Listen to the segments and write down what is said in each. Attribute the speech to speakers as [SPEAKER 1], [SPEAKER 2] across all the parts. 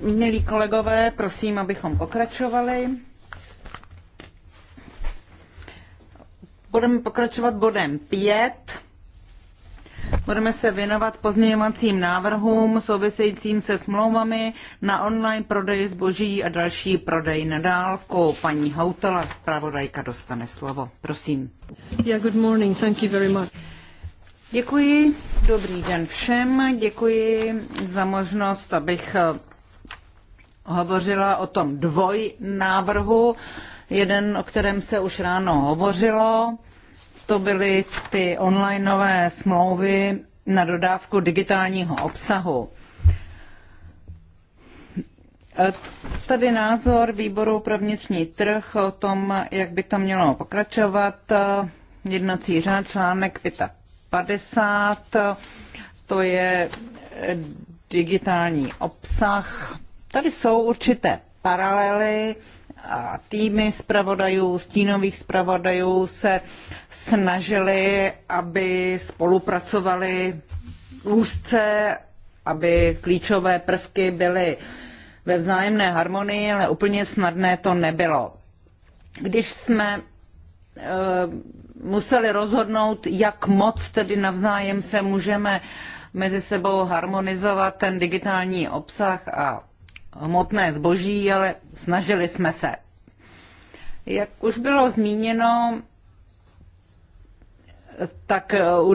[SPEAKER 1] Milí
[SPEAKER 2] kolegové, prosím, abychom pokračovali. Budeme pokračovat bodem 5. Budeme se věnovat pozměňovacím návrhům souvisejícím se smlouvami na online prodej zboží a další prodej na dálku. Paní Hautala, pravodajka, dostane slovo. Prosím.
[SPEAKER 3] Yeah, good morning. Thank you very much. Děkuji,
[SPEAKER 2] dobrý den všem. Děkuji za možnost, abych eh, hovořila o tom dvoj návrhu. Jeden, o kterém se už ráno hovořilo, to byly ty onlineové smlouvy na dodávku digitálního obsahu. E, tady názor výboru pro vnitřní trh o tom, jak by to mělo pokračovat. E, jednací řád článek 50. To je e, digitální obsah. Tady jsou určité paralely týmy zpravodajů, stínových zpravodajů se snažili, aby spolupracovali úzce, aby klíčové prvky byly ve vzájemné harmonii, ale úplně snadné to nebylo. Když jsme e, museli rozhodnout, jak moc tedy navzájem se můžeme mezi sebou harmonizovat ten digitální obsah a hmotné zboží, ale snažili jsme se. Jak už bylo zmíněno, tak u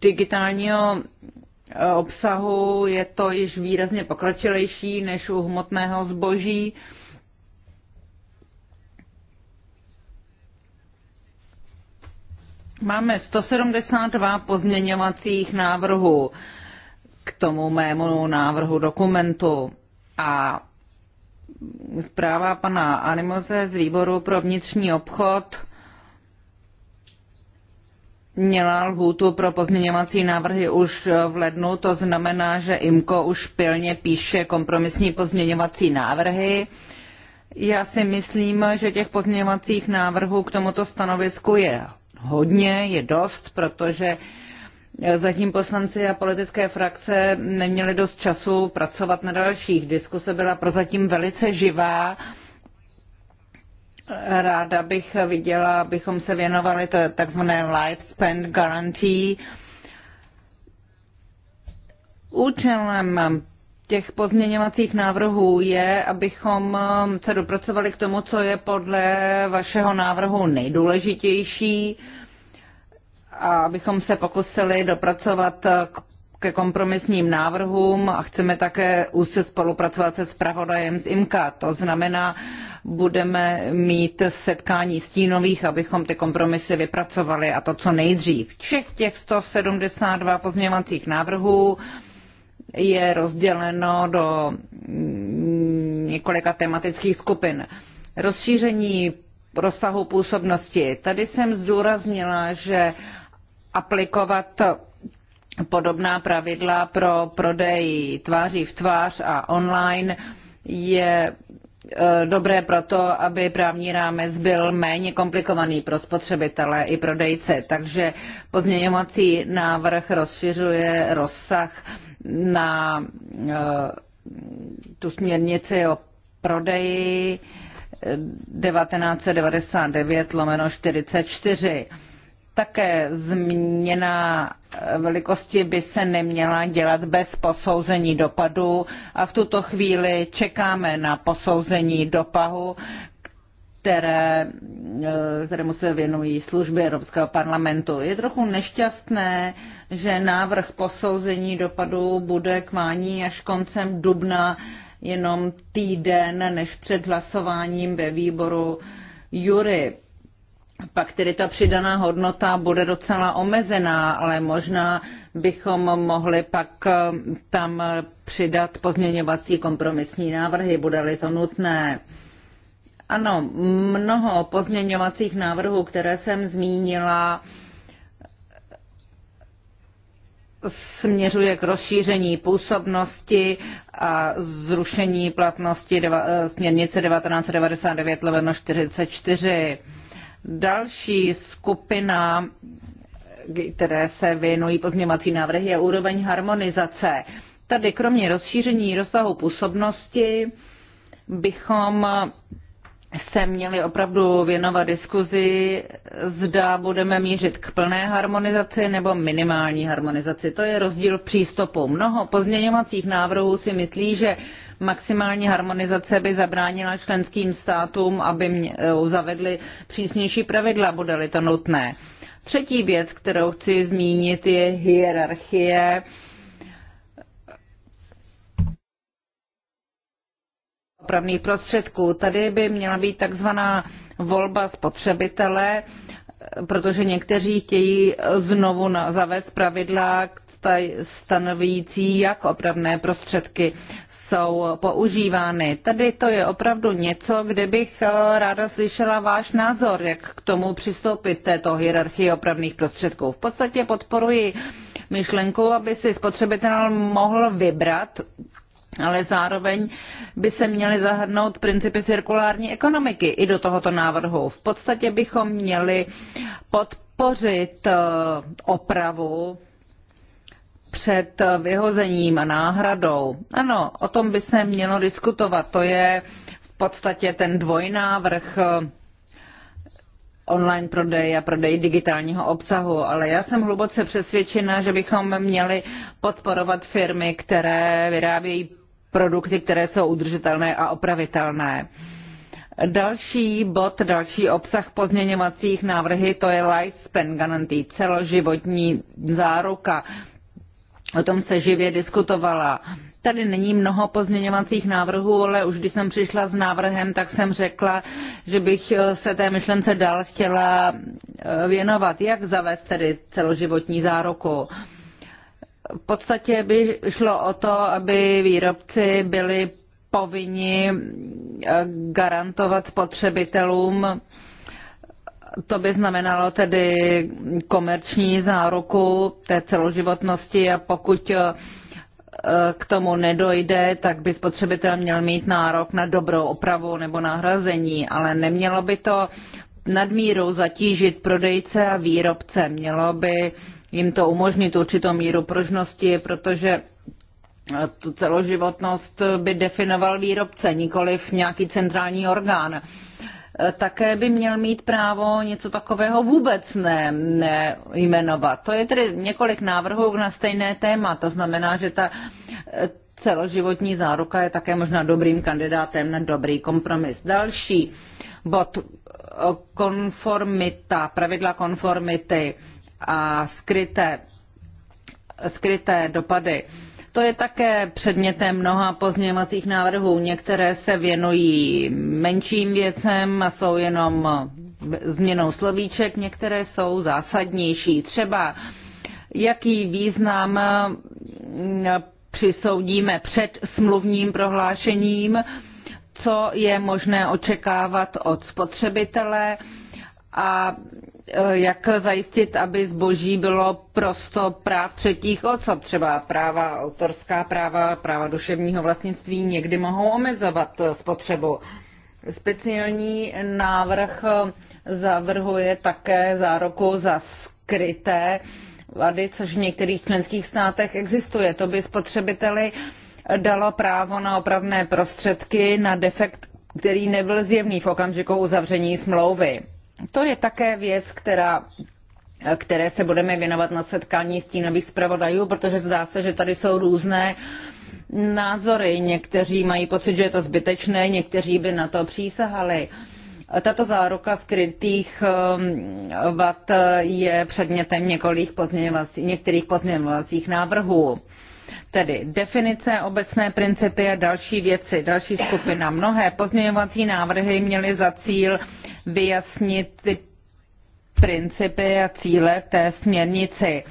[SPEAKER 2] digitálního obsahu je to již výrazně pokročilejší než u hmotného zboží. Máme 172 pozměňovacích návrhů k tomu mému návrhu dokumentu a zpráva pana Animoze z výboru pro vnitřní obchod měla lhůtu pro pozměňovací návrhy už v lednu, to znamená, že IMKO už pilně píše kompromisní pozměňovací návrhy. Já si myslím, že těch pozměňovacích návrhů k tomuto stanovisku je hodně, je dost, protože uh, Zatím poslanci a politické frakce neměli dost času pracovat na dalších. Diskuse byla prozatím velice živá. Ráda bych viděla, abychom se věnovali to takzvané lifespan guarantee. Účelem těch pozměňovacích návrhů je, abychom se dopracovali k tomu, co je podle vašeho návrhu nejdůležitější a abychom se pokusili dopracovat k ke kompromisním návrhům a chceme také úzce spolupracovat se zpravodajem z IMKA. To znamená, budeme mít setkání stínových, abychom ty kompromisy vypracovali a to co nejdřív. Všech těch 172 pozměňovacích návrhů je rozděleno do mm, několika tematických skupin. Rozšíření rozsahu působnosti. Tady jsem zdůraznila, že aplikovat podobná pravidla pro prodej tváří v tvář a online je e, dobré proto, aby právní rámec byl méně komplikovaný pro spotřebitele i prodejce. Takže pozměňovací návrh rozšiřuje rozsah na e, tu směrnici o prodeji 1999 e, lomeno 44 také změna eh, velikosti by se neměla dělat bez posouzení dopadu a v tuto chvíli čekáme na posouzení dopadu, které, eh, kterému se věnují služby Evropského parlamentu. Je trochu nešťastné, že návrh posouzení dopadu bude k mání až koncem dubna, jenom týden než před hlasováním ve výboru Jury pak tedy ta přidaná hodnota bude docela omezená, ale možná bychom mohli pak eh, tam přidat pozměňovací kompromisní návrhy, bude-li to nutné. Ano, mnoho pozměňovacích návrhů, které jsem zmínila, směřuje k rozšíření působnosti a zrušení platnosti eh, směrnice 1999 44 Další skupina, které se věnují pozměňovací návrhy, je úroveň harmonizace. Tady kromě rozšíření rozsahu působnosti bychom se měli opravdu věnovat diskuzi, zda budeme mířit k plné harmonizaci nebo minimální harmonizaci. To je rozdíl v přístupu. Mnoho pozměňovacích návrhů si myslí, že Maximální harmonizace by zabránila členským státům, aby eh, zavedli přísnější pravidla, bude-li to nutné. Třetí věc, kterou chci zmínit, je hierarchie. opravných prostředků. Tady by měla být takzvaná volba spotřebitele, protože někteří chtějí znovu zavést pravidla stanovící, jak opravné prostředky jsou používány. Tady to je opravdu něco, kde bych eh, ráda slyšela váš názor, jak k tomu přistoupit této hierarchii opravných prostředků. V podstatě podporuji myšlenku, aby si spotřebitel mohl vybrat, ale zároveň by se měly zahrnout principy cirkulární ekonomiky i do tohoto návrhu. V podstatě bychom měli podpořit eh, opravu před vyhozením a náhradou. Ano, o tom by se mělo diskutovat. To je v podstatě ten dvojnávrh eh, online prodej a prodej digitálního obsahu, ale já jsem hluboce přesvědčena, že bychom měli podporovat firmy, které vyrábějí produkty, které jsou udržitelné a opravitelné. Další bod, další obsah pozměňovacích návrhy, to je lifespan guarantee, celoživotní záruka. O tom se živě diskutovala. Tady není mnoho pozměňovacích návrhů, ale už když jsem přišla s návrhem, tak jsem řekla, že bych eh, se té myšlence dal chtěla eh, věnovat. Jak zavést tedy celoživotní zároku. V podstatě by šlo o to, aby výrobci byli povinni eh, garantovat spotřebitelům to by znamenalo tedy komerční záruku té celoživotnosti a pokud eh, k tomu nedojde, tak by spotřebitel měl mít nárok na dobrou opravu nebo nahrazení, ale nemělo by to nadmíru zatížit prodejce a výrobce. Mělo by jim to umožnit určitou míru pružnosti, protože eh, tu celoživotnost by definoval výrobce, nikoliv nějaký centrální orgán. Uh, také by měl mít právo něco takového vůbec ne, ne jmenovat. To je tedy několik návrhů na stejné téma. To znamená, že ta eh, celoživotní záruka je také možná dobrým kandidátem na dobrý kompromis. Další bod eh, konformita, pravidla konformity a skryté, skryté dopady. To je také předmětem mnoha pozměňovacích návrhů. Některé se věnují menším věcem a jsou jenom změnou slovíček, některé jsou zásadnější. Třeba jaký význam mm, přisoudíme před smluvním prohlášením, co je možné očekávat od spotřebitele, a e, jak zajistit, aby zboží bylo prosto práv třetích osob, třeba práva autorská práva, práva duševního vlastnictví někdy mohou omezovat e, spotřebu. Speciální návrh e, zavrhuje také zároku za skryté vady, což v některých členských státech existuje. To by spotřebiteli dalo právo na opravné prostředky na defekt, který nebyl zjevný v okamžiku uzavření smlouvy. To je také věc, která které se budeme věnovat na setkání stínových zpravodajů, protože zdá se, že tady jsou různé názory. Někteří mají pocit, že je to zbytečné, někteří by na to přísahali. Tato záruka skrytých um, vat je předmětem několik pozměňovací, některých pozměňovacích návrhů. Tedy definice, obecné principy a další věci, další skupina. Mnohé pozměňovací návrhy měly za cíl vyjasnit ty principy a cíle té směrnici.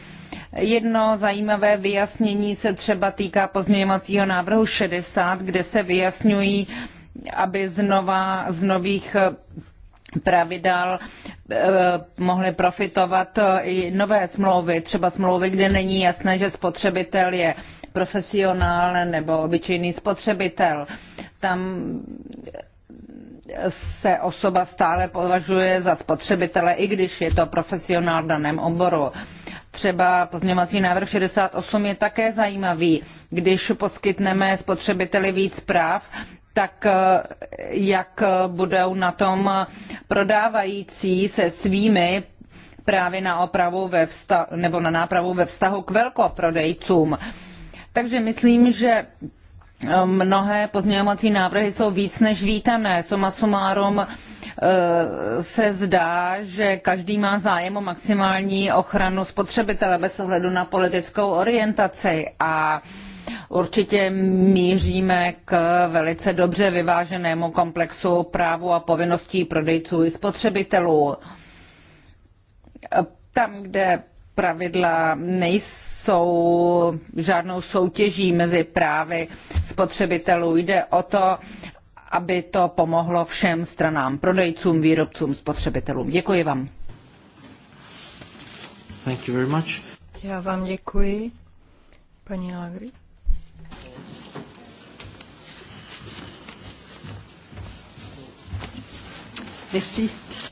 [SPEAKER 2] Jedno zajímavé vyjasnění se třeba týká pozměňovacího návrhu 60, kde se vyjasňují, aby znova z nových eh, pravidel eh, mohly profitovat eh, i nové smlouvy, třeba smlouvy, kde není jasné, že spotřebitel je profesionál nebo obyčejný spotřebitel. Tam se osoba stále považuje za spotřebitele, i když je to profesionál v daném oboru. Třeba pozměňovací návrh 68 je také zajímavý. Když poskytneme spotřebiteli víc práv, tak eh, jak budou na tom prodávající se svými právě na opravu ve vztahu, nebo na nápravu ve vztahu k velkoprodejcům. prodejcům takže myslím, že eh, mnohé pozměňovací návrhy jsou víc než vítané. Soma sumárom eh, se zdá, že každý má zájem o maximální ochranu spotřebitele bez ohledu na politickou orientaci a určitě míříme k velice dobře vyváženému komplexu právu a povinností prodejců i spotřebitelů. Tam, kde pravidla nejsou žádnou soutěží mezi právy spotřebitelů. Jde o to, aby to pomohlo všem stranám, prodejcům, výrobcům, spotřebitelům. Děkuji vám.
[SPEAKER 1] Thank you very much.
[SPEAKER 3] Já vám děkuji, paní Lagry.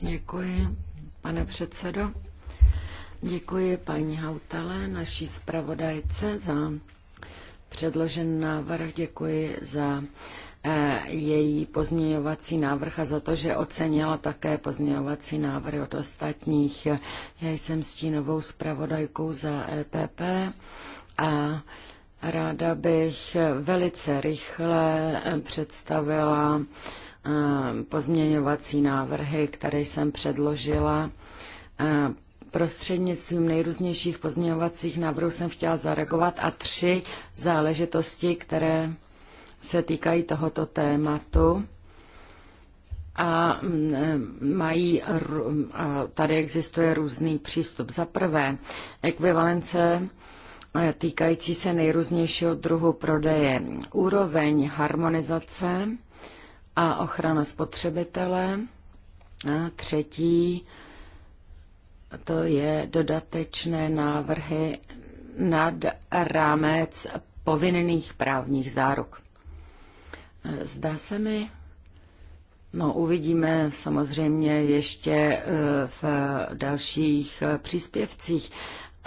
[SPEAKER 4] Děkuji, pane předsedo. Děkuji paní Hautale, naší zpravodajce, za předložený návrh. Děkuji za eh, její pozměňovací návrh a za to, že ocenila také pozměňovací návrhy od ostatních. Já jsem stínovou zpravodajkou za EPP a ráda bych velice rychle eh, představila eh, pozměňovací návrhy, které jsem předložila Prostřednictvím nejrůznějších pozměňovacích návrhů jsem chtěla zareagovat a tři záležitosti, které se týkají tohoto tématu a mm, e, mají, a tady existuje různý přístup. Za prvé, ekvivalence e, týkající se nejrůznějšího druhu prodeje, úroveň harmonizace a ochrana spotřebitele. A třetí, to je dodatečné návrhy nad rámec povinných právních záruk. Zdá se mi, no uvidíme samozřejmě ještě eh, v dalších eh, příspěvcích,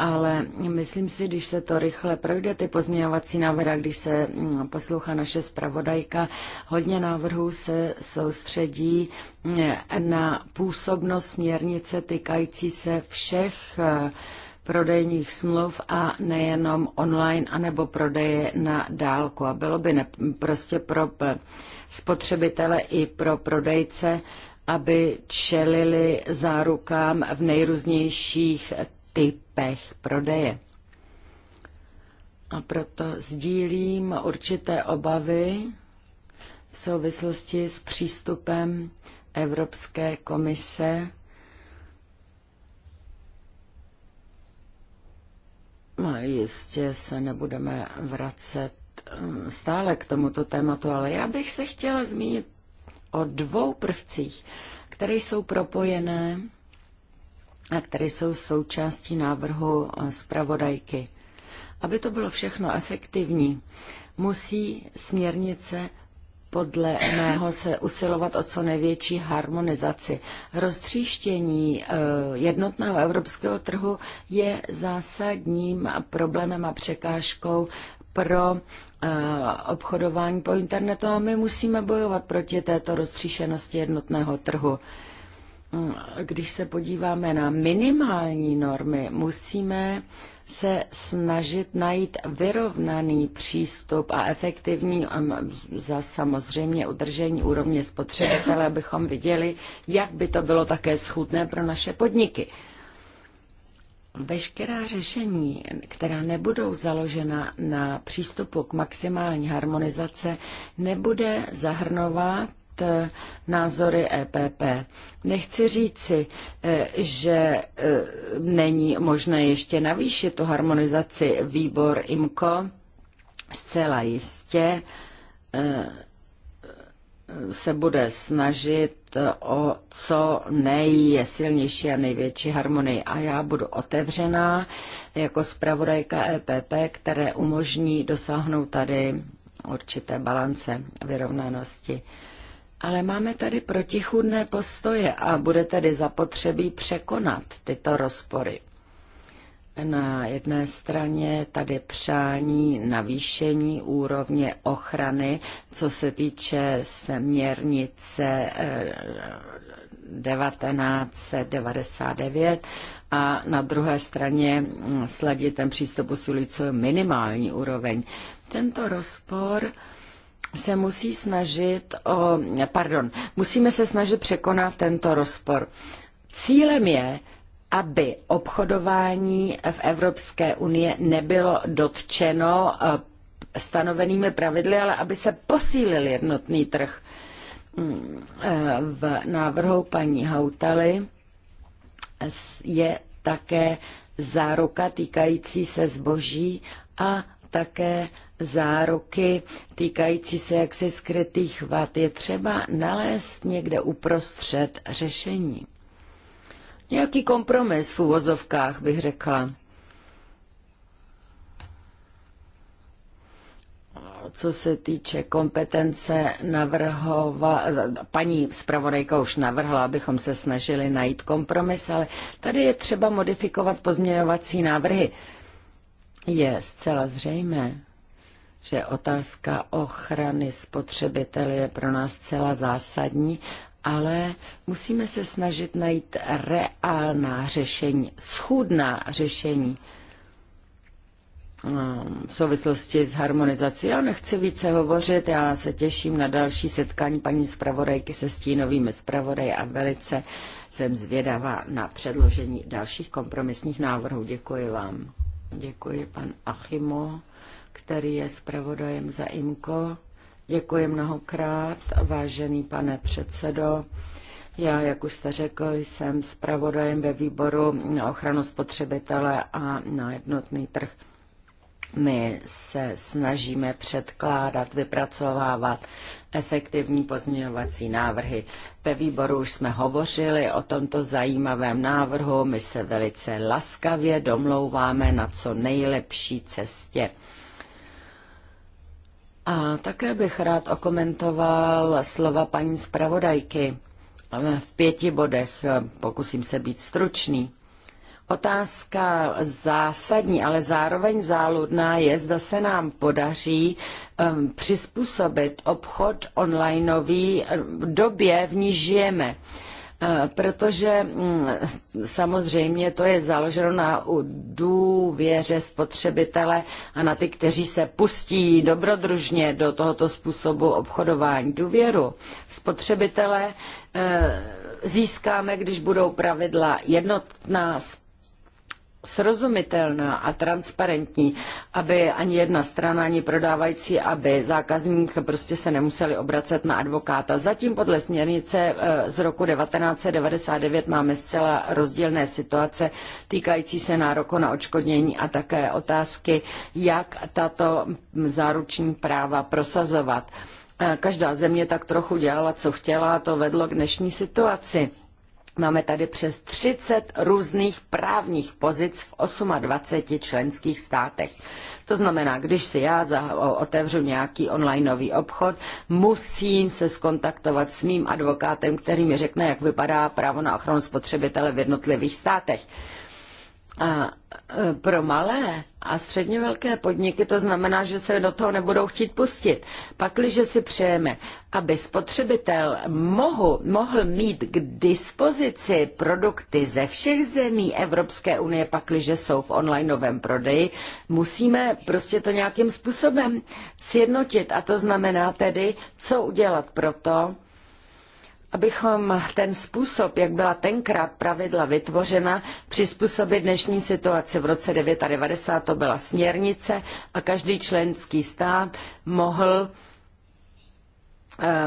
[SPEAKER 4] ale myslím si, když se to rychle projde, ty pozměňovací návrhy, když se mm, poslouchá naše zpravodajka, hodně návrhů se soustředí mm, na působnost směrnice týkající se všech eh, prodejních smluv a nejenom online, anebo prodeje na dálku. A bylo by ne, prostě pro eh, spotřebitele i pro prodejce, aby čelili zárukám v nejrůznějších typech pech prodeje. A proto sdílím určité obavy v souvislosti s přístupem Evropské komise No, jistě se nebudeme vracet hm, stále k tomuto tématu, ale já bych se chtěla zmínit o dvou prvcích, které jsou propojené a které jsou součástí návrhu eh, zpravodajky. Aby to bylo všechno efektivní, musí směrnice podle mého se usilovat o co největší harmonizaci. Roztříštění eh, jednotného evropského trhu je zásadním problémem a překážkou pro eh, obchodování po internetu a my musíme bojovat proti této roztříšenosti jednotného trhu když se podíváme na minimální normy, musíme se snažit najít vyrovnaný přístup a efektivní za samozřejmě udržení úrovně spotřebitele, abychom viděli, jak by to bylo také schůdné pro naše podniky. Veškerá řešení, která nebudou založena na přístupu k maximální harmonizace, nebude zahrnovat Eh, názory EPP. Nechci říci, eh, že eh, není možné ještě navýšit tu harmonizaci výbor IMCO. Zcela jistě se bude snažit o co nejsilnější a největší harmonii. A já budu otevřená jako zpravodajka EPP, které umožní dosáhnout tady určité balance vyrovnanosti. Ale máme tady protichůdné postoje a bude tedy zapotřebí překonat tyto rozpory. Na jedné straně tady přání navýšení úrovně ochrany, co se týče směrnice 1999 eh, a na druhé straně mm, sladit ten přístup usilující minimální úroveň. Tento rozpor se musí snažit o, pardon, musíme se snažit překonat tento rozpor. Cílem je, aby obchodování v Evropské unii nebylo dotčeno eh, stanovenými pravidly, ale aby se posílil jednotný trh. Mm, eh, v návrhu paní Hautaly je také záruka týkající se zboží a také záruky týkající se jaksi skrytých vad. Je třeba nalézt někde uprostřed řešení. Nějaký kompromis v uvozovkách, bych řekla. co se týče kompetence navrhova, paní zpravodajka už navrhla, abychom se snažili najít kompromis, ale tady je třeba modifikovat pozměňovací návrhy. Je zcela zřejmé, že otázka ochrany spotřebitele je pro nás celá zásadní, ale musíme se snažit najít reálná řešení, schůdná řešení um, v souvislosti s harmonizací. Já nechci více hovořit, já se těším na další setkání paní zpravodajky se stínovými zpravodaji a velice jsem zvědavá na předložení dalších kompromisních návrhů. Děkuji vám. Děkuji, pan Achimo který je zpravodajem za IMKO. Děkuji mnohokrát, vážený pane předsedo. Já, jak už jste řekl, jsem zpravodajem ve výboru na ochranu spotřebitele a na jednotný trh. My se snažíme předkládat, vypracovávat efektivní pozměňovací návrhy. Ve výboru už jsme hovořili o tomto zajímavém návrhu. My se velice laskavě domlouváme na co nejlepší cestě a také bych rád okomentoval slova paní zpravodajky v pěti bodech. Eh, pokusím se být stručný. Otázka zásadní, ale zároveň záludná je, zda se nám podaří um, přizpůsobit obchod onlineový eh, době, v níž žijeme. Uh, Eh, protože hm, samozřejmě to je založeno na důvěře spotřebitele a na ty, kteří se pustí dobrodružně do tohoto způsobu obchodování. Důvěru spotřebitele eh, získáme, když budou pravidla jednotná, srozumitelná a transparentní, aby ani jedna strana, ani prodávající, aby zákazník prostě se nemuseli obracet na advokáta. Zatím podle směrnice eh, z roku 1999 máme zcela rozdílné situace týkající se nároku na očkodnění a také otázky, jak tato záruční práva prosazovat. Eh, každá země tak trochu dělala, co chtěla a to vedlo k dnešní situaci Máme tady přes 30 různých právních pozic v 28 členských státech. To znamená, když si já otevřu nějaký nový obchod, musím se skontaktovat s mým advokátem, který mi řekne, jak vypadá právo na ochranu spotřebitele v jednotlivých státech. A e, pro malé a středně velké podniky to znamená, že se do toho nebudou chtít pustit. Pakliže si přejeme, aby spotřebitel mohu, mohl mít k dispozici produkty ze všech zemí Evropské unie, pakliže jsou v onlineovém prodeji, musíme prostě to nějakým způsobem sjednotit. A to znamená tedy, co udělat pro to, abychom ten způsob, jak byla tenkrát pravidla vytvořena, přizpůsobit dnešní situaci. V roce 1990 to byla směrnice a každý členský stát mohl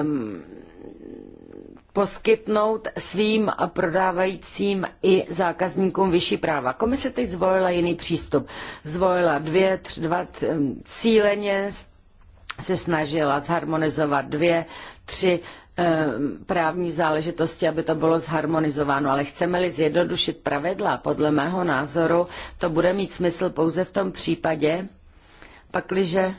[SPEAKER 4] um, poskytnout svým prodávajícím i zákazníkům vyšší práva. Komise teď zvolila jiný přístup. Zvolila dvě, tři, dva ehm, cíleně se snažila zharmonizovat dvě, tři e, právní záležitosti, aby to bylo zharmonizováno. Ale chceme-li zjednodušit pravidla, podle mého názoru, to bude mít smysl pouze v tom případě, pakliže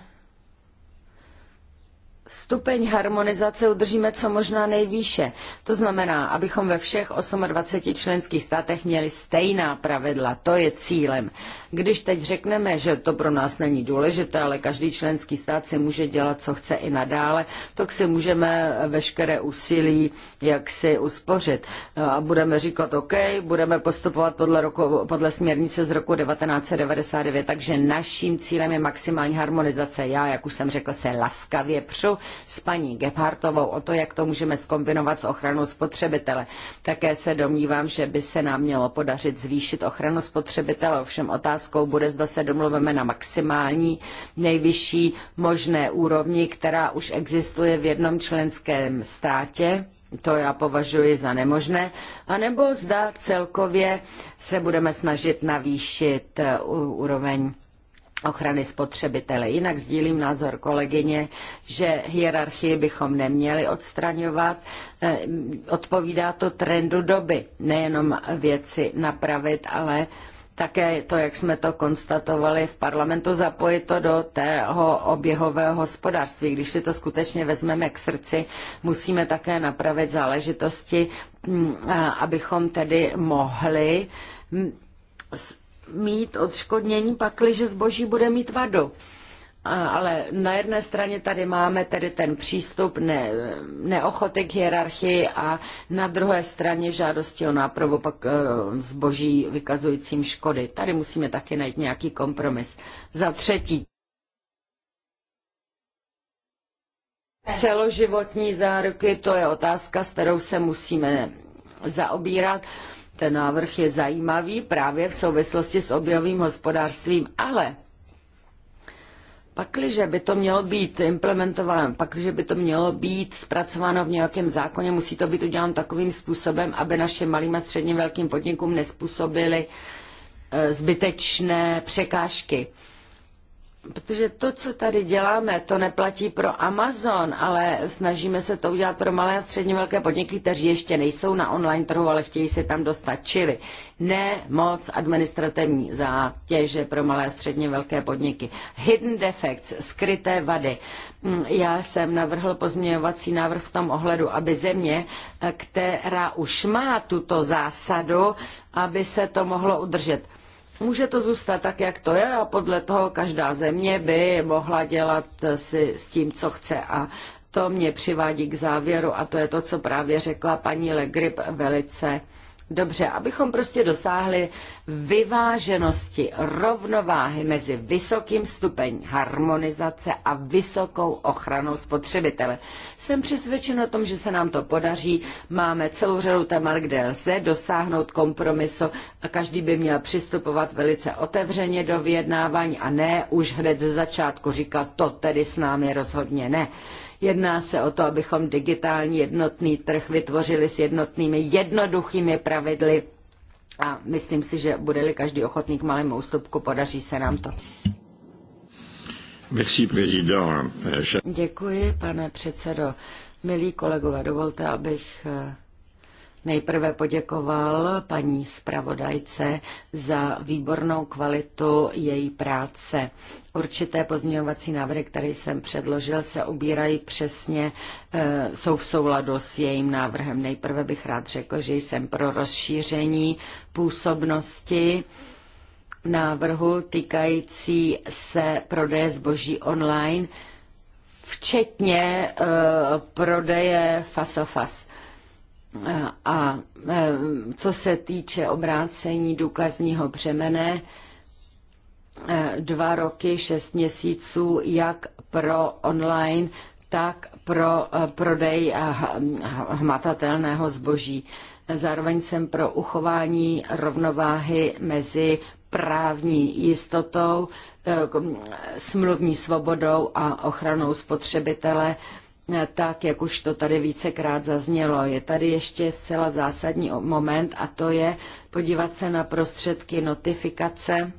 [SPEAKER 4] stupeň harmonizace udržíme co možná nejvýše. To znamená, abychom ve všech 28 členských státech měli stejná pravidla. To je cílem. Když teď řekneme, že to pro nás není důležité, ale každý členský stát si může dělat, co chce i nadále, tak si můžeme veškeré úsilí jak si uspořit. A budeme říkat, OK, budeme postupovat podle, roku, podle směrnice z roku 1999, takže naším cílem je maximální harmonizace. Já, jak už jsem řekla, se laskavě přu s paní Gebhartovou o to, jak to můžeme skombinovat s ochranou spotřebitele. Také se domnívám, že by se nám mělo podařit zvýšit ochranu spotřebitele. Ovšem otázkou bude, zda se domluvíme na maximální nejvyšší možné úrovni, která už existuje v jednom členském státě to já považuji za nemožné, anebo zda celkově se budeme snažit navýšit eh, úroveň ochrany spotřebitele. Jinak sdílím názor kolegyně, že hierarchii bychom neměli odstraňovat. Eh, odpovídá to trendu doby, nejenom věci napravit, ale také to, jak jsme to konstatovali v parlamentu, zapojit to do tého oběhového hospodářství. Když si to skutečně vezmeme k srdci, musíme také napravit záležitosti, mm, abychom tedy mohli mm, mít odškodnění, pakliže zboží bude mít vadu. Ale na jedné straně tady máme tedy ten přístup ne, neochoty k hierarchii a na druhé straně žádosti o nápravu pak e, zboží vykazujícím škody. Tady musíme taky najít nějaký kompromis. Za třetí. Celoživotní záruky, to je otázka, s kterou se musíme zaobírat ten návrh je zajímavý právě v souvislosti s objevým hospodářstvím, ale Pakliže by to mělo být implementováno, pakliže by to mělo být zpracováno v nějakém zákoně, musí to být uděláno takovým způsobem, aby našim malým a středně velkým podnikům nespůsobily eh, zbytečné překážky. Protože to, co tady děláme, to neplatí pro Amazon, ale snažíme se to udělat pro malé a středně velké podniky, kteří ještě nejsou na online trhu, ale chtějí se tam dostat. Čili ne moc administrativní zátěže pro malé a středně velké podniky. Hidden defects, skryté vady. Mm, Já jsem navrhl pozměňovací návrh v tom ohledu, aby země, eh, která už má tuto zásadu, aby se to mohlo udržet Může to zůstat tak, jak to je a podle toho každá země by mohla dělat si s tím, co chce a to mě přivádí k závěru a to je to, co právě řekla paní Legrip velice Dobře, abychom prostě dosáhli vyváženosti, rovnováhy mezi vysokým stupeň harmonizace a vysokou ochranou spotřebitele. Jsem přesvědčen o tom, že se nám to podaří. Máme celou řadu témat, kde lze dosáhnout kompromisu a každý by měl přistupovat velice otevřeně do vyjednávání a ne už hned ze začátku říkat, to tedy s námi rozhodně ne. Jedná se o to, abychom digitální jednotný trh vytvořili s jednotnými jednoduchými pravidly a myslím si, že bude-li každý ochotný k malému ústupku, podaří se nám to. Merci, Děkuji, pane předsedo. Milí kolegové, dovolte, abych eh, Nejprve poděkoval paní zpravodajce za výbornou kvalitu její práce. Určité pozměňovací návrhy, které jsem předložil, se ubírají přesně, e, jsou v souladu s jejím návrhem. Nejprve bych rád řekl, že jsem pro rozšíření působnosti návrhu týkající se prodeje zboží online, včetně e, prodeje fasofas. A co se týče obrácení důkazního břemene, dva roky, šest měsíců, jak pro online, tak pro eh, prodej eh, hm, hmatatelného zboží. Zároveň jsem pro uchování rovnováhy mezi právní jistotou, eh, hm, smluvní svobodou a ochranou spotřebitele tak jak už to tady vícekrát zaznělo, je tady ještě zcela zásadní moment a to je podívat se na prostředky notifikace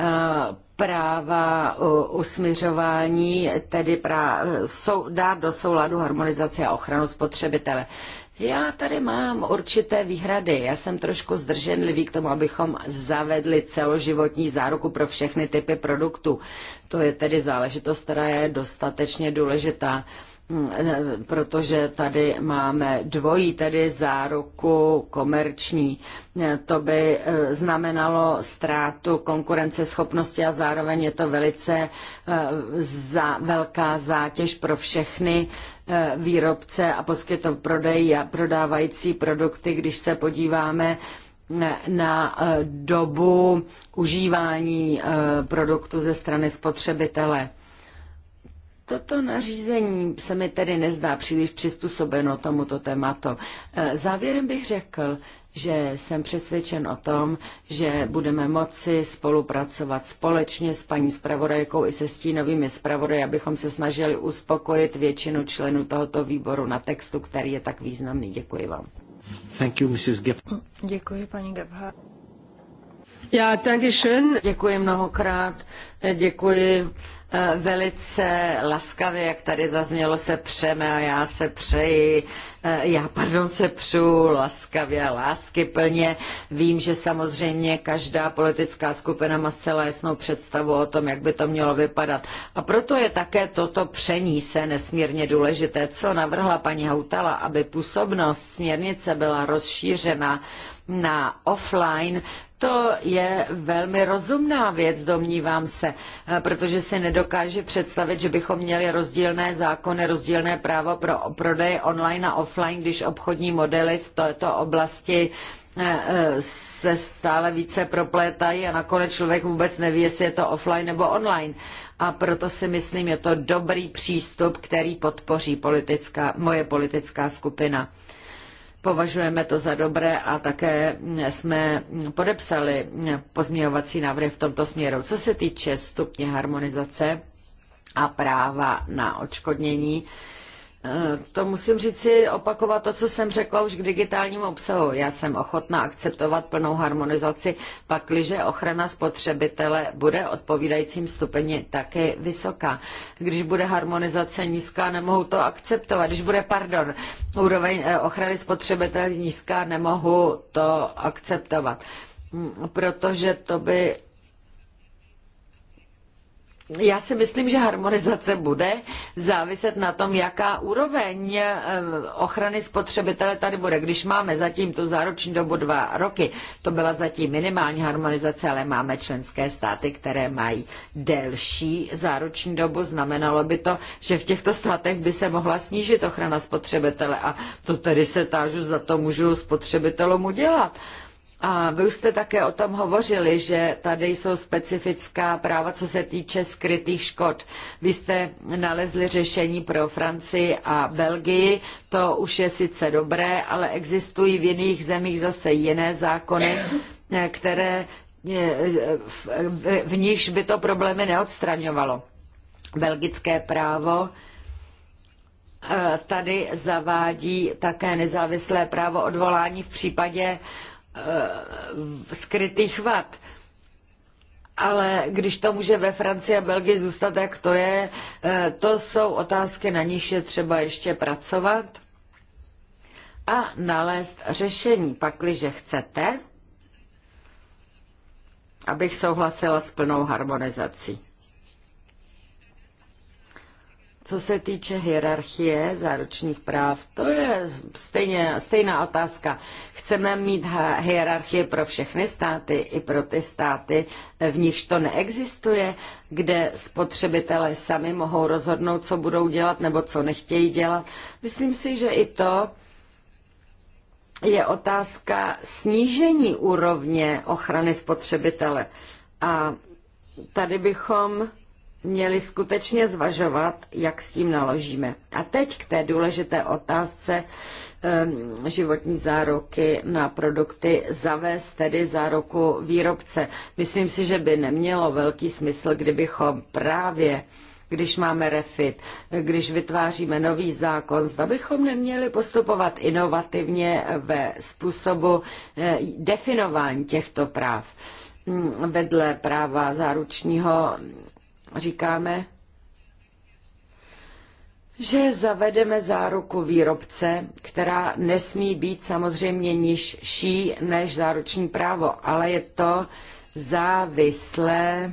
[SPEAKER 4] eh, práva usmiřování, tedy prá, eh, sou, dát do souladu harmonizace a ochranu spotřebitele. Já tady mám určité výhrady. Já jsem trošku zdrženlivý k tomu, abychom zavedli celoživotní záruku pro všechny typy produktů. To je tedy záležitost, která je dostatečně důležitá protože tady máme dvojí, tedy záruku komerční. To by eh, znamenalo ztrátu konkurenceschopnosti a zároveň je to velice eh, za, velká zátěž pro všechny eh, výrobce a poskytov prodej a prodávající produkty, když se podíváme na dobu užívání produktu ze strany spotřebitele. Toto nařízení se mi tedy nezdá příliš přizpůsobeno tomuto tématu. E, závěrem bych řekl, že jsem přesvědčen o tom, že budeme moci spolupracovat společně s paní zpravodajkou i se stínovými zpravodaji, abychom se snažili uspokojit většinu členů tohoto výboru na textu, který je tak významný. Děkuji vám.
[SPEAKER 1] Thank you, Mrs.
[SPEAKER 3] Děkuji, paní Gebhardt.
[SPEAKER 4] Já, yeah, Děkuji mnohokrát. Děkuji Eh, velice laskavě, jak tady zaznělo, se přeme a já se přeji, eh, já pardon se přu laskavě a lásky plně. Vím, že samozřejmě každá politická skupina má zcela jasnou představu o tom, jak by to mělo vypadat. A proto je také toto pření se nesmírně důležité. Co navrhla paní Hautala, aby působnost směrnice byla rozšířena na offline, to je velmi rozumná věc, domnívám se, protože si nedokáže představit, že bychom měli rozdílné zákony, rozdílné právo pro prodej online a offline, když obchodní modely v této oblasti eh, eh, se stále více proplétají a nakonec člověk vůbec neví, jestli je to offline nebo online. A proto si myslím, je to dobrý přístup, který podpoří politická, moje politická skupina. Považujeme to za dobré a také jsme podepsali pozměňovací návrhy v tomto směru. Co se týče stupně harmonizace a práva na odškodnění, Eh, to musím říci, opakovat to, co jsem řekla už k digitálnímu obsahu. Já jsem ochotná akceptovat plnou harmonizaci, pakliže ochrana spotřebitele bude odpovídajícím stupeni také vysoká. Když bude harmonizace nízká, nemohu to akceptovat. Když bude, pardon, úroveň eh, ochrany spotřebitele nízká, nemohu to akceptovat. Hm, protože to by já si myslím, že harmonizace bude záviset na tom, jaká úroveň eh, ochrany spotřebitele tady bude. Když máme zatím tu záruční dobu dva roky, to byla zatím minimální harmonizace, ale máme členské státy, které mají delší záruční dobu. Znamenalo by to, že v těchto státech by se mohla snížit ochrana spotřebitele a to tedy se tážu, za to můžu spotřebitelům udělat a vy už jste také o tom hovořili, že tady jsou specifická práva, co se týče skrytých škod. Vy jste nalezli řešení pro Francii a Belgii, to už je sice dobré, ale existují v jiných zemích zase jiné zákony, které eh, v, v, v by to problémy neodstraňovalo. Belgické právo eh, tady zavádí také nezávislé právo odvolání v případě Eh, skrytých vad. Ale když to může ve Francii a Belgii zůstat, jak to je, eh, to jsou otázky, na nich je třeba ještě pracovat a nalézt řešení, pakliže chcete, abych souhlasila s plnou harmonizací. Co se týče hierarchie záručních práv, to je stejně, stejná otázka. Chceme mít hierarchie pro všechny státy i pro ty státy, eh, v nichž to neexistuje, kde spotřebitelé sami mohou rozhodnout, co budou dělat nebo co nechtějí dělat. Myslím si, že i to je otázka snížení úrovně ochrany spotřebitele. A tady bychom měli skutečně zvažovat, jak s tím naložíme. A teď k té důležité otázce ehm, životní záruky na produkty zavést tedy záruku výrobce. Myslím si, že by nemělo velký smysl, kdybychom právě když máme refit, když vytváříme nový zákon, zda bychom neměli postupovat inovativně ve způsobu eh, definování těchto práv mm, vedle práva záručního říkáme, že zavedeme záruku výrobce, která nesmí být samozřejmě nižší než záruční právo, ale je to závislé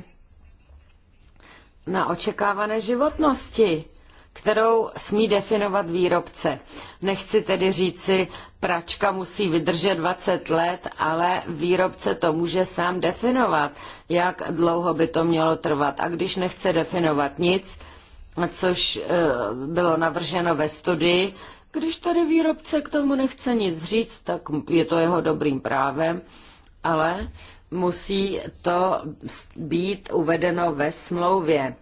[SPEAKER 4] na očekávané životnosti kterou smí definovat výrobce. Nechci tedy říci, pračka musí vydržet 20 let, ale výrobce to může sám definovat, jak dlouho by to mělo trvat. A když nechce definovat nic, což eh, bylo navrženo ve studii, když tady výrobce k tomu nechce nic říct, tak je to jeho dobrým právem, ale musí to být uvedeno ve smlouvě.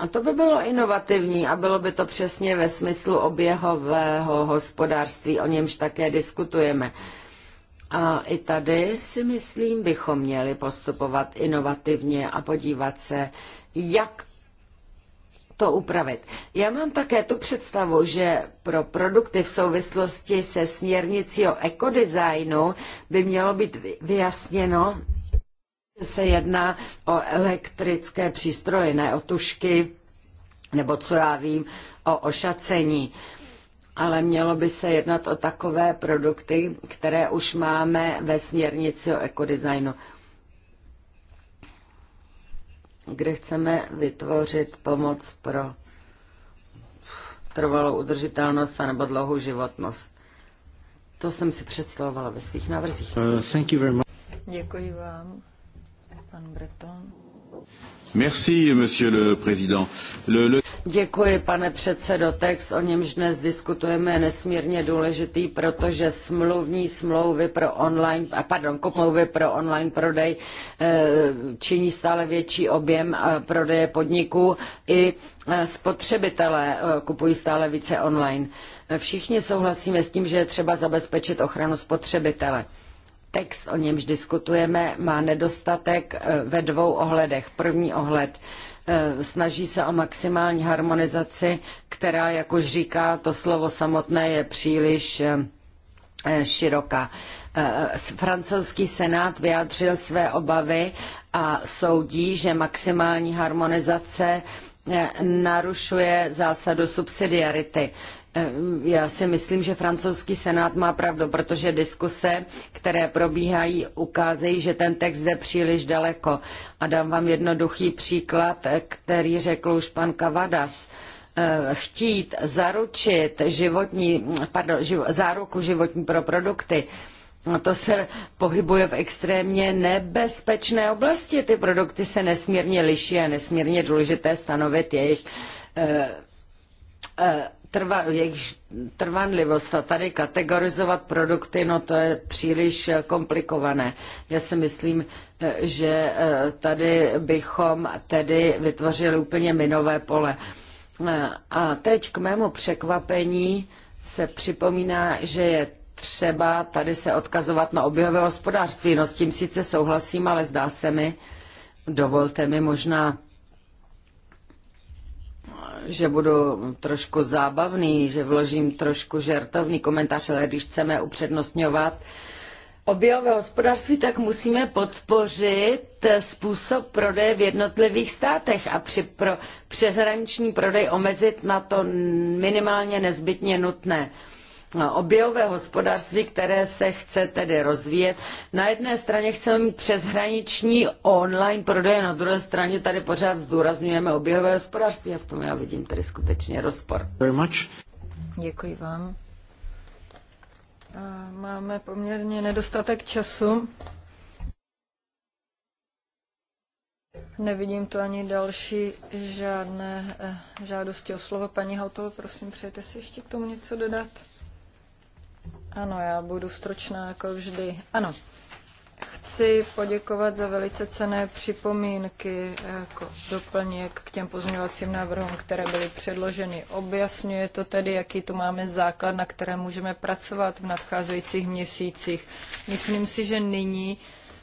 [SPEAKER 4] A to by bylo inovativní a bylo by to přesně ve smyslu oběhového hospodářství, o němž také diskutujeme. A i tady si myslím, bychom měli postupovat inovativně a podívat se, jak to upravit. Já mám také tu představu, že pro produkty v souvislosti se směrnicí o ekodesignu by mělo být vyjasněno, se jedná o elektrické přístroje, ne o tušky, nebo co já vím, o ošacení. Ale mělo by se jednat o takové produkty, které už máme ve směrnici o ekodesignu, kde chceme vytvořit pomoc pro trvalou udržitelnost nebo dlouhou životnost. To jsem si představovala ve svých návrzích.
[SPEAKER 1] Uh, thank you very much.
[SPEAKER 4] Děkuji vám.
[SPEAKER 3] Merci, monsieur le président. Le, le...
[SPEAKER 4] Děkuji, pane předsedo. Text, o němž dnes diskutujeme, je nesmírně důležitý, protože smluvní smlouvy pro online, a pardon, kupmouvy pro online prodej eh, činí stále větší objem eh, prodeje podniků i eh, spotřebitelé kupují stále více online. Všichni souhlasíme s tím, že je třeba zabezpečit ochranu spotřebitele. Text, o němž diskutujeme, má nedostatek e, ve dvou ohledech. První ohled e, snaží se o maximální harmonizaci, která, jak už říká to slovo samotné, je příliš e, široká. Francouzský senát vyjádřil své obavy a soudí, že maximální harmonizace narušuje zásadu subsidiarity. Eh, já si myslím, že francouzský senát má pravdu, protože diskuse, které probíhají, ukázejí, že ten text jde příliš daleko. A dám vám jednoduchý příklad, eh, který řekl už pan Kavadas eh, chtít zaručit životní, pardon, živo, záruku životní pro produkty, No to se pohybuje v extrémně nebezpečné oblasti. Ty produkty se nesmírně liší a nesmírně důležité stanovit jejich eh, eh, trva, jejich trvanlivost a tady kategorizovat produkty, no to je příliš eh, komplikované. Já si myslím, eh, že eh, tady bychom tedy vytvořili úplně minové pole. A teď k mému překvapení se připomíná, že je třeba tady se odkazovat na oběhové hospodářství. No s tím sice souhlasím, ale zdá se mi, dovolte mi možná že budu trošku zábavný, že vložím trošku žertovný komentář, ale když chceme upřednostňovat objevové hospodářství, tak musíme podpořit způsob prodeje v jednotlivých státech a při pro přeshraniční prodej omezit na to minimálně nezbytně nutné objevové hospodářství, které se chce tedy rozvíjet. Na jedné straně chceme mít přeshraniční online prodeje, na druhé straně tady pořád zdůrazňujeme objevové hospodářství a v tom já vidím tedy skutečně
[SPEAKER 1] rozpor. Very much.
[SPEAKER 4] Děkuji vám.
[SPEAKER 3] Eh, máme poměrně nedostatek času. Nevidím tu ani další žádné eh, žádosti o slovo. Paní Hautol, prosím, přejete si ještě k tomu něco dodat? Ano, já budu stročná, jako vždy. Ano, chci poděkovat za velice cené připomínky jako doplněk k těm pozměňovacím návrhům, které byly předloženy. Objasňuje to tedy, jaký tu máme základ, na kterém můžeme pracovat v nadcházejících měsících. Myslím si, že nyní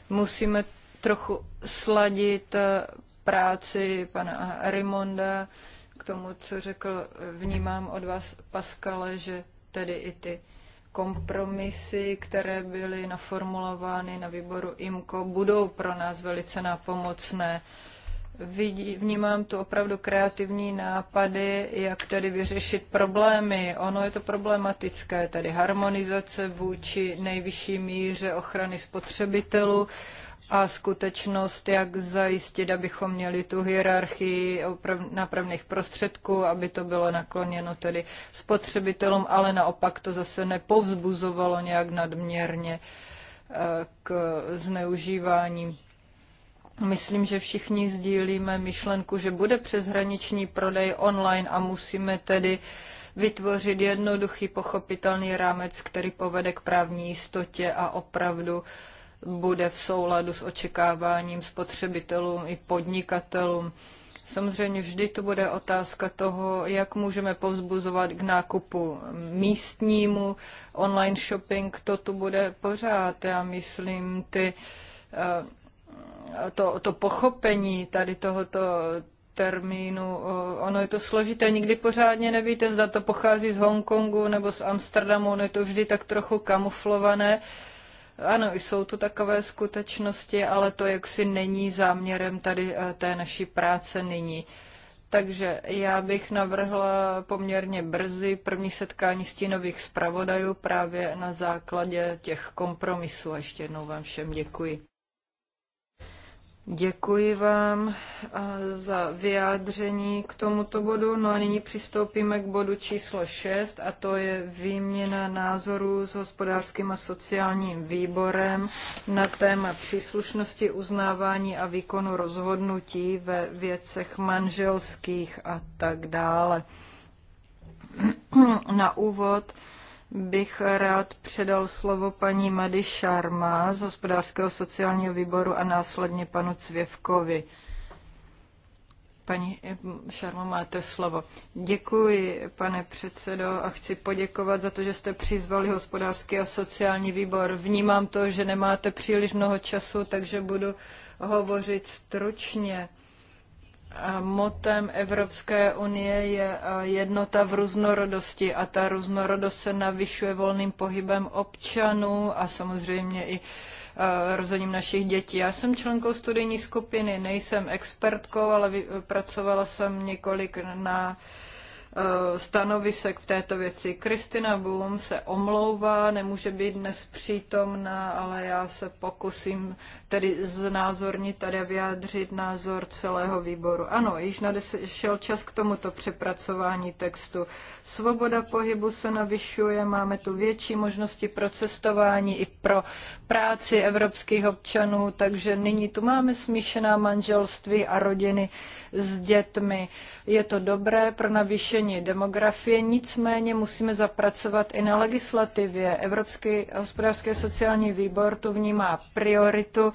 [SPEAKER 3] musíme trochu sladit eh, práci pana Rimonda k tomu, co řekl, vnímám od vás, Paskale, že tedy i ty kompromisy, které byly naformulovány na výboru IMCO, budou pro nás velice nápomocné. Vidí, vnímám tu opravdu kreativní nápady, jak tedy vyřešit problémy. Ono je to problematické, tedy harmonizace vůči nejvyšší míře ochrany spotřebitelů a skutečnost, jak zajistit, abychom měli tu hierarchii napravných prostředků, aby to bylo nakloněno tedy spotřebitelům, ale naopak to zase nepovzbuzovalo nějak nadměrně eh, k zneužívání. Myslím, že všichni sdílíme myšlenku, že bude přeshraniční prodej online a musíme tedy vytvořit jednoduchý, pochopitelný rámec, který povede k právní jistotě a opravdu bude v souladu s očekáváním spotřebitelů i podnikatelů. Samozřejmě vždy to bude otázka toho, jak můžeme povzbuzovat k nákupu místnímu. Online shopping, to tu bude pořád. Já myslím, ty, eh, to, to pochopení tady tohoto termínu, eh, ono je to složité, nikdy pořádně nevíte, zda to pochází z Hongkongu nebo z Amsterdamu, ono je to vždy tak trochu kamuflované ano, jsou to takové skutečnosti, ale to jaksi není záměrem tady eh, té naší práce nyní. Takže já bych navrhla poměrně brzy první setkání stínových zpravodajů právě na základě těch kompromisů. A ještě jednou vám všem děkuji. Děkuji vám za vyjádření k tomuto bodu. No a nyní přistoupíme k bodu číslo 6 a to je výměna názorů s hospodářským a sociálním výborem na téma příslušnosti uznávání a výkonu rozhodnutí ve věcech manželských a tak dále. Na úvod bych rád předal slovo paní Mady Šarma z hospodářského sociálního výboru a následně panu Cvěvkovi. Paní Šarmo, máte slovo. Děkuji, pane předsedo, a chci poděkovat za to, že jste přizvali hospodářský a sociální výbor. Vnímám to, že nemáte příliš mnoho času, takže budu hovořit stručně motem Evropské unie je jednota v různorodosti a ta různorodost se navyšuje volným pohybem občanů a samozřejmě i rozením našich dětí. Já jsem členkou studijní skupiny, nejsem expertkou, ale pracovala jsem několik na stanovisek v této věci. Kristina Blum se omlouvá, nemůže být dnes přítomná, ale já se pokusím tedy znázornit a vyjádřit názor celého výboru. Ano, již nadešel čas k tomuto přepracování textu. Svoboda pohybu se navyšuje, máme tu větší možnosti pro cestování i pro práci evropských občanů, takže nyní tu máme smíšená manželství a rodiny s dětmi. Je to dobré pro navýšení demografie, nicméně musíme zapracovat i na legislativě. Evropský hospodářský sociální výbor tu vnímá prioritu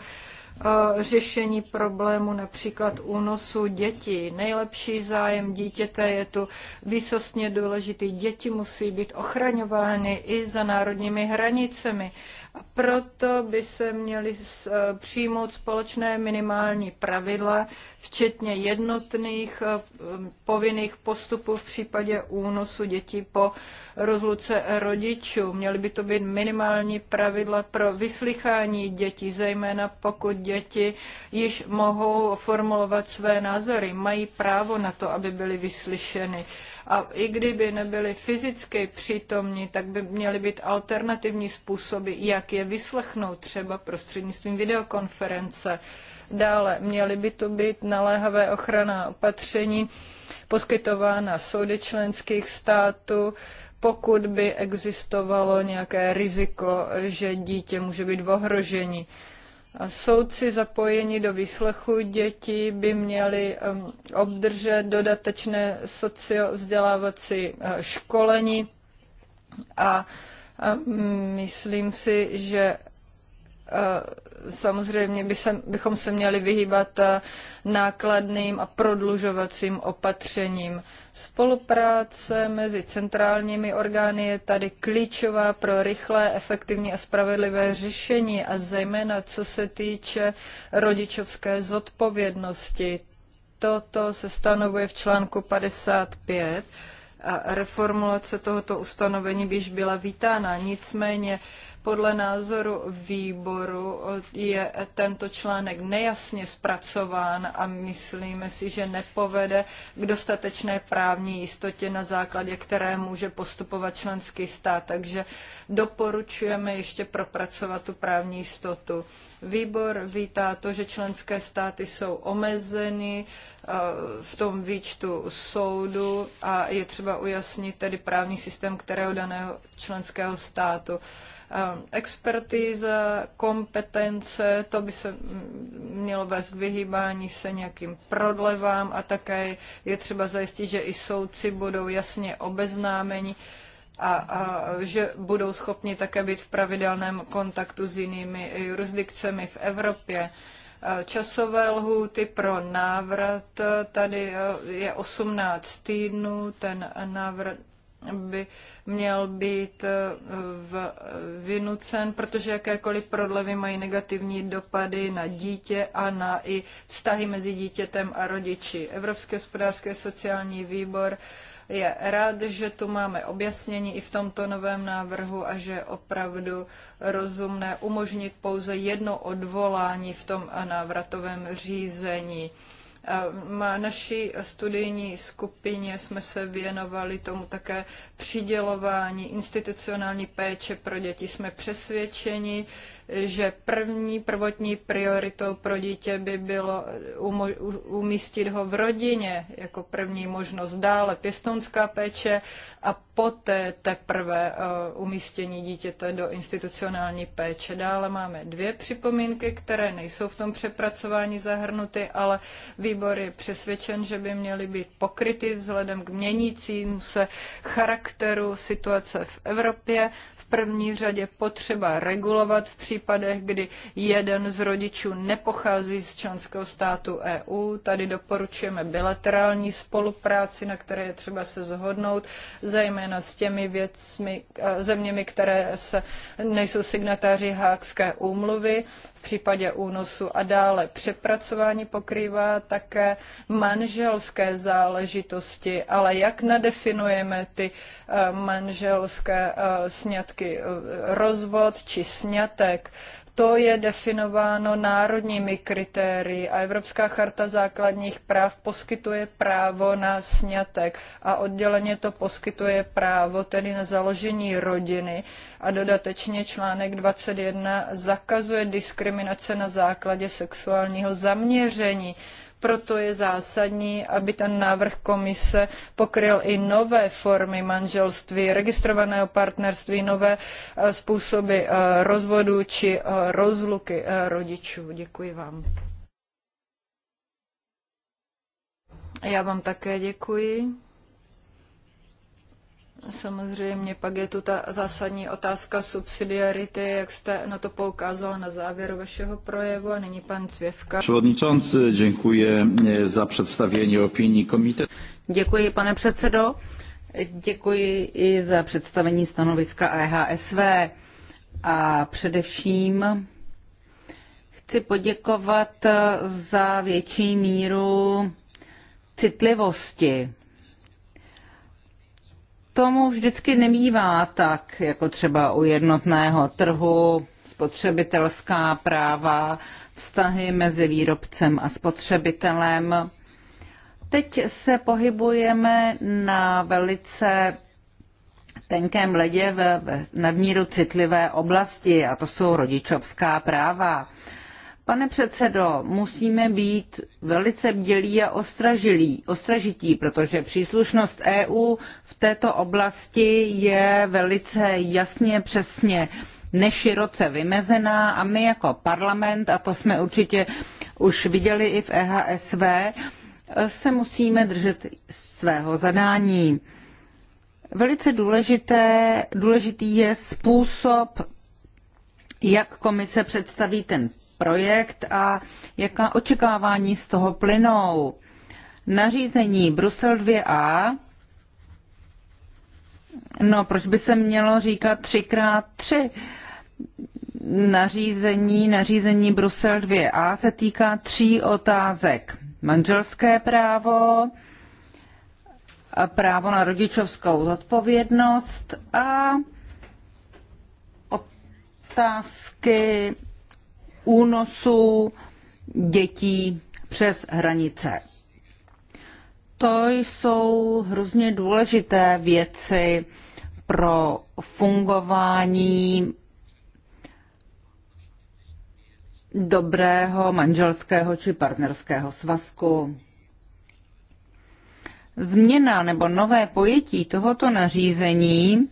[SPEAKER 3] Eh, řešení problému například únosu dětí. Nejlepší zájem dítěte je tu výsostně důležitý. Děti musí být ochraňovány i za národními hranicemi. A proto by se měly eh, přijmout společné minimální pravidla, včetně jednotných eh, povinných postupů v případě únosu dětí po rozluce rodičů. Měly by to být minimální pravidla pro vyslychání dětí, zejména pokud děti již mohou formulovat své názory, mají právo na to, aby byly vyslyšeny. A i kdyby nebyli fyzicky přítomní, tak by měly být alternativní způsoby, jak je vyslechnout třeba prostřednictvím videokonference. Dále měly by to být naléhavé ochrana opatření poskytována soudy členských států, pokud by existovalo nějaké riziko, že dítě může být v ohrožení. Soudci zapojeni do výslechu dětí by měli um, obdržet dodatečné sociovzdělávací eh, školení a mm, myslím si, že Eh, samozřejmě by se, bychom se měli vyhýbat eh, nákladným a prodlužovacím opatřením. Spolupráce mezi centrálními orgány je tady klíčová pro rychlé, efektivní a spravedlivé řešení a zejména co se týče rodičovské zodpovědnosti. Toto se stanovuje v článku 55 a reformulace tohoto ustanovení by byla vítána. Nicméně podle názoru výboru je tento článek nejasně zpracován a myslíme si, že nepovede k dostatečné právní jistotě, na základě které může postupovat členský stát. Takže doporučujeme ještě propracovat tu právní jistotu. Výbor vítá to, že členské státy jsou omezeny eh, v tom výčtu soudu a je třeba ujasnit tedy právní systém kterého daného členského státu. Ehm, expertíza, kompetence, to by se mm, mělo vést k vyhýbání se nějakým prodlevám a také je třeba zajistit, že i soudci budou jasně obeznámeni a, a že budou schopni také být v pravidelném kontaktu s jinými jurisdikcemi v Evropě. Ehm, časové lhůty pro návrat eh, tady eh, je 18 týdnů, ten návrat by měl být eh, v, vynucen, protože jakékoliv prodlevy mají negativní dopady na dítě a na i vztahy mezi dítětem a rodiči. Evropský hospodářské sociální výbor je rád, že tu máme objasnění i v tomto novém návrhu a že je opravdu rozumné umožnit pouze jedno odvolání v tom návratovém řízení. Ehm, na naší studijní skupině jsme se věnovali tomu také přidělování institucionální péče pro děti. Jsme přesvědčeni, že první prvotní prioritou pro dítě by bylo eh, umístit ho v rodině jako první možnost, dále pěstounská péče a poté teprve eh, umístění dítěte do institucionální péče. Dále máme dvě připomínky, které nejsou v tom přepracování zahrnuty, ale výbor je přesvědčen, že by měly být pokryty vzhledem k měnícímu se charakteru situace v Evropě v první řadě potřeba regulovat v případech, kdy jeden z rodičů nepochází z členského státu EU. Tady doporučujeme bilaterální spolupráci, na které je třeba se zhodnout, zejména s těmi věcmi, eh, zeměmi, které se, nejsou signatáři Hákské úmluvy v případě únosu a dále přepracování pokrývá také manželské záležitosti, ale jak nadefinujeme ty eh, manželské eh, snědky, sňatky, eh, rozvod či sňatek, to je definováno národními kritérii a Evropská charta základních práv poskytuje právo na sňatek a odděleně to poskytuje právo tedy na založení rodiny a dodatečně článek 21 zakazuje diskriminace na základě sexuálního zaměření. Proto je zásadní, aby ten návrh komise pokryl i nové formy manželství, registrovaného partnerství, nové eh, způsoby eh, rozvodu či eh, rozluky rodičů. Děkuji vám. Já vám také děkuji. Samozřejmě pak je tu ta zásadní otázka subsidiarity, jak jste na to poukázal na závěru vašeho projevu a nyní pan Cvěvka. předsedající, děkuji eh, za představení opinii komitetu. Děkuji, pane předsedo.
[SPEAKER 2] Děkuji i za představení stanoviska EHSV a především chci poděkovat eh, za větší míru citlivosti tomu vždycky nemývá tak, jako třeba u jednotného trhu, spotřebitelská práva, vztahy mezi výrobcem a spotřebitelem. Teď se pohybujeme na velice tenkém ledě v nadmíru citlivé oblasti, a to jsou rodičovská práva. Pane předsedo, musíme být velice bdělí a ostražilí, ostražití, protože příslušnost EU v této oblasti je velice jasně, přesně, neširoce vymezená a my jako parlament, a to jsme určitě už viděli i v EHSV, se musíme držet svého zadání. Velice důležité, důležitý je způsob, jak komise představí ten projekt a jaká očekávání z toho plynou. Nařízení Brusel 2a, no proč by se mělo říkat 3x3? Nařízení, nařízení Brusel 2a se týká tří otázek. Manželské právo, právo na rodičovskou zodpovědnost a otázky únosů dětí přes hranice. To jsou hrozně důležité věci pro fungování dobrého manželského či partnerského svazku. Změna nebo nové pojetí tohoto nařízení,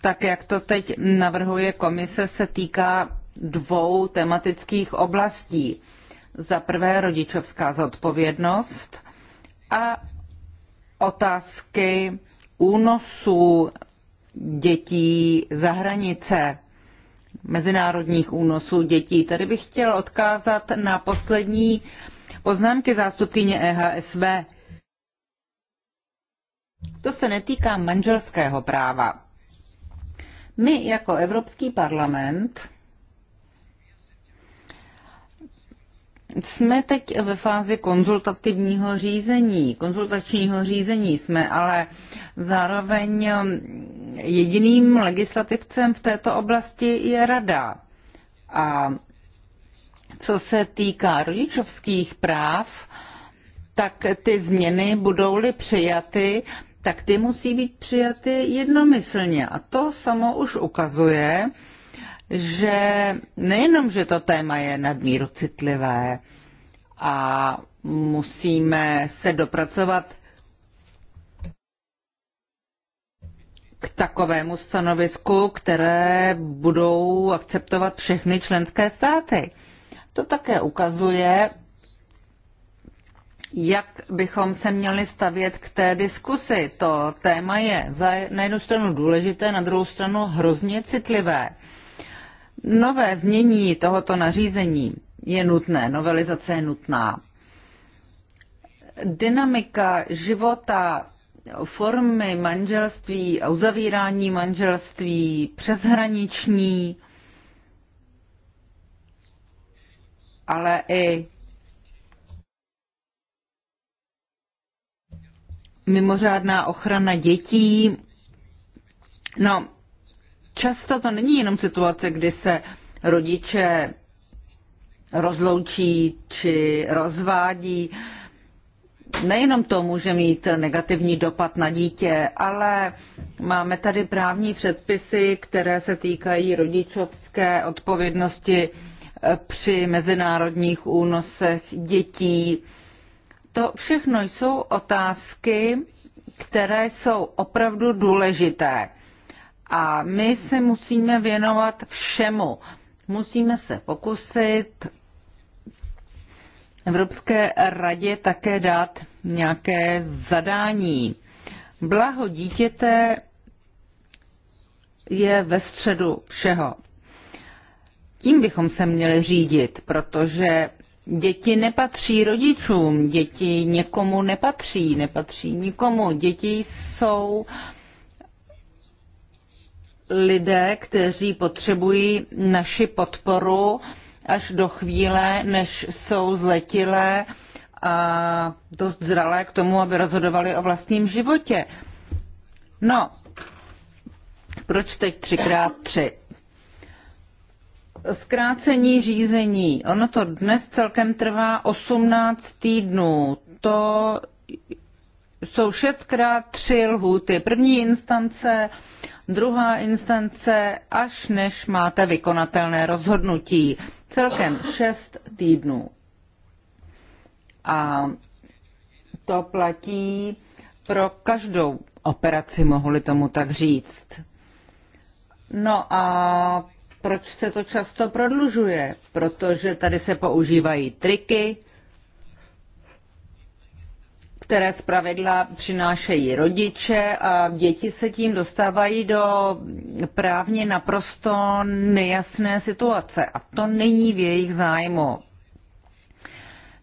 [SPEAKER 2] tak jak to teď navrhuje komise, se týká dvou tematických oblastí. Za prvé rodičovská zodpovědnost a otázky únosů dětí za hranice, mezinárodních únosů dětí. Tady bych chtěl odkázat na poslední poznámky zástupkyně EHSV. To se netýká manželského práva. My jako Evropský parlament Jsme teď ve fázi konzultativního řízení, konzultačního řízení jsme, ale zároveň um, jediným legislativcem v této oblasti je rada. A co se týká rodičovských práv, tak ty změny budou-li přijaty, tak ty musí být přijaty jednomyslně. A to samo už ukazuje, že nejenom, že to téma je nadmíru citlivé a musíme se dopracovat k takovému stanovisku, které budou akceptovat všechny členské státy. To také ukazuje, jak bychom se měli stavět k té diskusi. To téma je za, na jednu stranu důležité, na druhou stranu hrozně citlivé. Nové znění tohoto nařízení je nutné, novelizace je nutná. Dynamika života, formy manželství a uzavírání manželství přeshraniční, ale i mimořádná ochrana dětí. No, často to není jenom situace, kdy se rodiče rozloučí či rozvádí. Nejenom to může mít negativní dopad na dítě, ale máme tady právní předpisy, které se týkají rodičovské odpovědnosti eh, při mezinárodních únosech dětí. To všechno jsou otázky, které jsou opravdu důležité. A my se musíme věnovat všemu. Musíme se pokusit Evropské radě také dát nějaké zadání. Blaho dítěte je ve středu všeho. Tím bychom se měli řídit, protože děti nepatří rodičům, děti někomu nepatří, nepatří nikomu. Děti jsou uh, lidé, kteří potřebují naši podporu až do chvíle, než jsou zletilé a dost zralé k tomu, aby rozhodovali o vlastním životě. No, proč teď třikrát tři? Zkrácení řízení. Ono to dnes celkem trvá 18 týdnů. To jsou šestkrát tři lhůty. První instance, druhá instance, až než máte vykonatelné rozhodnutí. Celkem šest týdnů. A to platí pro každou operaci, mohli tomu tak říct. No a proč se to často prodlužuje? Protože tady se používají triky, které zpravidla přinášejí rodiče a děti se tím dostávají do právně naprosto nejasné situace a to není v jejich zájmu.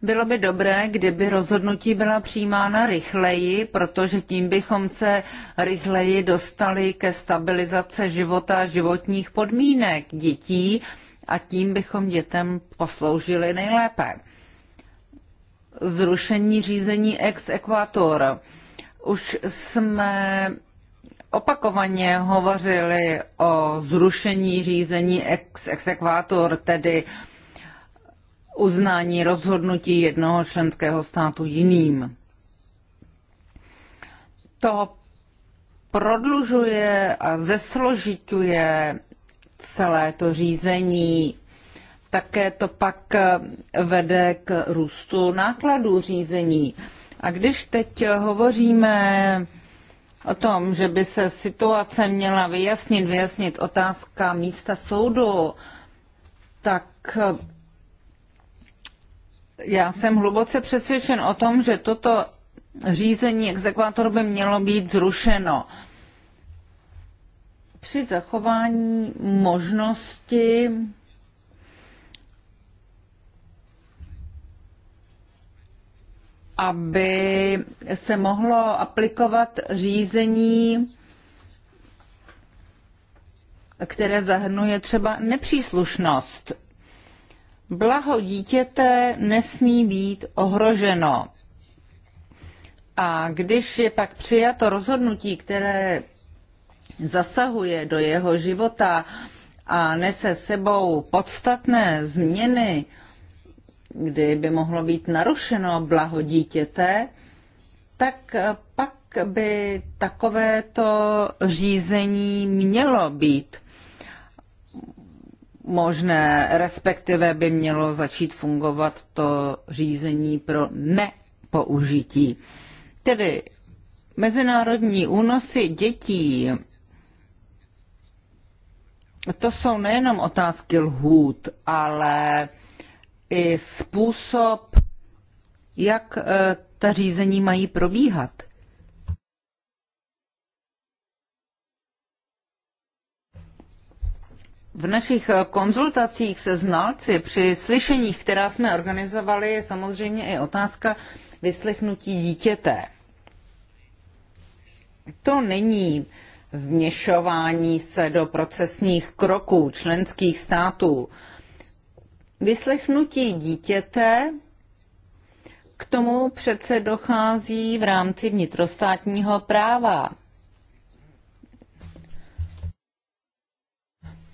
[SPEAKER 2] Bylo by dobré, kdyby rozhodnutí byla přijímána rychleji, protože tím bychom se rychleji dostali ke stabilizaci života a životních podmínek dětí a tím bychom dětem posloužili nejlépe zrušení řízení ex equator. Už jsme opakovaně hovořili o zrušení řízení ex exekvátor, tedy uznání rozhodnutí jednoho členského státu jiným. To prodlužuje a zesložituje celé to řízení také to pak eh, vede k růstu nákladů řízení. A když teď hovoříme o tom, že by se situace měla vyjasnit, vyjasnit otázka místa soudu, tak eh, já jsem hluboce přesvědčen o tom, že toto řízení exekvátor by mělo být zrušeno. Při zachování možnosti aby se mohlo aplikovat řízení, které zahrnuje třeba nepříslušnost. Blaho dítěte nesmí být ohroženo. A když je pak přijato rozhodnutí, které zasahuje do jeho života a nese sebou podstatné změny, kdy by mohlo být narušeno blaho dítěte, tak pak by takovéto řízení mělo být možné, respektive by mělo začít fungovat to řízení pro nepoužití. Tedy mezinárodní únosy dětí, to jsou nejenom otázky lhůt, ale i způsob, jak eh, ta řízení mají probíhat. V našich eh, konzultacích se znalci při slyšeních, která jsme organizovali, je samozřejmě i otázka vyslechnutí dítěte. To není vměšování se do procesních kroků členských států. Vyslechnutí dítěte k tomu přece dochází v rámci vnitrostátního práva.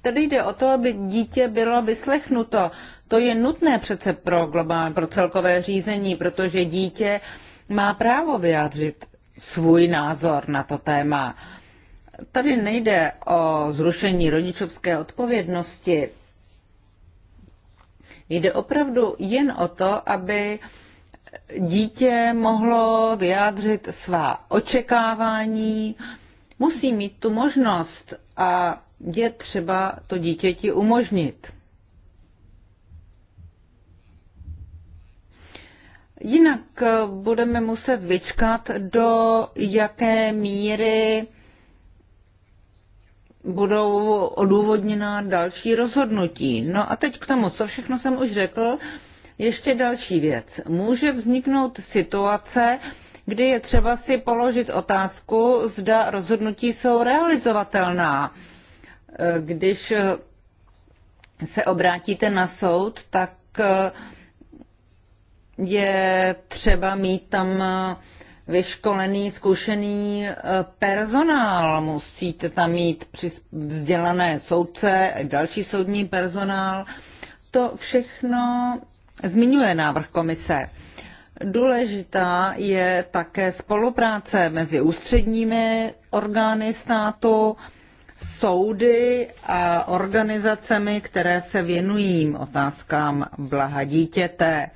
[SPEAKER 2] Tady jde o to, aby dítě bylo vyslechnuto. To je nutné přece pro, globál, pro celkové řízení, protože dítě má právo vyjádřit svůj názor na to téma. Tady nejde o zrušení rodičovské odpovědnosti. Jde opravdu jen o to, aby dítě mohlo vyjádřit svá očekávání, musí mít tu možnost a je třeba to dítěti umožnit. Jinak budeme muset vyčkat, do jaké míry budou odůvodněna další rozhodnutí. No a teď k tomu, co všechno jsem už řekl, ještě další věc. Může vzniknout situace, kdy je třeba si položit otázku, zda rozhodnutí jsou realizovatelná. Když se obrátíte na soud, tak je třeba mít tam vyškolený, zkušený eh, personál. Musíte tam mít vzdělané soudce, další soudní personál. To všechno zmiňuje návrh komise. Důležitá je také spolupráce mezi ústředními orgány státu, soudy a organizacemi, které se věnují otázkám blaha dítěte.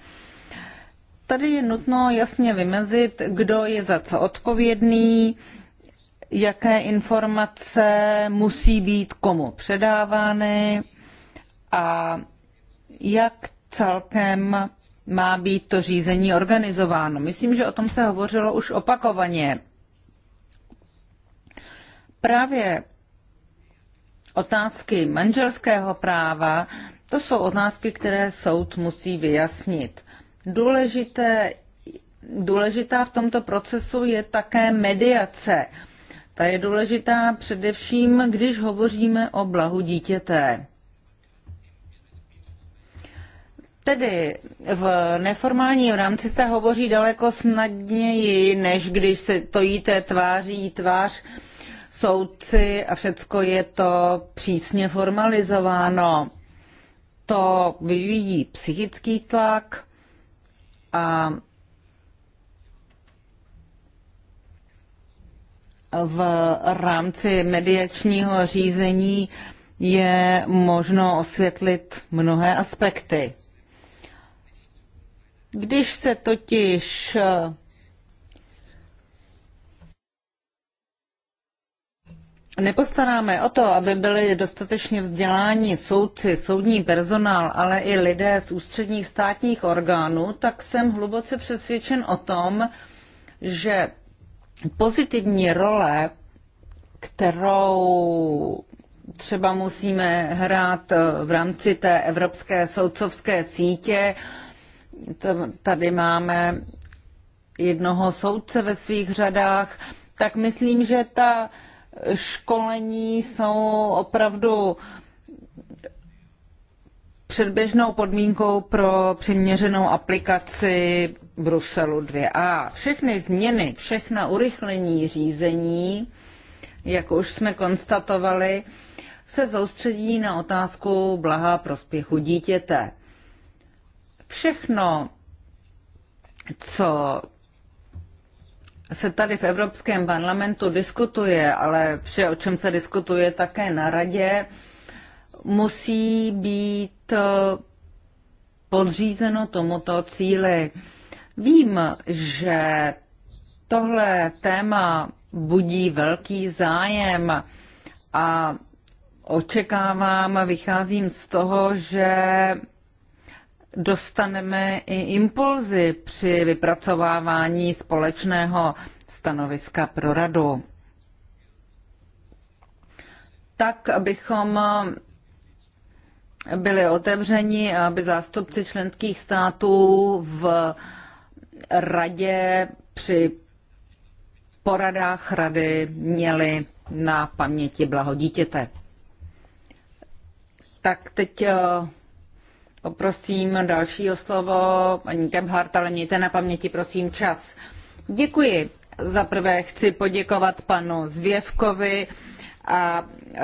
[SPEAKER 2] Tady je nutno jasně vymezit, kdo je za co odpovědný, jaké informace musí být komu předávány a jak celkem má být to řízení organizováno. Myslím, že o tom se hovořilo už opakovaně. Právě otázky manželského práva, to jsou otázky, které soud musí vyjasnit. Důležité, důležitá v tomto procesu je také mediace. Ta je důležitá především, když hovoříme o blahu dítěte. Tedy v neformální rámci se hovoří daleko snadněji, než když se to jíte tváří tvář soudci a všecko je to přísně formalizováno. To vyvíjí psychický tlak, a v rámci mediačního řízení je možno osvětlit mnohé aspekty. Když se totiž nepostaráme o to, aby byli dostatečně vzděláni soudci, soudní personál, ale i lidé z ústředních státních orgánů, tak jsem hluboce přesvědčen o tom, že pozitivní role, kterou třeba musíme hrát v rámci té evropské soudcovské sítě, tady máme jednoho soudce ve svých řadách, tak myslím, že ta školení jsou opravdu předběžnou podmínkou pro přiměřenou aplikaci Bruselu 2a. Všechny změny, všechna urychlení řízení, jak už jsme konstatovali, se soustředí na otázku blaha prospěchu dítěte. Všechno, co se tady v Evropském parlamentu diskutuje, ale vše, o čem se diskutuje také na radě, musí být eh, podřízeno tomuto cíli. Vím, že tohle téma budí velký zájem a očekávám, vycházím z toho, že dostaneme i impulzy při vypracovávání společného stanoviska pro radu. Tak, abychom byli otevřeni, aby zástupci členských států v radě při poradách rady měli na paměti blahodítěte. Tak teď eh, Poprosím dalšího slovo, paní Gebhardt, ale mějte na paměti, prosím, čas. Děkuji. Za prvé chci poděkovat panu Zvěvkovi a e,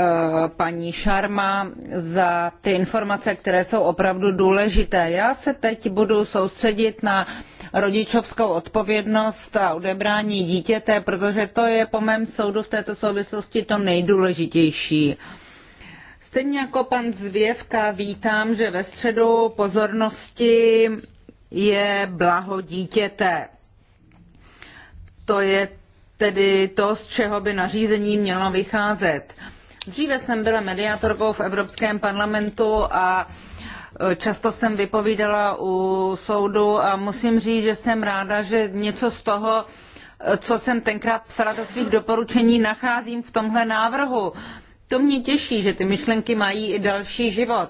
[SPEAKER 2] paní Šarma za ty informace, které jsou opravdu důležité. Já se teď budu soustředit na rodičovskou odpovědnost a odebrání dítěte, protože to je po mém soudu v této souvislosti to nejdůležitější. E, Stejně jako pan Zvěvka vítám, že ve středu pozornosti je blaho dítěte. To je tedy to, z čeho by nařízení mělo vycházet. Dříve jsem byla mediátorkou v Evropském parlamentu a e, často jsem vypovídala u soudu a musím říct, že jsem ráda, že něco z toho, e, co jsem tenkrát psala do svých doporučení, nacházím v tomhle návrhu. To mě těší, že ty myšlenky mají i další život.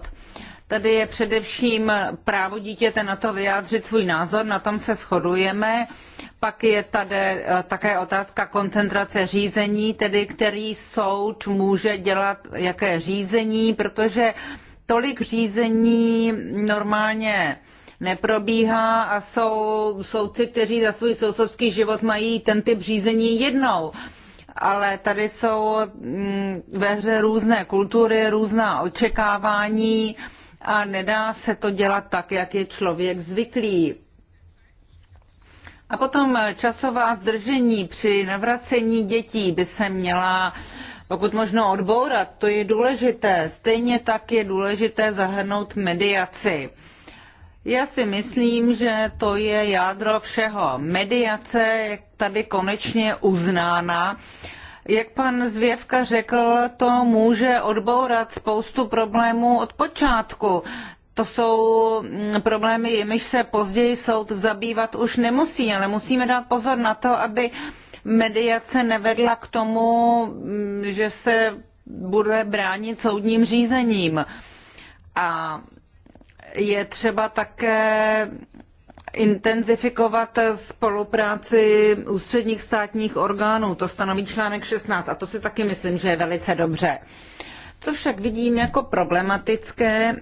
[SPEAKER 2] Tady je především právo dítěte na to vyjádřit svůj názor, na tom se shodujeme. Pak je tady eh, také otázka koncentrace řízení, tedy který soud může dělat jaké řízení, protože tolik řízení normálně neprobíhá a jsou soudci, kteří za svůj sousovský život mají ten typ řízení jednou ale tady jsou mm, ve hře různé kultury, různá očekávání a nedá se to dělat tak, jak je člověk zvyklý. A potom časová zdržení při navracení dětí by se měla pokud možno odbourat, to je důležité. Stejně tak je důležité zahrnout mediaci. Já si myslím, že to je jádro všeho. Mediace je tady konečně uznána. Jak pan Zvěvka řekl, to může odbourat spoustu problémů od počátku. To jsou mm, problémy, jimiž se později soud zabývat už nemusí, ale musíme dát pozor na to, aby mediace nevedla k tomu, mm, že se bude bránit soudním řízením. A je třeba také intenzifikovat spolupráci ústředních státních orgánů. To stanoví článek 16 a to si taky myslím, že je velice dobře. Co však vidím jako problematické,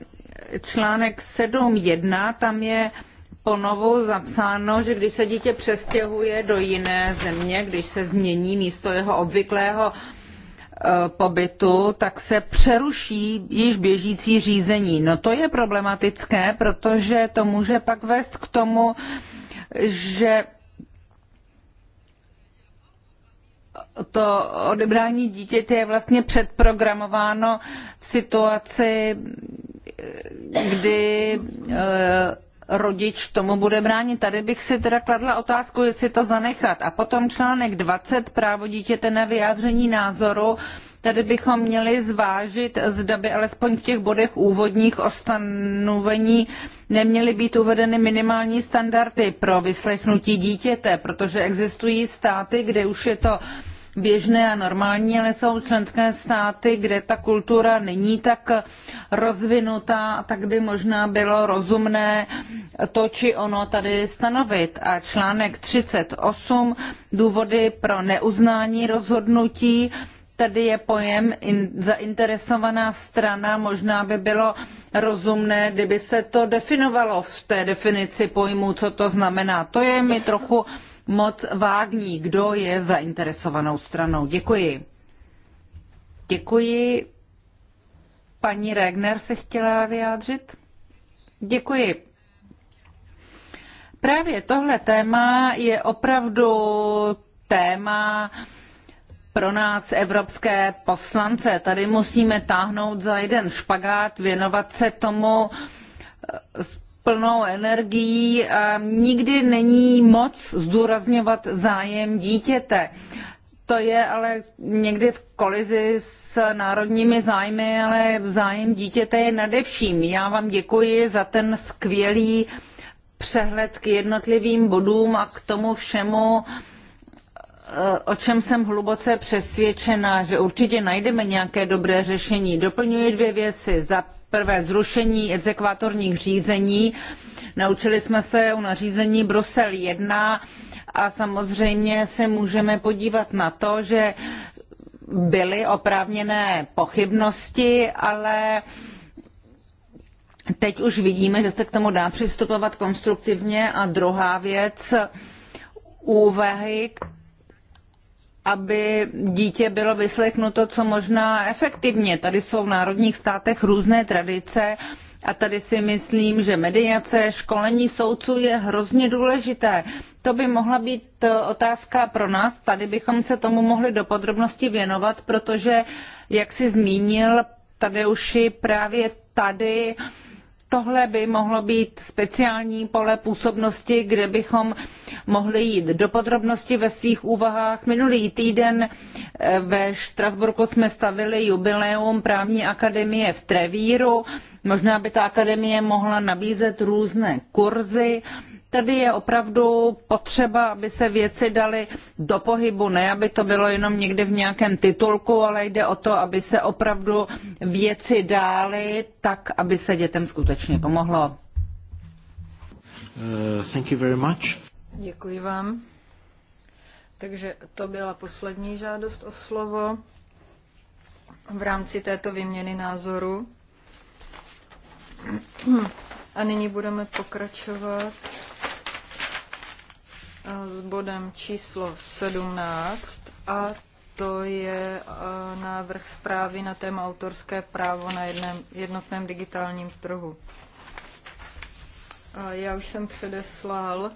[SPEAKER 2] článek 7.1, tam je ponovu zapsáno, že když se dítě přestěhuje do jiné země, když se změní místo jeho obvyklého Eh, pobytu, tak se přeruší již běžící řízení. No to je problematické, protože to může pak vést k tomu, že to odebrání dítěte je vlastně předprogramováno v situaci, kdy eh, rodič tomu bude bránit. Tady bych si teda kladla otázku, jestli to zanechat. A potom článek 20, právo dítěte na vyjádření názoru. Tady bychom měli zvážit, zda by alespoň v těch bodech úvodních ostanovení neměly být uvedeny minimální standardy pro vyslechnutí dítěte, protože existují státy, kde už je to běžné a normální, ale jsou členské státy, kde ta kultura není tak rozvinutá, tak by možná bylo rozumné to či ono tady stanovit. A článek 38, důvody pro neuznání rozhodnutí, tady je pojem in, zainteresovaná strana, možná by bylo rozumné, kdyby se to definovalo v té definici pojmu, co to znamená. To je mi trochu moc vágní, kdo je zainteresovanou stranou. Děkuji. Děkuji. Paní Regner se chtěla vyjádřit? Děkuji. Právě tohle téma je opravdu téma pro nás evropské poslance. Tady musíme táhnout za jeden špagát, věnovat se tomu eh, plnou energií a nikdy není moc zdůrazňovat zájem dítěte. To je ale někdy v kolizi s národními zájmy, ale zájem dítěte je nadevším. Já vám děkuji za ten skvělý přehled k jednotlivým bodům a k tomu všemu, eh, o čem jsem hluboce přesvědčena, že určitě najdeme nějaké dobré řešení. Doplňuji dvě věci. Za prvé zrušení exekvátorních řízení. Naučili jsme se u nařízení Brusel 1 a samozřejmě se můžeme podívat na to, že byly oprávněné pochybnosti, ale teď už vidíme, že se k tomu dá přistupovat konstruktivně. A druhá věc, úvahy, aby dítě bylo vyslechnuto co možná efektivně. Tady jsou v národních státech různé tradice a tady si myslím, že mediace, školení soudců je hrozně důležité. To by mohla být e, otázka pro nás. Tady bychom se tomu mohli do podrobnosti věnovat, protože, jak si zmínil, tady už právě tady uh, tohle by mohlo být speciální pole působnosti, kde bychom mohli jít do podrobnosti ve svých úvahách. Minulý týden eh, ve Štrasburku jsme stavili jubileum právní akademie v Trevíru. Možná by ta akademie mohla nabízet různé kurzy, Tady je opravdu potřeba, aby se věci daly do pohybu, ne aby to bylo jenom někde v nějakém titulku, ale jde o to, aby se opravdu věci dály tak, aby se dětem skutečně pomohlo.
[SPEAKER 1] Uh, thank you very much.
[SPEAKER 3] Děkuji vám. Takže to byla poslední žádost o slovo v rámci této výměny názoru. A nyní budeme pokračovat eh, s bodem číslo 17 a to je eh, návrh zprávy na téma autorské právo na jedném, jednotném digitálním trhu. já už jsem předeslal,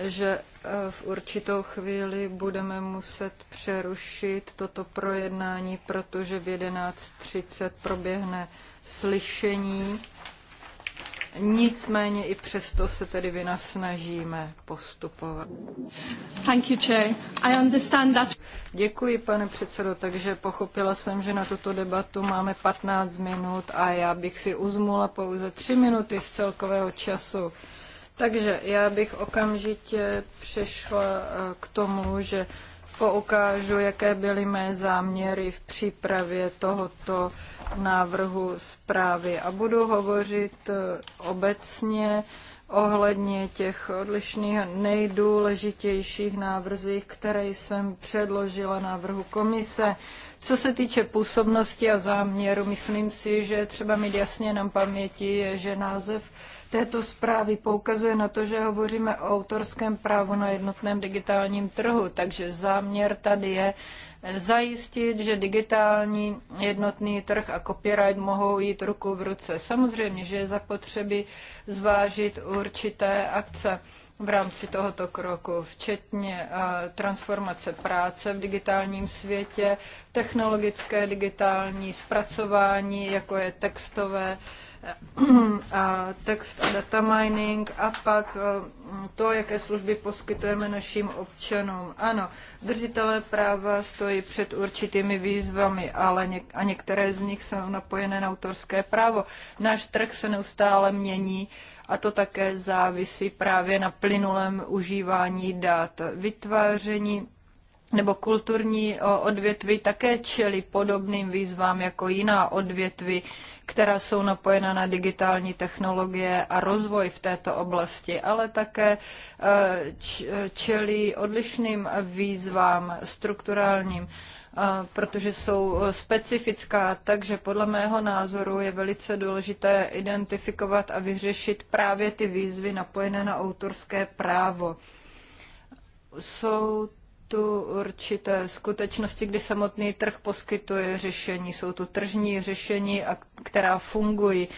[SPEAKER 3] že eh, v určitou chvíli budeme muset přerušit toto projednání, protože v 11.30 proběhne slyšení Nicméně i přesto se tedy vynasnažíme postupovat. Thank you, Chair. I understand that. Děkuji, pane předsedo, takže pochopila jsem, že na tuto debatu máme 15 minut a já bych si uzmula pouze 3 minuty z celkového času. Takže já bych okamžitě přešla eh, k tomu, že poukážu, jaké byly mé záměry v přípravě tohoto návrhu zprávy a budu hovořit eh, obecně ohledně těch odlišných nejdůležitějších návrzích, které jsem předložila návrhu komise. Co se týče působnosti a záměru, myslím si, že třeba mít jasně na paměti, že název této zprávy poukazuje na to, že hovoříme o autorském právu na jednotném digitálním trhu, takže záměr tady je zajistit, že digitální jednotný trh a copyright mohou jít ruku v ruce. Samozřejmě, že je zapotřebí zvážit určité akce v rámci tohoto kroku, včetně eh, transformace práce v digitálním světě, technologické digitální zpracování, jako je textové, eh, a text a data mining a pak eh, to, jaké služby poskytujeme našim občanům. Ano, držitelé práva stojí před určitými výzvami, ale něk- a některé z nich jsou napojené na autorské právo. Náš trh se neustále mění a to také závisí právě na plynulém užívání dat. Vytváření nebo kulturní odvětví také čelí podobným výzvám jako jiná odvětví, která jsou napojena na digitální technologie a rozvoj v této oblasti, ale také e, e, čelí odlišným výzvám strukturálním protože jsou eh, specifická, takže podle mého názoru je velice důležité identifikovat a vyřešit právě ty výzvy napojené na autorské právo. Jsou tu určité skutečnosti, kdy samotný trh poskytuje řešení. Jsou tu tržní řešení, a která fungují.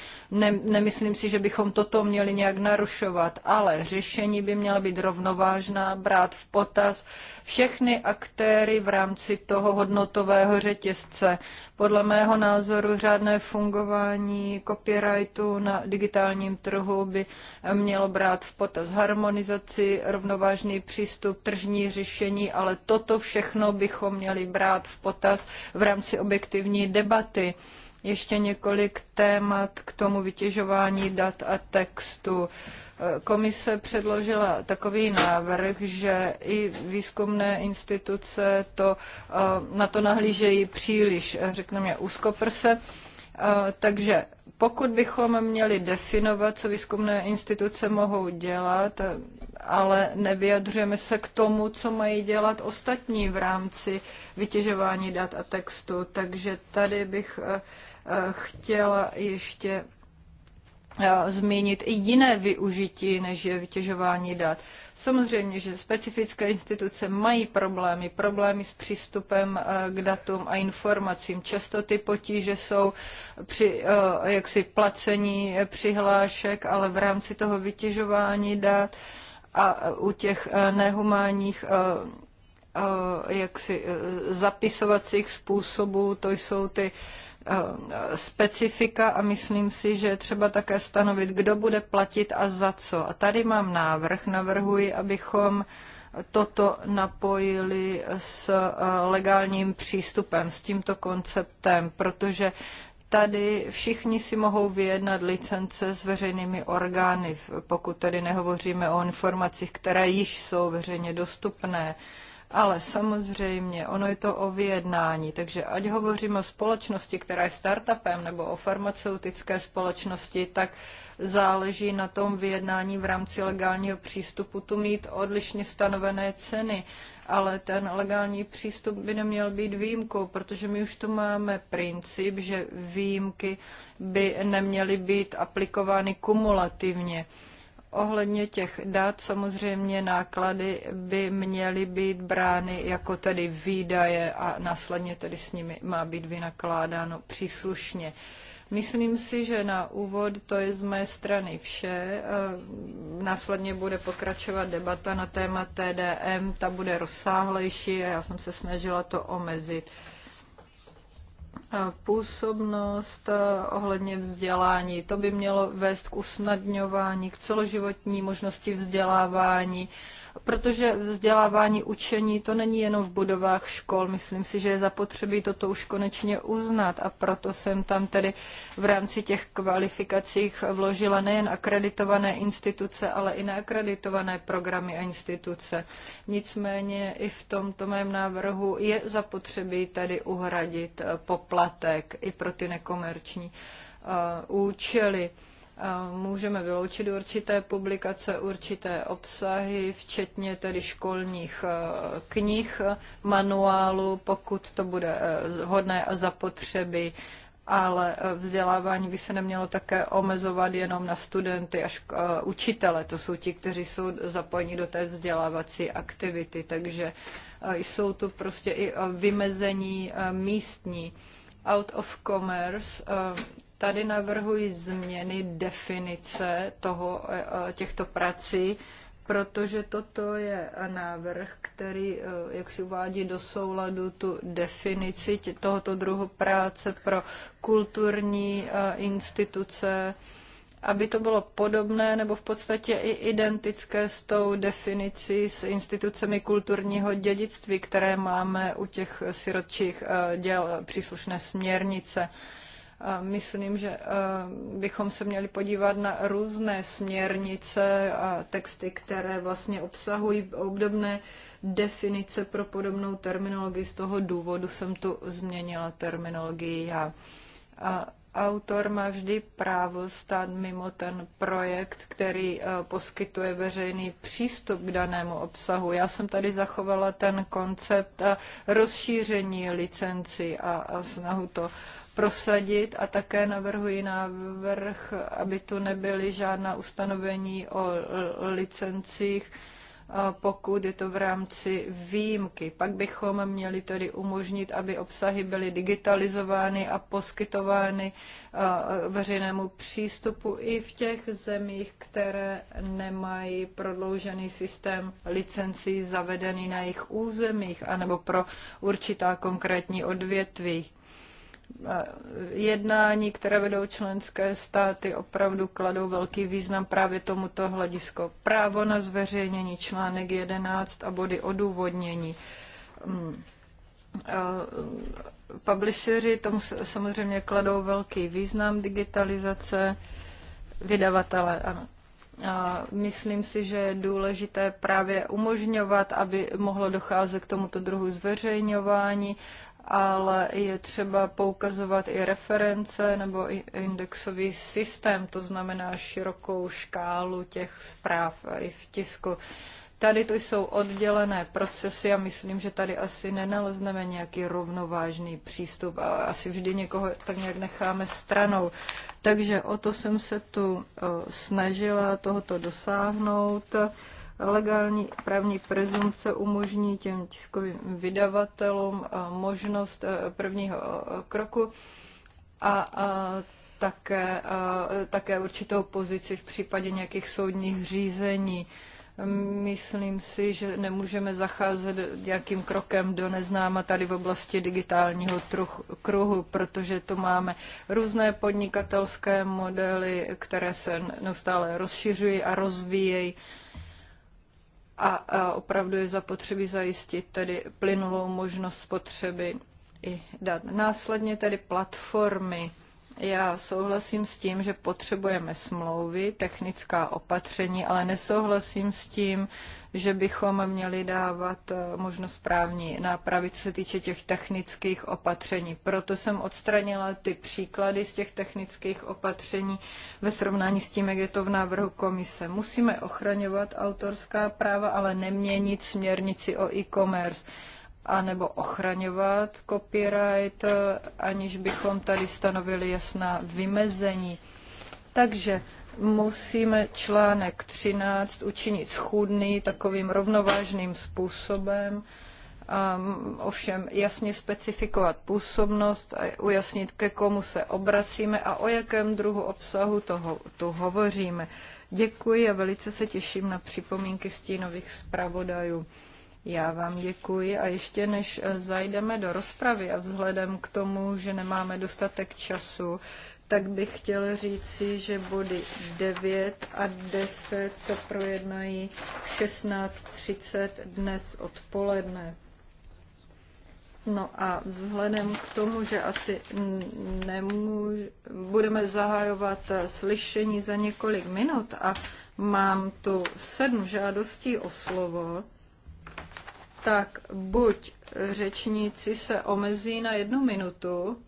[SPEAKER 3] nemyslím si, že bychom toto měli nějak narušovat, ale řešení by měla být rovnovážná, brát v potaz všechny aktéry v rámci toho hodnotového řetězce. Podle mého názoru řádné fungování copyrightu na digitálním trhu by mělo brát v potaz harmonizaci, rovnovážný přístup, tržní řešení, ale ale toto všechno bychom měli brát v potaz v rámci objektivní debaty. Ještě několik témat k tomu vytěžování dat a textu. Komise předložila takový návrh, že i výzkumné instituce to, eh, na to nahlížejí příliš, eh, řekněme, úzkoprse. Eh, takže pokud bychom měli definovat, co výzkumné instituce mohou dělat, ale nevyjadřujeme se k tomu, co mají dělat ostatní v rámci vytěžování dat a textu, takže tady bych eh, eh, chtěla ještě zmínit i jiné využití, než je vytěžování dat. Samozřejmě, že specifické instituce mají problémy, problémy s přístupem k datům a informacím. Často ty potíže jsou při jaksi placení přihlášek, ale v rámci toho vytěžování dat a u těch nehumánních jaksi e, zapisovacích způsobů, to jsou ty Eh, specifika a myslím si, že je třeba také stanovit, kdo bude platit a za co. A tady mám návrh, navrhuji, abychom toto napojili s eh, legálním přístupem, s tímto konceptem, protože tady všichni si mohou vyjednat licence s veřejnými orgány, pokud tady nehovoříme o informacích, které již jsou veřejně dostupné. Ale samozřejmě, ono je to o vyjednání, takže ať hovořím o společnosti, která je startupem, nebo o farmaceutické společnosti, tak záleží na tom vyjednání v rámci legálního přístupu tu mít odlišně stanovené ceny. Ale ten legální přístup by neměl být výjimkou, protože my už tu máme princip, že výjimky by neměly být aplikovány kumulativně. Ohledně těch dat samozřejmě náklady by měly být brány jako tedy výdaje a následně tedy s nimi má být vynakládáno příslušně. Myslím si, že na úvod to je z mé strany vše. Eh, následně bude pokračovat debata na téma TDM, ta bude rozsáhlejší a já jsem se snažila to omezit působnost eh, ohledně vzdělání. To by mělo vést k usnadňování, k celoživotní možnosti vzdělávání protože vzdělávání učení to není jenom v budovách škol. Myslím si, že je zapotřebí toto už konečně uznat a proto jsem tam tedy v rámci těch kvalifikacích vložila nejen akreditované instituce, ale i neakreditované programy a instituce. Nicméně i v tomto mém návrhu je zapotřebí tedy uhradit poplatek i pro ty nekomerční eh, účely můžeme vyloučit určité publikace, určité obsahy, včetně tedy školních e, knih, manuálu, pokud to bude e, hodné a zapotřeby, ale e, vzdělávání by se nemělo také omezovat jenom na studenty až učitele. To jsou ti, kteří jsou zapojeni do té vzdělávací aktivity, takže jsou tu prostě i vymezení místní. Out of commerce, Tady navrhuji změny definice toho, e, e, těchto prací, protože toto je návrh, který, e, jak si uvádí do souladu tu definici tohoto druhu práce pro kulturní instituce, aby to bylo podobné nebo v podstatě i identické s tou definicí s institucemi kulturního dědictví, které máme u těch sirotčích děl příslušné směrnice. Myslím, že eh, bychom se měli podívat na různé směrnice a texty, které vlastně obsahují obdobné definice pro podobnou terminologii. Z toho důvodu jsem tu změnila terminologii já. A autor má vždy právo stát mimo ten projekt, který eh, poskytuje veřejný přístup k danému obsahu. Já jsem tady zachovala ten koncept eh, rozšíření licenci a, a snahu to prosadit a také navrhuji návrh, aby tu nebyly žádná ustanovení o licencích, pokud je to v rámci výjimky. Pak bychom měli tedy umožnit, aby obsahy byly digitalizovány a poskytovány veřejnému přístupu i v těch zemích, které nemají prodloužený systém licencí zavedený na jejich územích anebo pro určitá konkrétní odvětví jednání, které vedou členské státy, opravdu kladou velký význam právě tomuto hledisko. Právo na zveřejnění, článek 11 a body odůvodnění. Hmm. Publisheri tomu samozřejmě kladou velký význam digitalizace, vydavatele, ano. A myslím si, že je důležité právě umožňovat, aby mohlo docházet k tomuto druhu zveřejňování ale je třeba poukazovat i reference nebo i indexový systém, to znamená širokou škálu těch zpráv i v tisku. Tady to jsou oddělené procesy a myslím, že tady asi nenalezneme nějaký rovnovážný přístup a asi vždy někoho tak nějak necháme stranou. Takže o to jsem se tu eh, snažila tohoto dosáhnout. Legální právní prezumce umožní těm tiskovým vydavatelům eh, možnost eh, prvního eh, kroku a, také, také určitou pozici v případě nějakých soudních řízení. Mm, myslím si, že nemůžeme zacházet nějakým krokem do neznáma tady v oblasti digitálního kruhu, protože tu máme různé podnikatelské modely, které se neustále rozšiřují a rozvíjejí a, a opravdu je zapotřebí zajistit tedy plynulou možnost spotřeby i dat. Následně tedy platformy já souhlasím s tím, že potřebujeme smlouvy, technická opatření, ale nesouhlasím s tím, že bychom měli dávat eh, možnost právní nápravy, co se týče těch technických opatření. Proto jsem odstranila ty příklady z těch technických opatření ve srovnání s tím, jak je to v návrhu komise. Musíme ochraňovat autorská práva, ale neměnit směrnici o e-commerce anebo ochraňovat copyright, aniž bychom tady stanovili jasná vymezení. Takže musíme článek 13 učinit schůdný takovým rovnovážným způsobem, um, ovšem jasně specifikovat působnost, a ujasnit, ke komu se obracíme a o jakém druhu obsahu toho, tu hovoříme. Děkuji a velice se těším na připomínky stínových zpravodajů. Já vám děkuji a ještě než eh, zajdeme do rozpravy a vzhledem k tomu, že nemáme dostatek času, tak bych chtěl říci, že body 9 a 10 se projednají 16.30 dnes odpoledne. No a vzhledem k tomu, že asi nemůž... budeme zahajovat eh, slyšení za několik minut a mám tu sedm žádostí o slovo, tak buď řečníci se omezí na jednu minutu,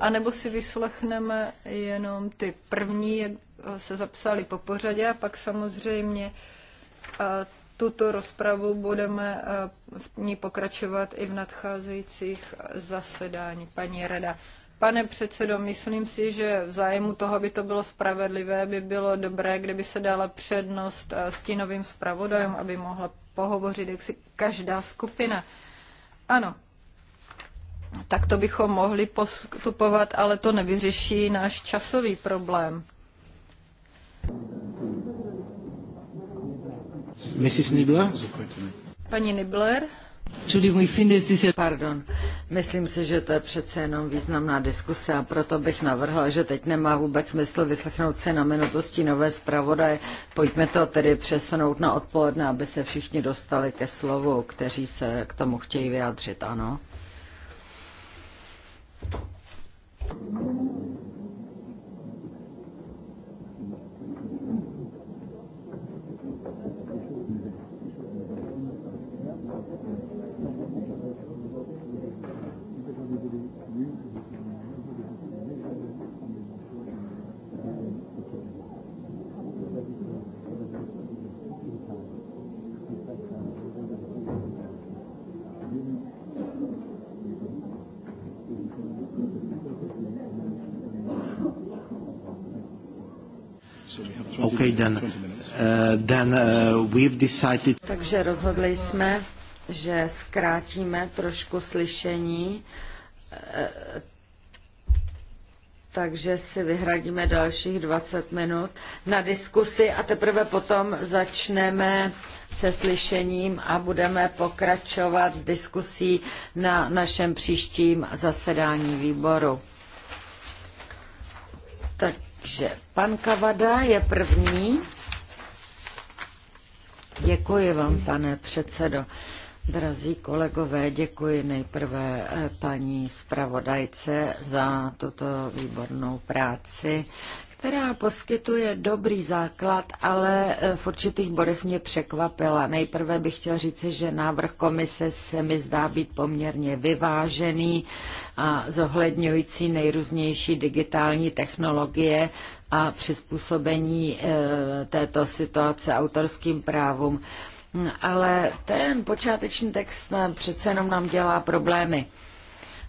[SPEAKER 3] anebo si vyslechneme jenom ty první, jak se zapsali po pořadě, a pak samozřejmě eh, tuto rozpravu budeme eh, v ní pokračovat i v nadcházejících zasedání. Paní Rada, Pane předsedo, myslím si, že v zájmu toho, aby to bylo spravedlivé, by bylo dobré, kdyby se dala přednost eh, stínovým zpravodajům, aby mohla pohovořit jaksi každá skupina. Ano, tak to bychom mohli postupovat, ale to nevyřeší náš časový problém.
[SPEAKER 1] Mrs. Nibler?
[SPEAKER 4] Paní Nibler? Pardon, myslím si, že to je přece jenom významná diskuse a proto bych navrhla, že teď nemá vůbec smysl vyslechnout se na minutosti nové zpravodaje. Pojďme to tedy přesunout na odpoledne, aby se všichni dostali ke slovu, kteří se k tomu chtějí vyjádřit, ano?
[SPEAKER 1] uh, then uh, we've decided...
[SPEAKER 4] Takže rozhodli jsme, že zkrátíme trošku slyšení, uh, takže si vyhradíme dalších 20 minut na diskusi a teprve potom začneme se slyšením a budeme pokračovat s diskusí na našem příštím zasedání výboru. Tak takže pan Kavada je první. Děkuji vám, pane předsedo. Drazí kolegové, děkuji nejprve eh, paní zpravodajce za tuto výbornou práci, která poskytuje dobrý základ, ale eh, v určitých bodech mě překvapila. Nejprve bych chtěl říci, že návrh komise se mi zdá být poměrně vyvážený a zohledňující nejrůznější digitální technologie a přizpůsobení eh, této situace autorským právům. Hm, ale ten počáteční text eh, přece jenom nám dělá problémy.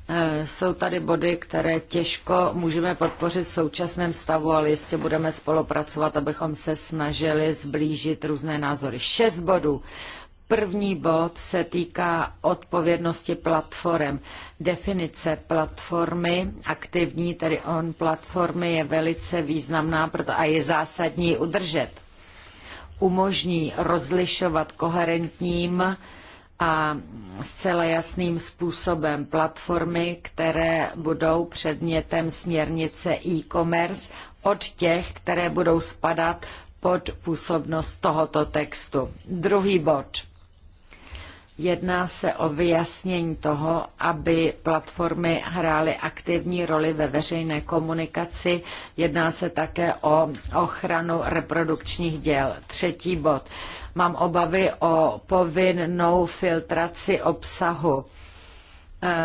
[SPEAKER 4] Eh, jsou tady body, které těžko můžeme podpořit v současném stavu, ale jistě budeme spolupracovat, abychom se snažili zblížit různé názory. Šest bodů. První bod se týká odpovědnosti platform. Definice platformy, aktivní, tedy on platformy, je velice významná a je zásadní udržet. Umožní rozlišovat koherentním a zcela jasným způsobem platformy, které budou předmětem směrnice e-commerce od těch, které budou spadat pod působnost tohoto textu. Druhý bod. Jedná se o vyjasnění toho, aby platformy hrály aktivní roli ve veřejné komunikaci. Jedná se také o ochranu reprodukčních děl. Třetí bod. Mám obavy o povinnou filtraci obsahu eh,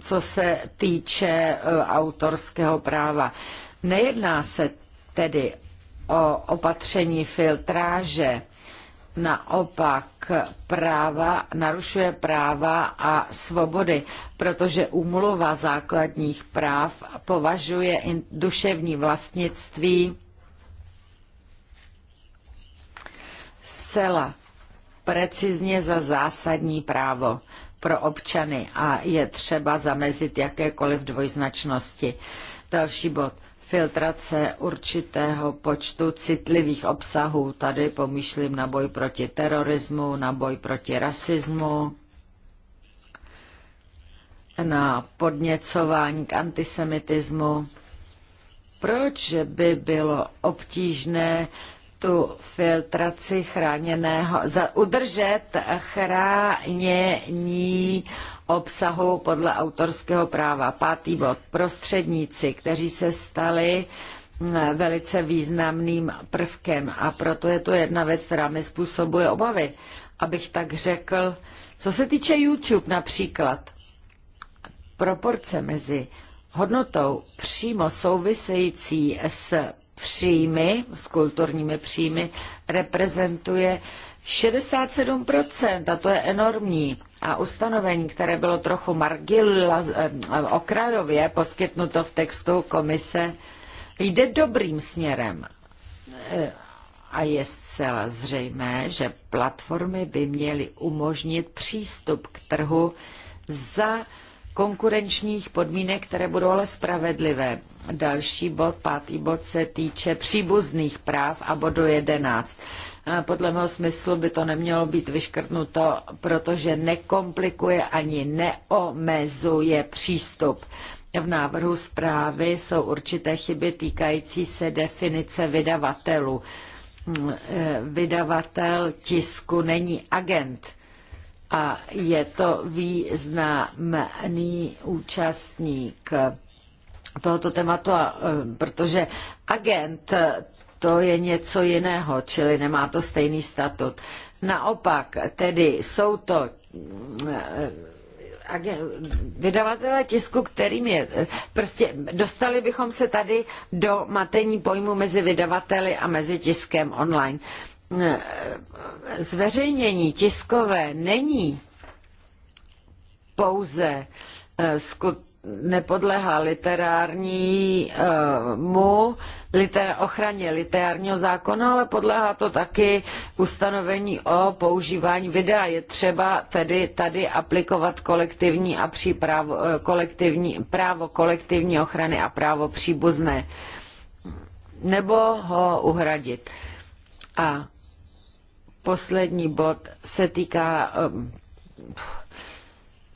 [SPEAKER 4] co se týče eh, autorského práva. Nejedná se tedy o opatření filtráže, naopak práva, narušuje práva a svobody, protože úmluva základních práv považuje duševní vlastnictví zcela precizně za zásadní právo pro občany a je třeba zamezit jakékoliv dvojznačnosti. Další bod filtrace určitého počtu citlivých obsahů. Tady pomýšlím na boj proti terorismu, na boj proti rasismu, na podněcování k antisemitismu. Proč by bylo obtížné tu filtraci chráněného, za, udržet chránění obsahu podle autorského práva. Pátý bod. Prostředníci, kteří se stali mm, velice významným prvkem a proto je to jedna věc, která mi způsobuje obavy, abych tak řekl. Co se týče YouTube například, proporce mezi hodnotou přímo související s příjmy, s kulturními příjmy, reprezentuje 67%, a to je enormní, a ustanovení, které bylo trochu margila, eh, okrajově poskytnuto v textu komise, jde dobrým směrem. Eh, a je zcela zřejmé, že platformy by měly umožnit přístup k trhu za konkurenčních podmínek, které budou ale spravedlivé. Další bod, pátý bod se týče příbuzných práv a bodu 11. Podle mého smyslu by to nemělo být vyškrtnuto, protože nekomplikuje ani neomezuje přístup. V návrhu zprávy jsou určité chyby týkající se definice vydavatelů. Hmm, eh, vydavatel tisku není agent a je to významný účastník tohoto tématu, eh, protože agent to je něco jiného, čili nemá to stejný statut. Naopak, tedy jsou to eh, vydavatele tisku, kterým je, eh, prostě dostali bychom se tady do matení pojmu mezi vydavateli a mezi tiskem online. Eh, zveřejnění tiskové není pouze skutečně nepodlehá literárnímu liter, ochraně literárního zákona, ale podlehá to taky ustanovení o používání videa. Je třeba tedy tady aplikovat kolektivní a příprav, kolektivní, právo kolektivní ochrany a právo příbuzné nebo ho uhradit. A poslední bod se týká um,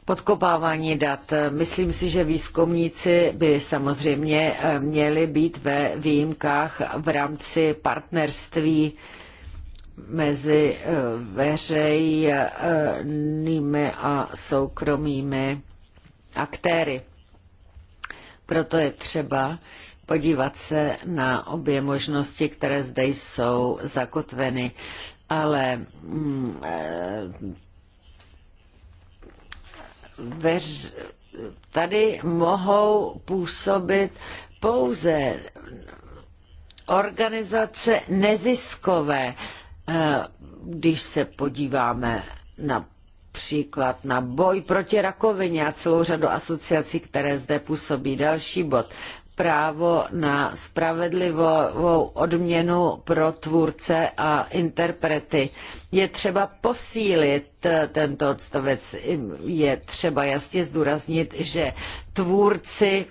[SPEAKER 4] Podkopávání dat. Myslím si, že výzkumníci by samozřejmě eh, měli být ve výjimkách v rámci partnerství mezi eh, veřejnými a soukromými aktéry. Proto je třeba podívat se na obě možnosti, které zde jsou zakotveny. Ale mm, eh, veř, tady mohou působit pouze organizace neziskové. Eh, když se podíváme na příklad na boj proti rakovině a celou řadu asociací, které zde působí. Další bod právo na spravedlivou odměnu pro tvůrce a interprety. Je třeba posílit tento odstavec, je třeba jasně zdůraznit, že tvůrci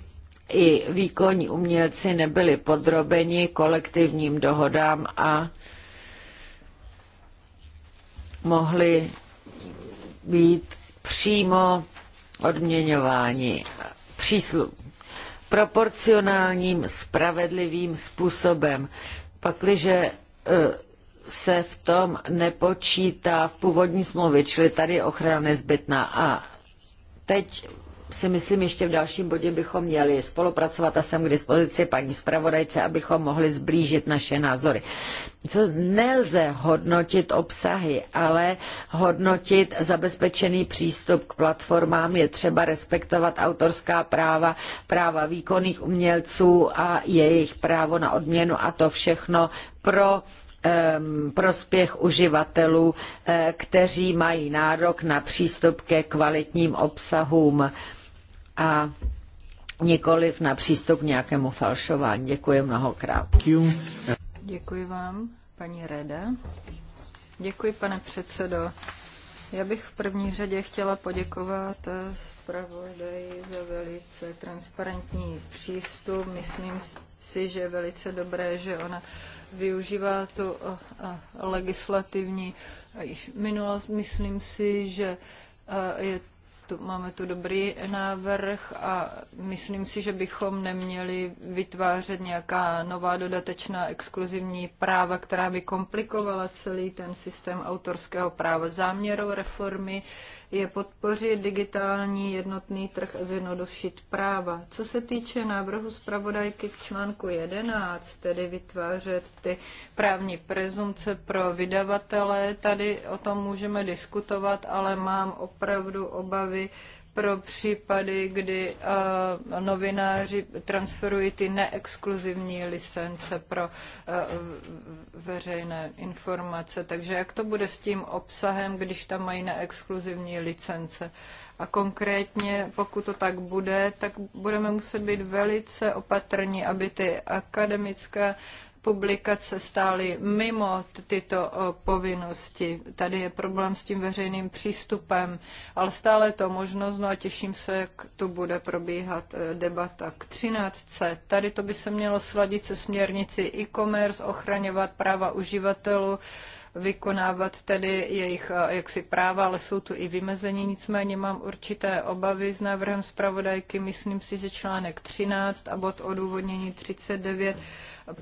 [SPEAKER 4] i výkonní umělci nebyli podrobeni kolektivním dohodám a mohli být přímo odměňování příslu- proporcionálním, spravedlivým způsobem. Pakliže e, se v tom nepočítá v původní smlouvě, čili tady je ochrana nezbytná. A teď si myslím, ještě v dalším bodě bychom měli spolupracovat a jsem k dispozici paní zpravodajce, abychom mohli zblížit naše názory. Co nelze hodnotit obsahy, ale hodnotit zabezpečený přístup k platformám je třeba respektovat autorská práva, práva výkonných umělců a jejich právo na odměnu a to všechno pro prospěch uživatelů, eh, kteří mají nárok na přístup ke kvalitním obsahům a nikoliv na přístup k nějakému falšování. Děkuji mnohokrát.
[SPEAKER 3] Děkuji vám, paní Reda. Děkuji, pane předsedo. Já bych v první řadě chtěla poděkovat zpravodaji za velice transparentní přístup. Myslím si, že je velice dobré, že ona využívá tu eh, eh, legislativní minulost. Myslím si, že eh, je tu, máme tu dobrý návrh a myslím si, že bychom neměli vytvářet nějaká nová dodatečná exkluzivní práva, která by komplikovala celý ten systém autorského práva. Záměrou reformy je podpořit digitální jednotný trh a zjednodušit práva. Co se týče návrhu zpravodajky k článku 11, tedy vytvářet ty právní prezumce pro vydavatele, tady o tom můžeme diskutovat, ale mám opravdu obavy, pro případy, kdy uh, novináři transferují ty neexkluzivní licence pro uh, veřejné informace. Takže jak to bude s tím obsahem, když tam mají neexkluzivní licence? A konkrétně, pokud to tak bude, tak budeme muset být velice opatrní, aby ty akademické publikace stály mimo tyto povinnosti. Tady je problém s tím veřejným přístupem, ale stále to možnost, no a těším se, jak tu bude probíhat e, debata k 13. Tady to by se mělo sladit se směrnici e-commerce, ochraňovat práva uživatelů, vykonávat tedy jejich e, jaksi práva, ale jsou tu i vymezení. Nicméně mám určité obavy s návrhem zpravodajky. Myslím si, že článek 13 a bod odůvodnění 39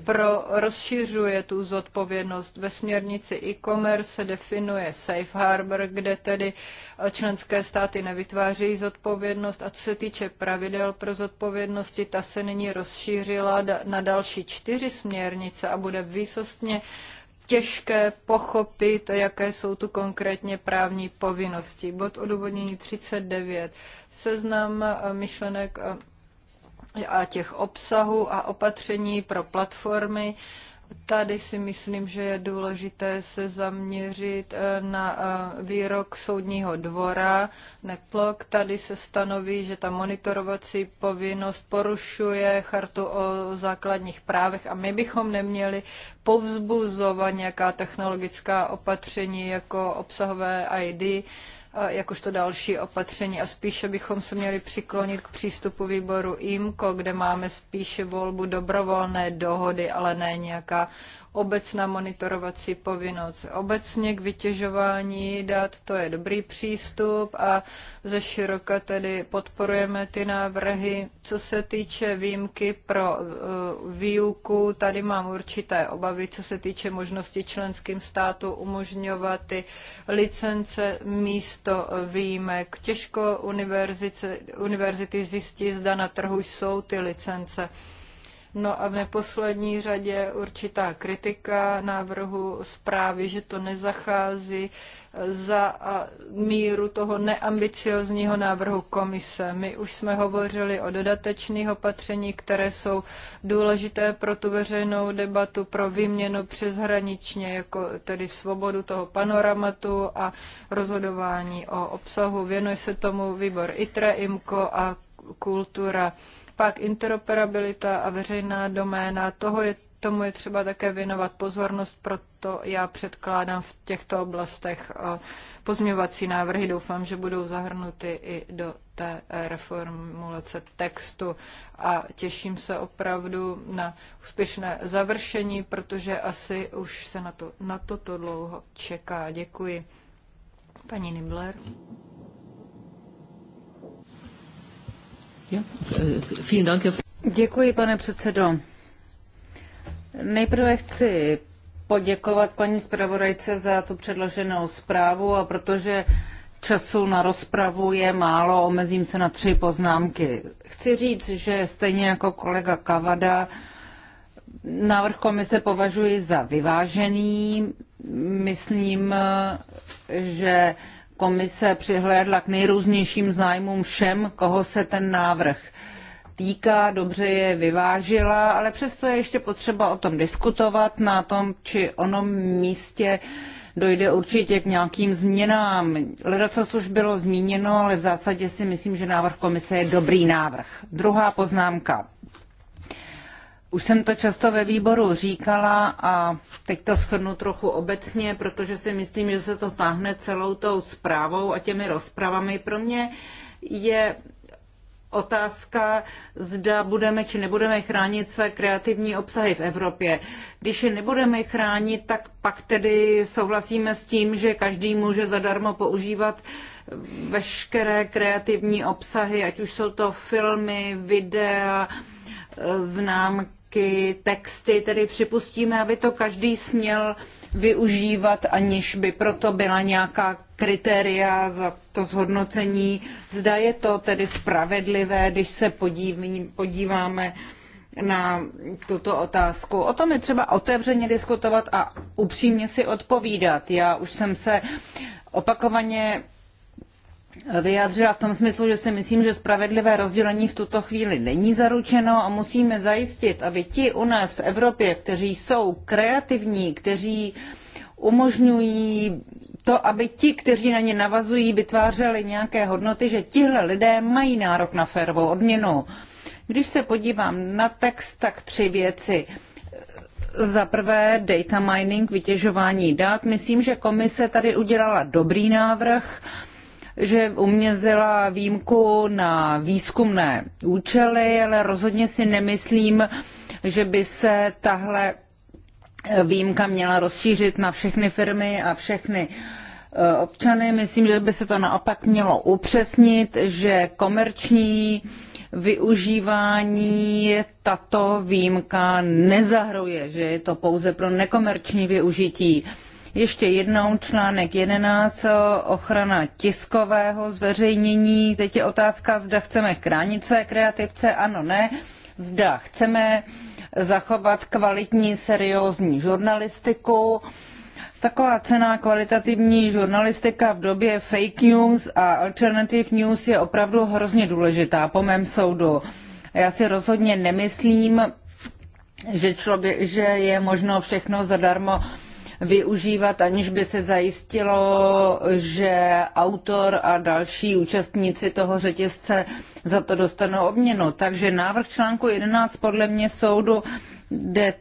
[SPEAKER 3] pro, rozšiřuje tu zodpovědnost. Ve směrnici e-commerce se definuje safe harbor, kde tedy eh, členské státy nevytvářejí zodpovědnost. A co se týče pravidel pro zodpovědnosti, ta se nyní rozšířila na další čtyři směrnice a bude výsostně těžké pochopit, jaké jsou tu konkrétně právní povinnosti. Bod odůvodnění 39. Seznam eh, myšlenek eh, a těch obsahů a opatření pro platformy. Tady si myslím, že je důležité se zaměřit eh, na eh, výrok soudního dvora NEPLOK. Tady se stanoví, že ta monitorovací povinnost porušuje chartu o základních právech a my bychom neměli povzbuzovat nějaká technologická opatření jako obsahové ID jakožto další opatření a spíše bychom se měli přiklonit k přístupu výboru IMCO, kde máme spíše volbu dobrovolné dohody, ale ne nějaká obecná monitorovací povinnost. Obecně k vytěžování dat to je dobrý přístup a ze široka tedy podporujeme ty návrhy. Co se týče výjimky pro e, výuku, tady mám určité obavy, co se týče možnosti členským státu umožňovat ty licence místo výjimek. Těžko univerzity zjistí, zda na trhu jsou ty licence. No a v neposlední řadě určitá kritika návrhu zprávy, že to nezachází za míru toho neambiciozního návrhu komise. My už jsme hovořili o dodatečných opatření, které jsou důležité pro tu veřejnou debatu, pro výměnu přeshraničně, jako tedy svobodu toho panoramatu a rozhodování o obsahu. Věnuje se tomu výbor ITRE, IMCO a kultura. Pak interoperabilita a veřejná doména, toho je, tomu je třeba také věnovat pozornost, proto já předkládám v těchto oblastech eh, pozměňovací návrhy. Doufám, že budou zahrnuty i do té eh, reformulace textu a těším se opravdu na úspěšné završení, protože asi už se na to, na toto dlouho čeká. Děkuji. Paní Nibler.
[SPEAKER 4] Děkuji, pane
[SPEAKER 2] předsedo. Nejprve chci poděkovat paní zpravodajce za tu předloženou zprávu a protože času na rozpravu je málo, omezím se na tři poznámky. Chci říct, že stejně jako kolega Kavada, návrh komise považuji za vyvážený. Myslím, že komise přihlédla k nejrůznějším zájmům všem, koho se ten návrh týká, dobře je vyvážila, ale přesto je ještě potřeba o tom diskutovat. Na tom či onom místě dojde určitě k nějakým změnám. Ledacost už bylo zmíněno, ale v zásadě si myslím, že návrh komise je dobrý návrh. Druhá poznámka. Už jsem to často ve výboru říkala a teď to shrnu trochu obecně, protože si myslím, že se to táhne celou tou zprávou a těmi rozpravami. Pro mě je otázka, zda budeme či nebudeme chránit své kreativní obsahy v Evropě. Když je nebudeme chránit, tak pak tedy souhlasíme s tím, že každý může zadarmo používat veškeré kreativní obsahy, ať už jsou to filmy, videa, známky, texty, tedy připustíme, aby to každý směl využívat, aniž by proto byla nějaká kritéria za to zhodnocení. Zda je to tedy spravedlivé, když se podíváme na tuto otázku. O tom je třeba otevřeně diskutovat a upřímně si odpovídat. Já už jsem se opakovaně vyjádřila v tom smyslu, že si myslím, že spravedlivé rozdělení v tuto chvíli není zaručeno a musíme zajistit, aby ti u nás v Evropě, kteří jsou kreativní, kteří umožňují to, aby ti, kteří na ně navazují, vytvářeli nějaké hodnoty, že tihle lidé mají nárok na férovou odměnu. Když se podívám na text, tak tři věci. Za prvé data mining, vytěžování dat. Myslím, že komise tady udělala dobrý návrh že umězela výjimku na výzkumné účely, ale rozhodně si nemyslím, že by se tahle výjimka měla rozšířit na všechny firmy a všechny eh, občany. Myslím, že by se to naopak mělo upřesnit, že komerční využívání tato výjimka nezahruje, že je to pouze pro nekomerční využití. Ještě jednou článek 11, ochrana tiskového zveřejnění. Teď je otázka, zda chceme chránit své kreativce, ano, ne. Zda chceme zachovat kvalitní, seriózní žurnalistiku. Taková cená kvalitativní žurnalistika v době fake news a alternative news je opravdu hrozně důležitá, po mém soudu. Já si rozhodně nemyslím, že, člověk, že je možno všechno zadarmo využívat, aniž by se zajistilo, že autor a další účastníci toho řetězce za to dostanou obměnu. Takže návrh článku 11 podle mě soudu jde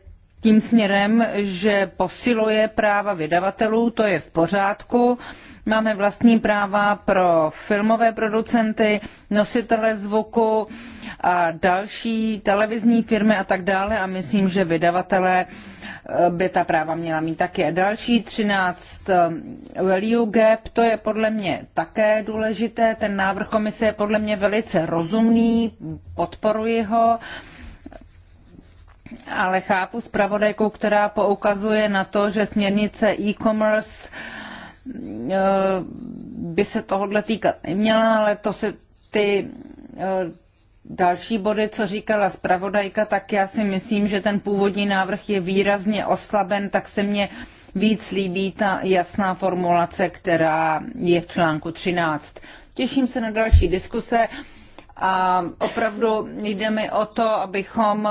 [SPEAKER 2] tím směrem, že posiluje práva vydavatelů, to je v pořádku. Máme vlastní práva pro filmové producenty, nositele zvuku a další televizní firmy a tak dále a myslím, že vydavatelé Eh, by ta práva měla mít také. Další 13 eh, value gap, to je podle mě také důležité. Ten návrh komise je podle mě velice rozumný, podporuji ho ale chápu zpravodajku, která poukazuje na to, že směrnice e-commerce eh, by se tohle týkat neměla, ale to se ty další body, co říkala zpravodajka, tak já si myslím, že ten původní návrh je výrazně oslaben, tak se mně víc líbí ta jasná formulace, která je v článku 13. Těším se na další diskuse a opravdu jde mi o to, abychom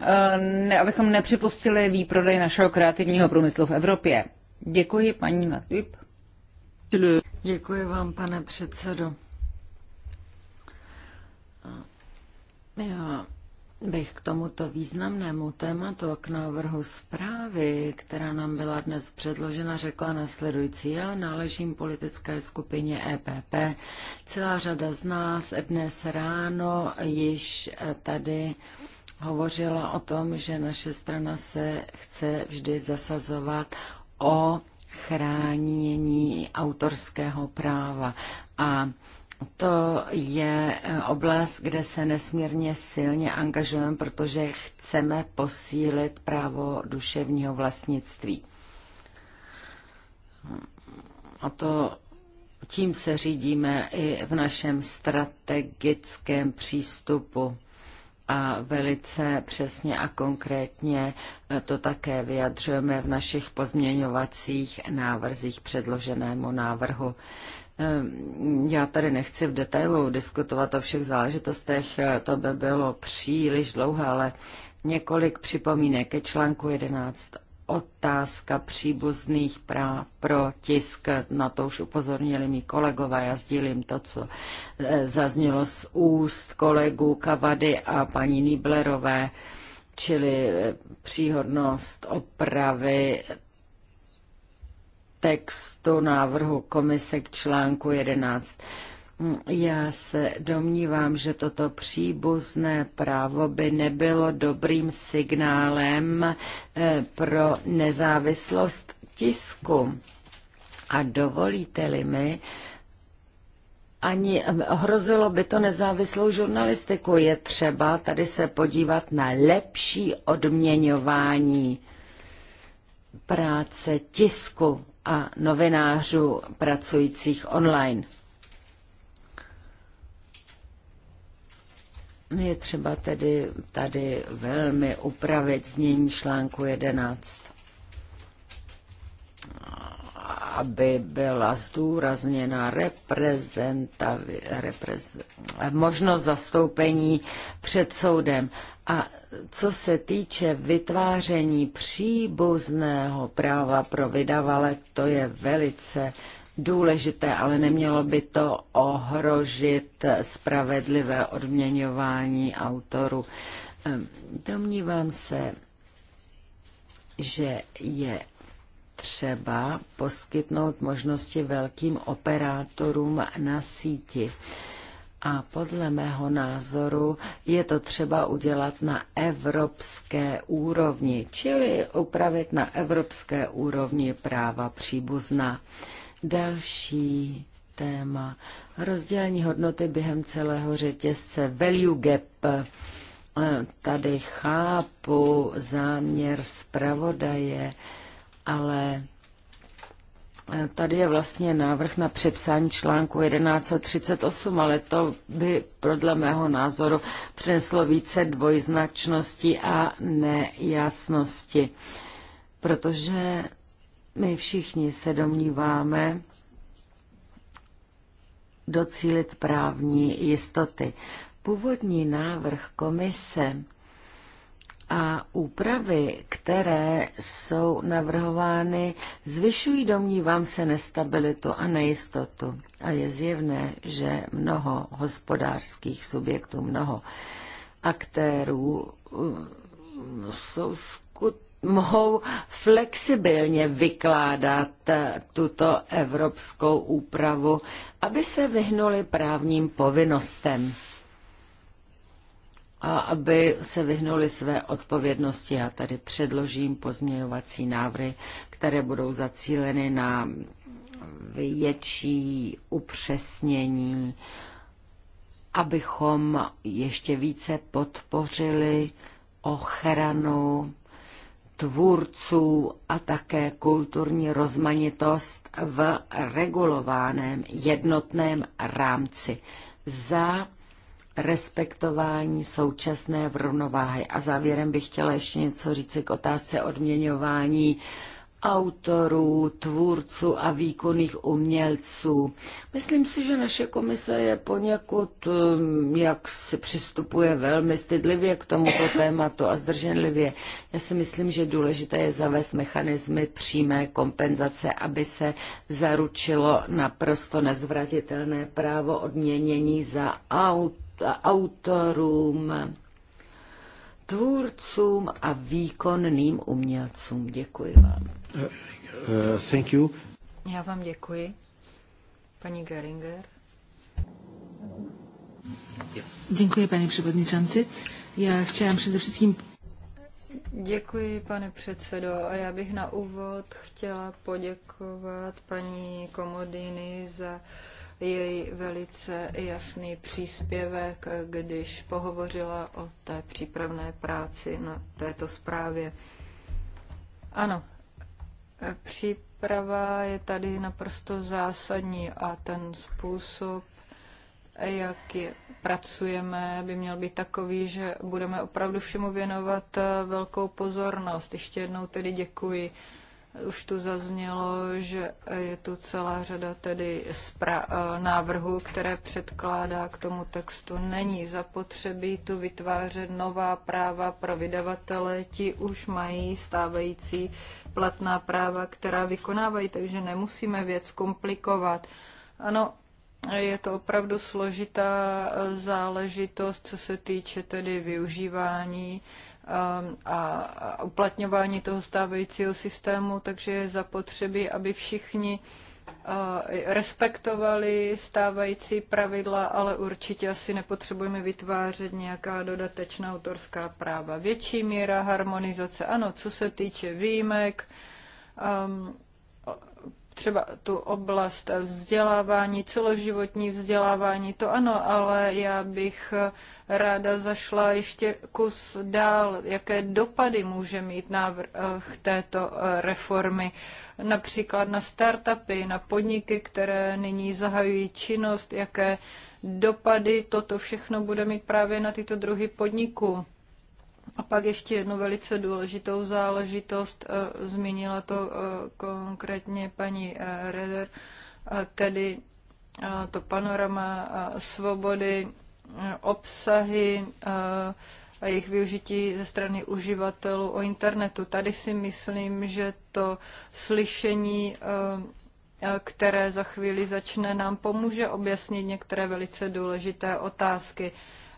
[SPEAKER 2] eh, ne, abychom nepřipustili výprodej našeho kreativního průmyslu v Evropě.
[SPEAKER 4] Děkuji, paní Latvip. Děkuji vám, pane předsedo. Já bych k tomuto významnému tématu k návrhu zprávy, která nám byla dnes předložena, řekla nasledující. Já náležím politické skupině EPP. Celá řada z nás dnes ráno již tady hovořila o tom, že naše strana se chce vždy zasazovat o chránění autorského práva. A to je eh, oblast, kde se nesmírně silně angažujeme, protože chceme posílit právo duševního vlastnictví. A to tím se řídíme i v našem strategickém přístupu. A velice přesně a konkrétně eh, to také vyjadřujeme v našich pozměňovacích návrzích předloženému návrhu. Ehm, já tady nechci v detailu diskutovat o všech záležitostech, eh, to by bylo příliš dlouhé, ale několik připomínek ke článku 11. Otázka příbuzných práv pro tisk, na to už upozornili mý kolegové, já sdílím to, co eh, zaznělo z úst kolegů Kavady a paní Niblerové, čili eh, příhodnost opravy textu návrhu komise k článku 11. Já se domnívám, že toto příbuzné právo by nebylo dobrým signálem eh, pro nezávislost tisku. A dovolíte-li mi, ani eh, hrozilo by to nezávislou žurnalistiku. Je třeba tady se podívat na lepší odměňování práce tisku a novinářů pracujících online. Je třeba tedy tady velmi upravit znění článku 11 aby byla zdůrazněna reprez, možnost zastoupení před soudem. A co se týče vytváření příbuzného práva pro vydavatele, to je velice důležité, ale nemělo by to ohrožit spravedlivé odměňování autoru. Ehm, domnívám se, že je třeba poskytnout možnosti velkým operátorům na síti. A podle mého názoru je to třeba udělat na evropské úrovni, čili upravit na evropské úrovni práva příbuzná. Další téma. Rozdělení hodnoty během celého řetězce value gap. Tady chápu záměr zpravodaje, ale eh, Tady je vlastně návrh na přepsání článku 1138, ale to by podle mého názoru přineslo více dvojznačnosti a nejasnosti, protože my všichni se domníváme docílit právní jistoty. Původní návrh komise a úpravy, které jsou navrhovány, zvyšují, domnívám se, nestabilitu a nejistotu. A je zjevné, že mnoho hospodářských subjektů, mnoho aktérů uh, jsou skut mohou flexibilně vykládat eh, tuto evropskou úpravu, aby se vyhnuli právním povinnostem a aby se vyhnuli své odpovědnosti. Já tady předložím pozměňovací návrhy, které budou zacíleny na větší upřesnění, abychom ještě více podpořili ochranu tvůrců a také kulturní rozmanitost v regulovaném jednotném rámci za respektování současné v rovnováhy. A závěrem bych chtěla ještě něco říct k otázce odměňování autorů, tvůrců a výkonných umělců. Myslím si, že naše komise je poněkud, um, jak se přistupuje velmi stydlivě k tomuto tématu a zdrženlivě. Já si myslím, že důležité je zavést mechanismy přímé kompenzace, aby se zaručilo naprosto nezvratitelné právo odměnění za aut autorům, tvůrcům a výkonným umělcům. Děkuji vám.
[SPEAKER 1] Uh, thank you.
[SPEAKER 3] Já vám děkuji. Pani Geringer.
[SPEAKER 1] Yes.
[SPEAKER 2] Děkuji, paní předsedničanci. Já chtěla především
[SPEAKER 3] Děkuji, pane předsedo. A já bych na úvod chtěla poděkovat paní Komodiny za uh, její velice jasný příspěvek, když pohovořila o té přípravné práci na této zprávě. Ano, příprava je tady naprosto zásadní a ten způsob, jak je, pracujeme, by měl být takový, že budeme opravdu všemu věnovat velkou pozornost. Ještě jednou tedy děkuji už tu zaznělo, že je tu celá řada tedy eh, návrhů, které předkládá k tomu textu. Není zapotřebí tu vytvářet nová práva pro vydavatele, ti už mají stávající platná práva, která vykonávají, takže nemusíme věc komplikovat. Ano, je to opravdu složitá eh, záležitost, co se týče tedy využívání Um, a uplatňování toho stávajícího systému, takže je zapotřebí, aby všichni uh, respektovali stávající pravidla, ale určitě asi nepotřebujeme vytvářet nějaká dodatečná autorská práva. Větší míra harmonizace, ano, co se týče výjimek, um, třeba tu oblast vzdělávání, celoživotní vzdělávání, to ano, ale já bych ráda zašla ještě kus dál, jaké dopady může mít návrh této reformy, například na startupy, na podniky, které nyní zahajují činnost, jaké dopady toto všechno bude mít právě na tyto druhy podniků. A pak ještě jednu velice důležitou záležitost, e, zmínila to e, konkrétně paní e, Reder, tedy to panorama svobody, obsahy a jejich využití ze strany uživatelů o internetu. Tady si myslím, že to slyšení, které za chvíli začne, nám pomůže objasnit některé velice důležité otázky.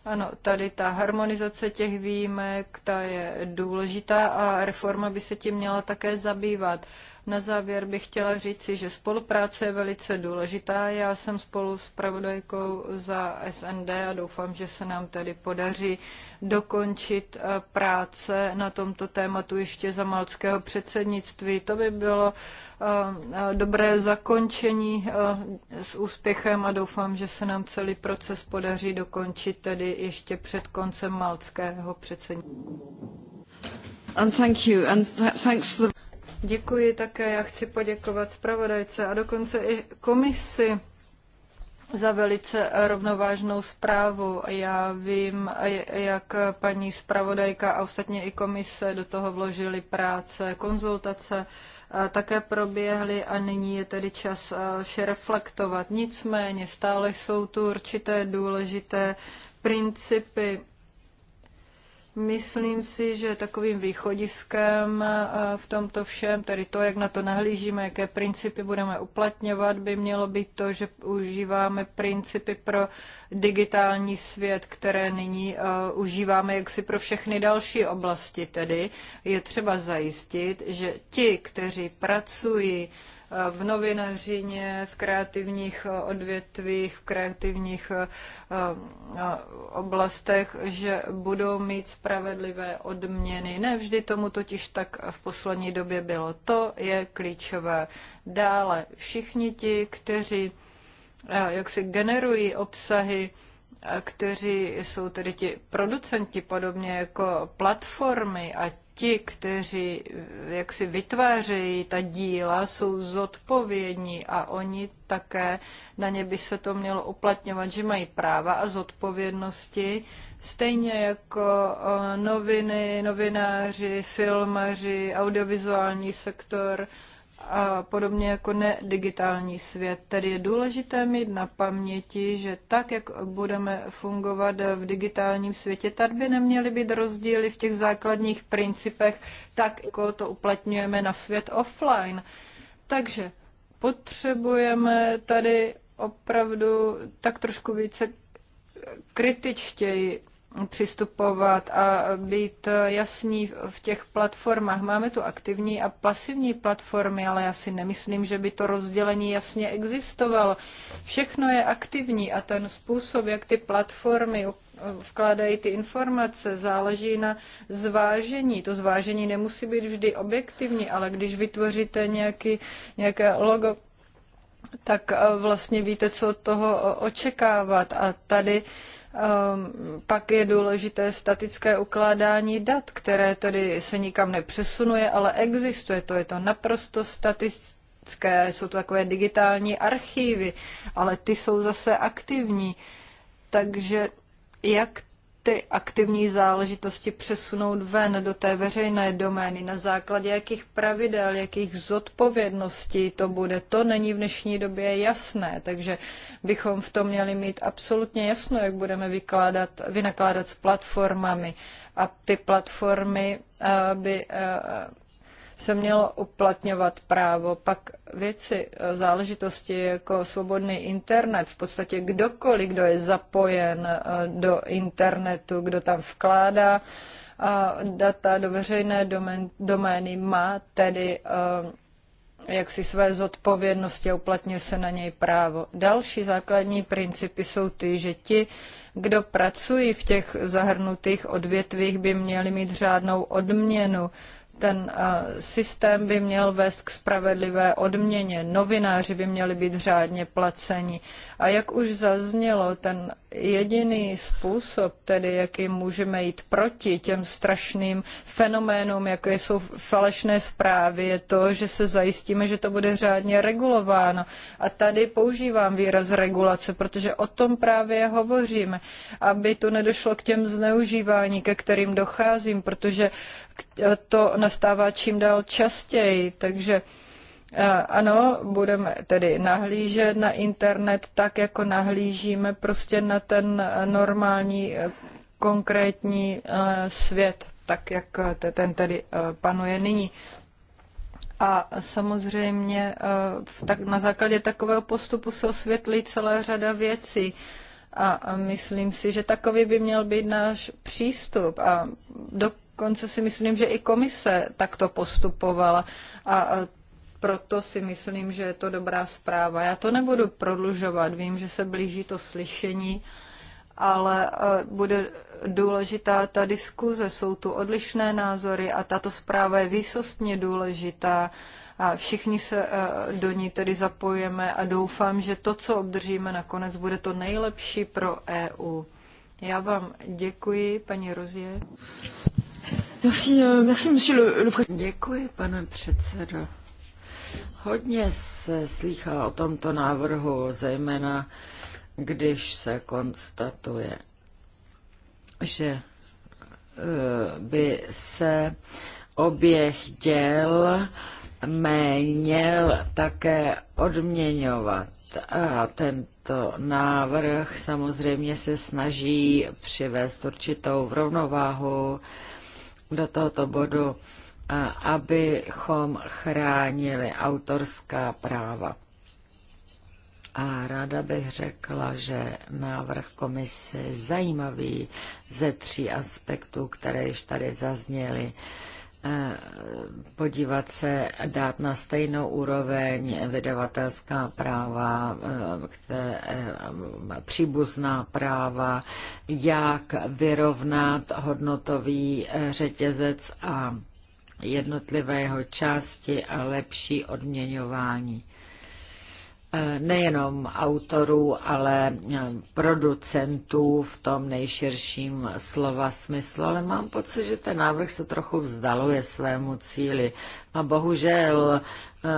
[SPEAKER 3] Ano, tady ta harmonizace těch výjimek, ta je důležitá a reforma by se tím měla také zabývat. Na závěr bych chtěla říci, že spolupráce je velice důležitá. Já jsem spolu s pravodajkou za SND a doufám, že se nám tedy podaří dokončit eh, práce na tomto tématu ještě za malckého předsednictví. To by bylo eh, eh, dobré zakončení s úspěchem a doufám, že se nám celý proces podaří dokončit tedy ještě před koncem malckého předsednictví. And thank you, and th- thanks to the Děkuji také, já chci poděkovat zpravodajce a dokonce i komisi za velice rovnovážnou zprávu. Já vím, jak paní zpravodajka a ostatně i komise do toho vložili práce, konzultace, také proběhly a nyní je tedy čas vše reflektovat. Nicméně stále jsou tu určité důležité principy Myslím si, že takovým východiskem eh, v tomto všem, tedy to, jak na to nahlížíme, jaké principy budeme uplatňovat, by mělo být to, že užíváme principy pro digitální svět, které nyní eh, užíváme jaksi pro všechny další oblasti. Tedy je třeba zajistit, že ti, kteří pracují, v novinařině, v kreativních eh, odvětvích, v kreativních eh, eh, oblastech, že budou mít spravedlivé odměny. Ne vždy tomu totiž tak v poslední době bylo. To je klíčové. Dále všichni ti, kteří jak si generují obsahy, kteří jsou tedy ti producenti, podobně jako platformy a ti, kteří eh, jak si vytvářejí ta díla, jsou zodpovědní a oni také, na ně by se to mělo uplatňovat, že mají práva a zodpovědnosti, stejně jako eh, noviny, novináři, filmaři, audiovizuální sektor, a podobně jako nedigitální svět. Tedy je důležité mít na paměti, že tak, jak budeme fungovat v digitálním světě, tady by neměly být rozdíly v těch základních principech, tak jako to uplatňujeme na svět offline. Takže potřebujeme tady opravdu tak trošku více kritičtěji přistupovat a být jasní v těch platformách. Máme tu aktivní a pasivní platformy, ale já si nemyslím, že by to rozdělení jasně existovalo. Všechno je aktivní a ten způsob, jak ty platformy vkládají ty informace, záleží na zvážení. To zvážení nemusí být vždy objektivní, ale když vytvoříte nějaký, nějaké logo, tak eh, vlastně víte, co od toho očekávat. A tady Ehm, pak je důležité statické ukládání dat, které tedy se nikam nepřesunuje, ale existuje to. Je to naprosto statické, jsou to takové digitální archívy, ale ty jsou zase aktivní. Takže jak ty aktivní záležitosti přesunout ven do té veřejné domény, na základě jakých pravidel, jakých zodpovědností to bude, to není v dnešní době jasné, takže bychom v tom měli mít absolutně jasno, jak budeme vykládat, vynakládat s platformami. A ty platformy eh, by eh, se mělo uplatňovat právo. Pak věci, eh, záležitosti jako svobodný internet, v podstatě kdokoliv, kdo je zapojen eh, do internetu, kdo tam vkládá data do veřejné domény, má tedy eh, jak si své zodpovědnosti a uplatňuje se na něj právo. Další základní principy jsou ty, že ti, kdo pracují v těch zahrnutých odvětvích, by měli mít řádnou odměnu ten eh, systém by měl vést k spravedlivé odměně, novináři by měli být řádně placeni. A jak už zaznělo, ten jediný způsob, tedy jakým můžeme jít proti těm strašným fenoménům, jako jsou falešné zprávy, je to, že se zajistíme, že to bude řádně regulováno. A tady používám výraz regulace, protože o tom právě hovoříme, aby to nedošlo k těm zneužívání, ke kterým docházím, protože to nastává čím dál častěji, takže eh, ano, budeme tedy nahlížet na internet tak, jako nahlížíme prostě na ten eh, normální eh, konkrétní svět, tak jak ten tedy panuje nyní. A samozřejmě tak na základě takového postupu se osvětlí celá řada věcí. A myslím si, že takový by měl být náš přístup. A do, dokonce si myslím, že i komise takto postupovala a proto si myslím, že je to dobrá zpráva. Já to nebudu prodlužovat, vím, že se blíží to slyšení, ale bude důležitá ta diskuze, jsou tu odlišné názory a tato zpráva je výsostně důležitá a všichni se do ní tedy zapojíme a doufám, že to, co obdržíme nakonec, bude to nejlepší pro EU. Já vám děkuji, paní Rozie.
[SPEAKER 4] Merci, euh, merci, monsieur le, le Děkuji, pane předsedo. Hodně se slýchá o tomto návrhu, zejména když se konstatuje, že eh, by se oběh děl měl také odměňovat. A tento návrh samozřejmě se snaží přivést určitou rovnováhu do tohoto bodu, eh, abychom chránili autorská práva. A ráda bych řekla, že návrh komise je zajímavý ze tří aspektů, které již tady zazněly. Eh, podívat se, dát na stejnou úroveň vydavatelská práva, eh, eh, příbuzná práva, jak vyrovnat hodnotový řetězec a jednotlivé jeho části a lepší odměňování. Eh, nejenom autorů, ale eh, producentů v tom nejširším slova smyslu, ale mám pocit, že ten návrh se trochu vzdaluje svému cíli. A bohužel eh,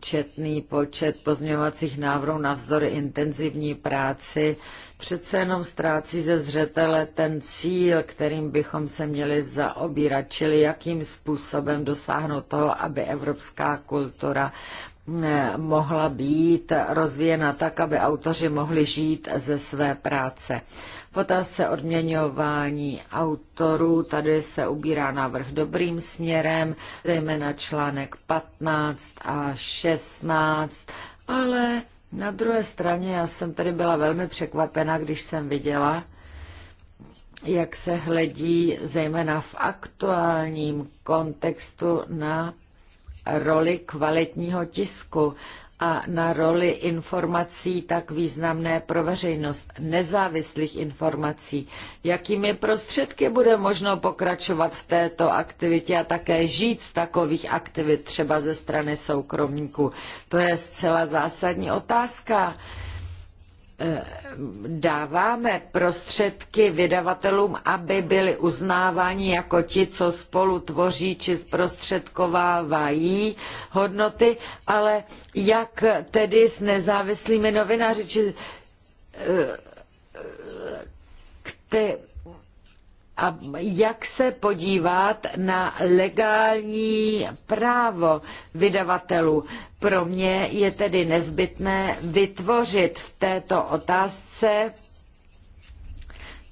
[SPEAKER 4] četný počet pozměňovacích návrhů navzdory intenzivní práci přece jenom ztrácí ze zřetele ten cíl, kterým bychom se měli zaobírat, čili jakým způsobem dosáhnout toho, aby evropská kultura mohla být rozvíjena tak, aby autoři mohli žít ze své práce. V otázce odměňování autorů tady se ubírá návrh dobrým směrem, zejména článek 15 a 16, ale na druhé straně já jsem tady byla velmi překvapena, když jsem viděla, jak se hledí zejména v aktuálním kontextu na roli kvalitního tisku a na roli informací tak významné pro veřejnost, nezávislých informací. Jakými prostředky bude možno pokračovat v této aktivitě a také žít z takových aktivit třeba ze strany soukromníků? To je zcela zásadní otázka dáváme prostředky vydavatelům, aby byli uznáváni jako ti, co spolu tvoří či zprostředkovávají hodnoty, ale jak tedy s nezávislými novináři, či, eh, kte, a jak se podívat na legální právo vydavatelů. Pro mě je tedy nezbytné vytvořit v této otázce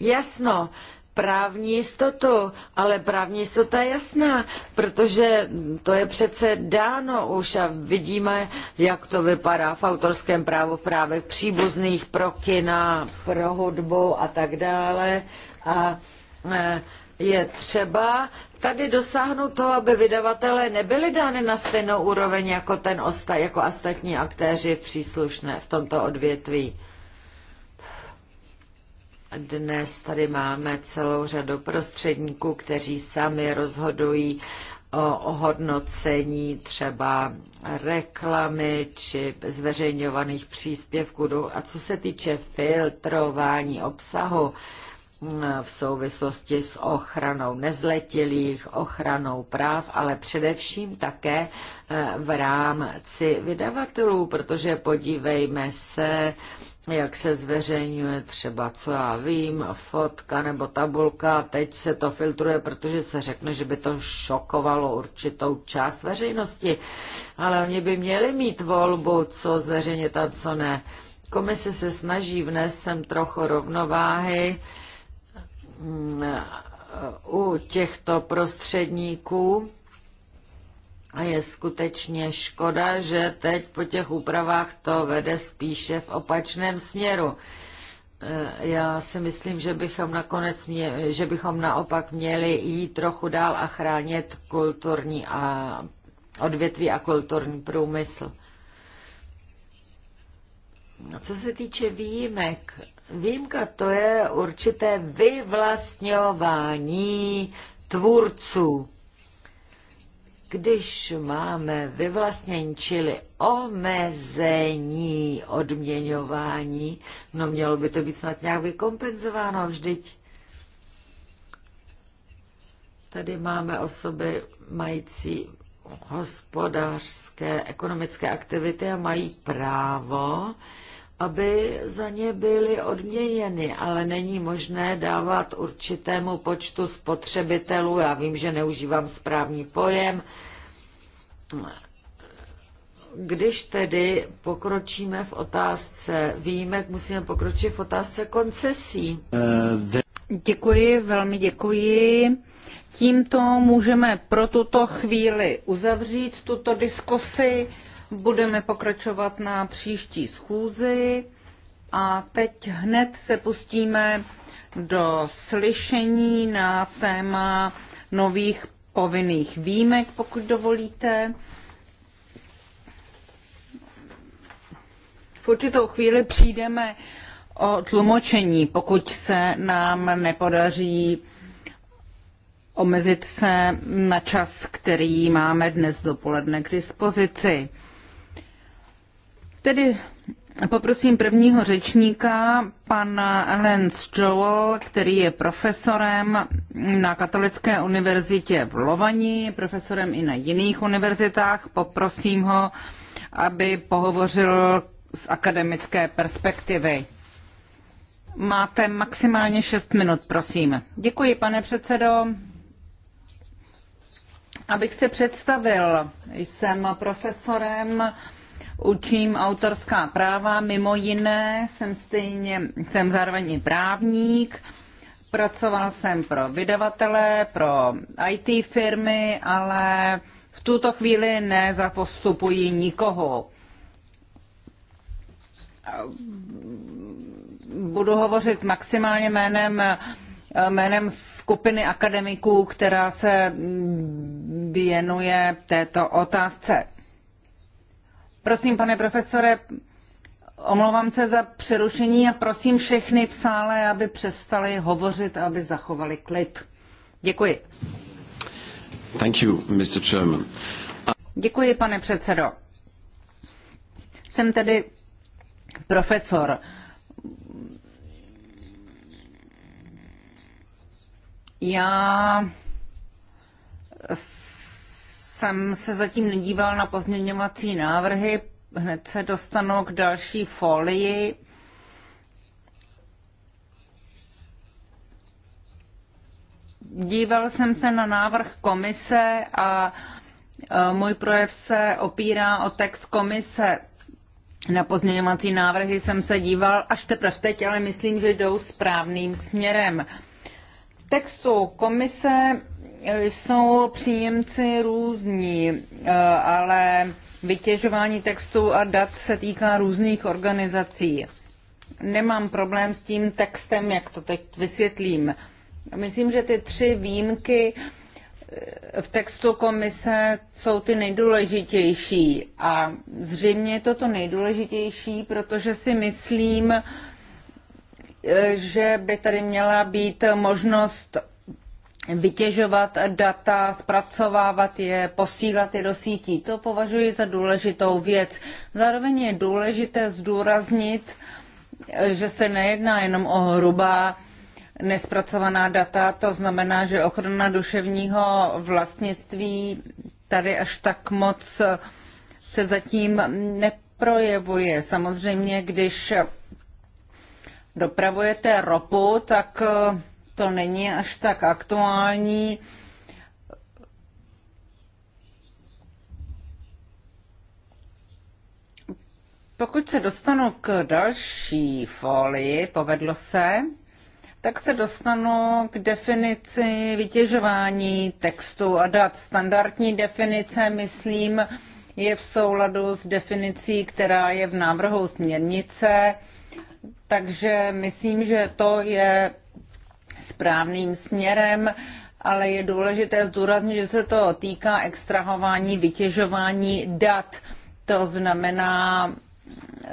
[SPEAKER 4] jasno, právní jistotu, ale právní jistota je jasná, protože to je přece dáno už a vidíme, jak to vypadá v autorském právu, v právech příbuzných pro kina, pro hudbu a tak dále. A Eh, je třeba tady dosáhnout toho, aby vydavatelé nebyli dány na stejnou úroveň jako, ten osta, jako ostatní aktéři v příslušné v tomto odvětví. Dnes tady máme celou řadu prostředníků, kteří sami rozhodují o hodnocení třeba reklamy či zveřejňovaných příspěvků. A co se týče filtrování obsahu, v souvislosti s ochranou nezletilých, ochranou práv, ale především také eh, v rámci vydavatelů, protože podívejme se, jak se zveřejňuje třeba, co já vím, fotka nebo tabulka, teď se to filtruje, protože se řekne, že by to šokovalo určitou část veřejnosti, ale oni by měli mít volbu, co zveřejnit a co ne. Komise se snaží vnést sem trochu rovnováhy, u těchto prostředníků a je skutečně škoda, že teď po těch úpravách to vede spíše v opačném směru. Eh, já si myslím, že bychom nakonec mě, že bychom naopak měli jít trochu dál a chránit kulturní a odvětví a kulturní průmysl. Co se týče výjimek, Výjimka to je určité vyvlastňování tvůrců. Když máme vyvlastnění, čili omezení odměňování, no mělo by to být snad nějak vykompenzováno vždyť. Tady máme osoby mající hospodářské, ekonomické aktivity a mají právo aby za ně byly odměněny, ale není možné dávat určitému počtu spotřebitelů, já vím, že neužívám správný pojem, když tedy pokročíme v otázce výjimek, musíme pokročit v otázce koncesí. Děkuji, velmi děkuji. Tímto můžeme
[SPEAKER 2] pro tuto chvíli uzavřít tuto diskusi. Budeme pokračovat na příští schůzi a teď hned se pustíme do slyšení na téma nových povinných výjimek, pokud dovolíte. V určitou chvíli přijdeme o tlumočení, pokud se nám nepodaří omezit se na čas, který máme dnes dopoledne k dispozici. Tedy poprosím prvního řečníka, pan Lenz Joel, který je profesorem na Katolické univerzitě v Lovani, profesorem i na jiných univerzitách. Poprosím ho, aby pohovořil z akademické perspektivy. Máte maximálně 6 minut, prosím. Děkuji, pane předsedo. Abych se představil, jsem profesorem učím autorská práva, mimo jiné jsem stejně, jsem zároveň i právník, pracoval jsem pro vydavatele, pro IT firmy, ale v tuto chvíli nezapostupuji nikoho. Budu hovořit maximálně jménem jménem skupiny akademiků, která se věnuje této otázce. Prosím, pane profesore, omlouvám se za přerušení a prosím všechny v sále, aby přestali hovořit a aby zachovali klid. Děkuji.
[SPEAKER 3] Thank you, Mr. Chairman.
[SPEAKER 2] Děkuji, pane předsedo. Jsem tedy profesor. Já jsem se zatím nedíval na pozměňovací návrhy, hned se dostanu k další folii. Díval jsem se na návrh komise a e, můj projev se opírá o text komise. Na pozměňovací návrhy jsem se díval až teprve teď, ale myslím, že jdou správným směrem. V textu komise jsou příjemci různí, eh, ale vytěžování textů a dat se týká různých organizací. Nemám problém s tím textem, jak to teď vysvětlím. Myslím, že ty tři výjimky eh, v textu komise jsou ty nejdůležitější. A zřejmě je to to nejdůležitější, protože si myslím, eh, že by tady měla být možnost vytěžovat data, zpracovávat je, posílat je do sítí. To považuji za důležitou věc. Zároveň je důležité zdůraznit, že se nejedná jenom o hrubá nespracovaná data, to znamená, že ochrana duševního vlastnictví tady až tak moc se zatím neprojevuje. Samozřejmě, když dopravujete ropu, tak to není až tak aktuální. Pokud se dostanu k další folii, povedlo se, tak se dostanu k definici vytěžování textu a dat. Standardní definice, myslím, je v souladu s definicí, která je v návrhu směrnice, takže myslím, že to je správným směrem, ale je důležité zdůraznit, že se to týká extrahování, vytěžování dat. To znamená,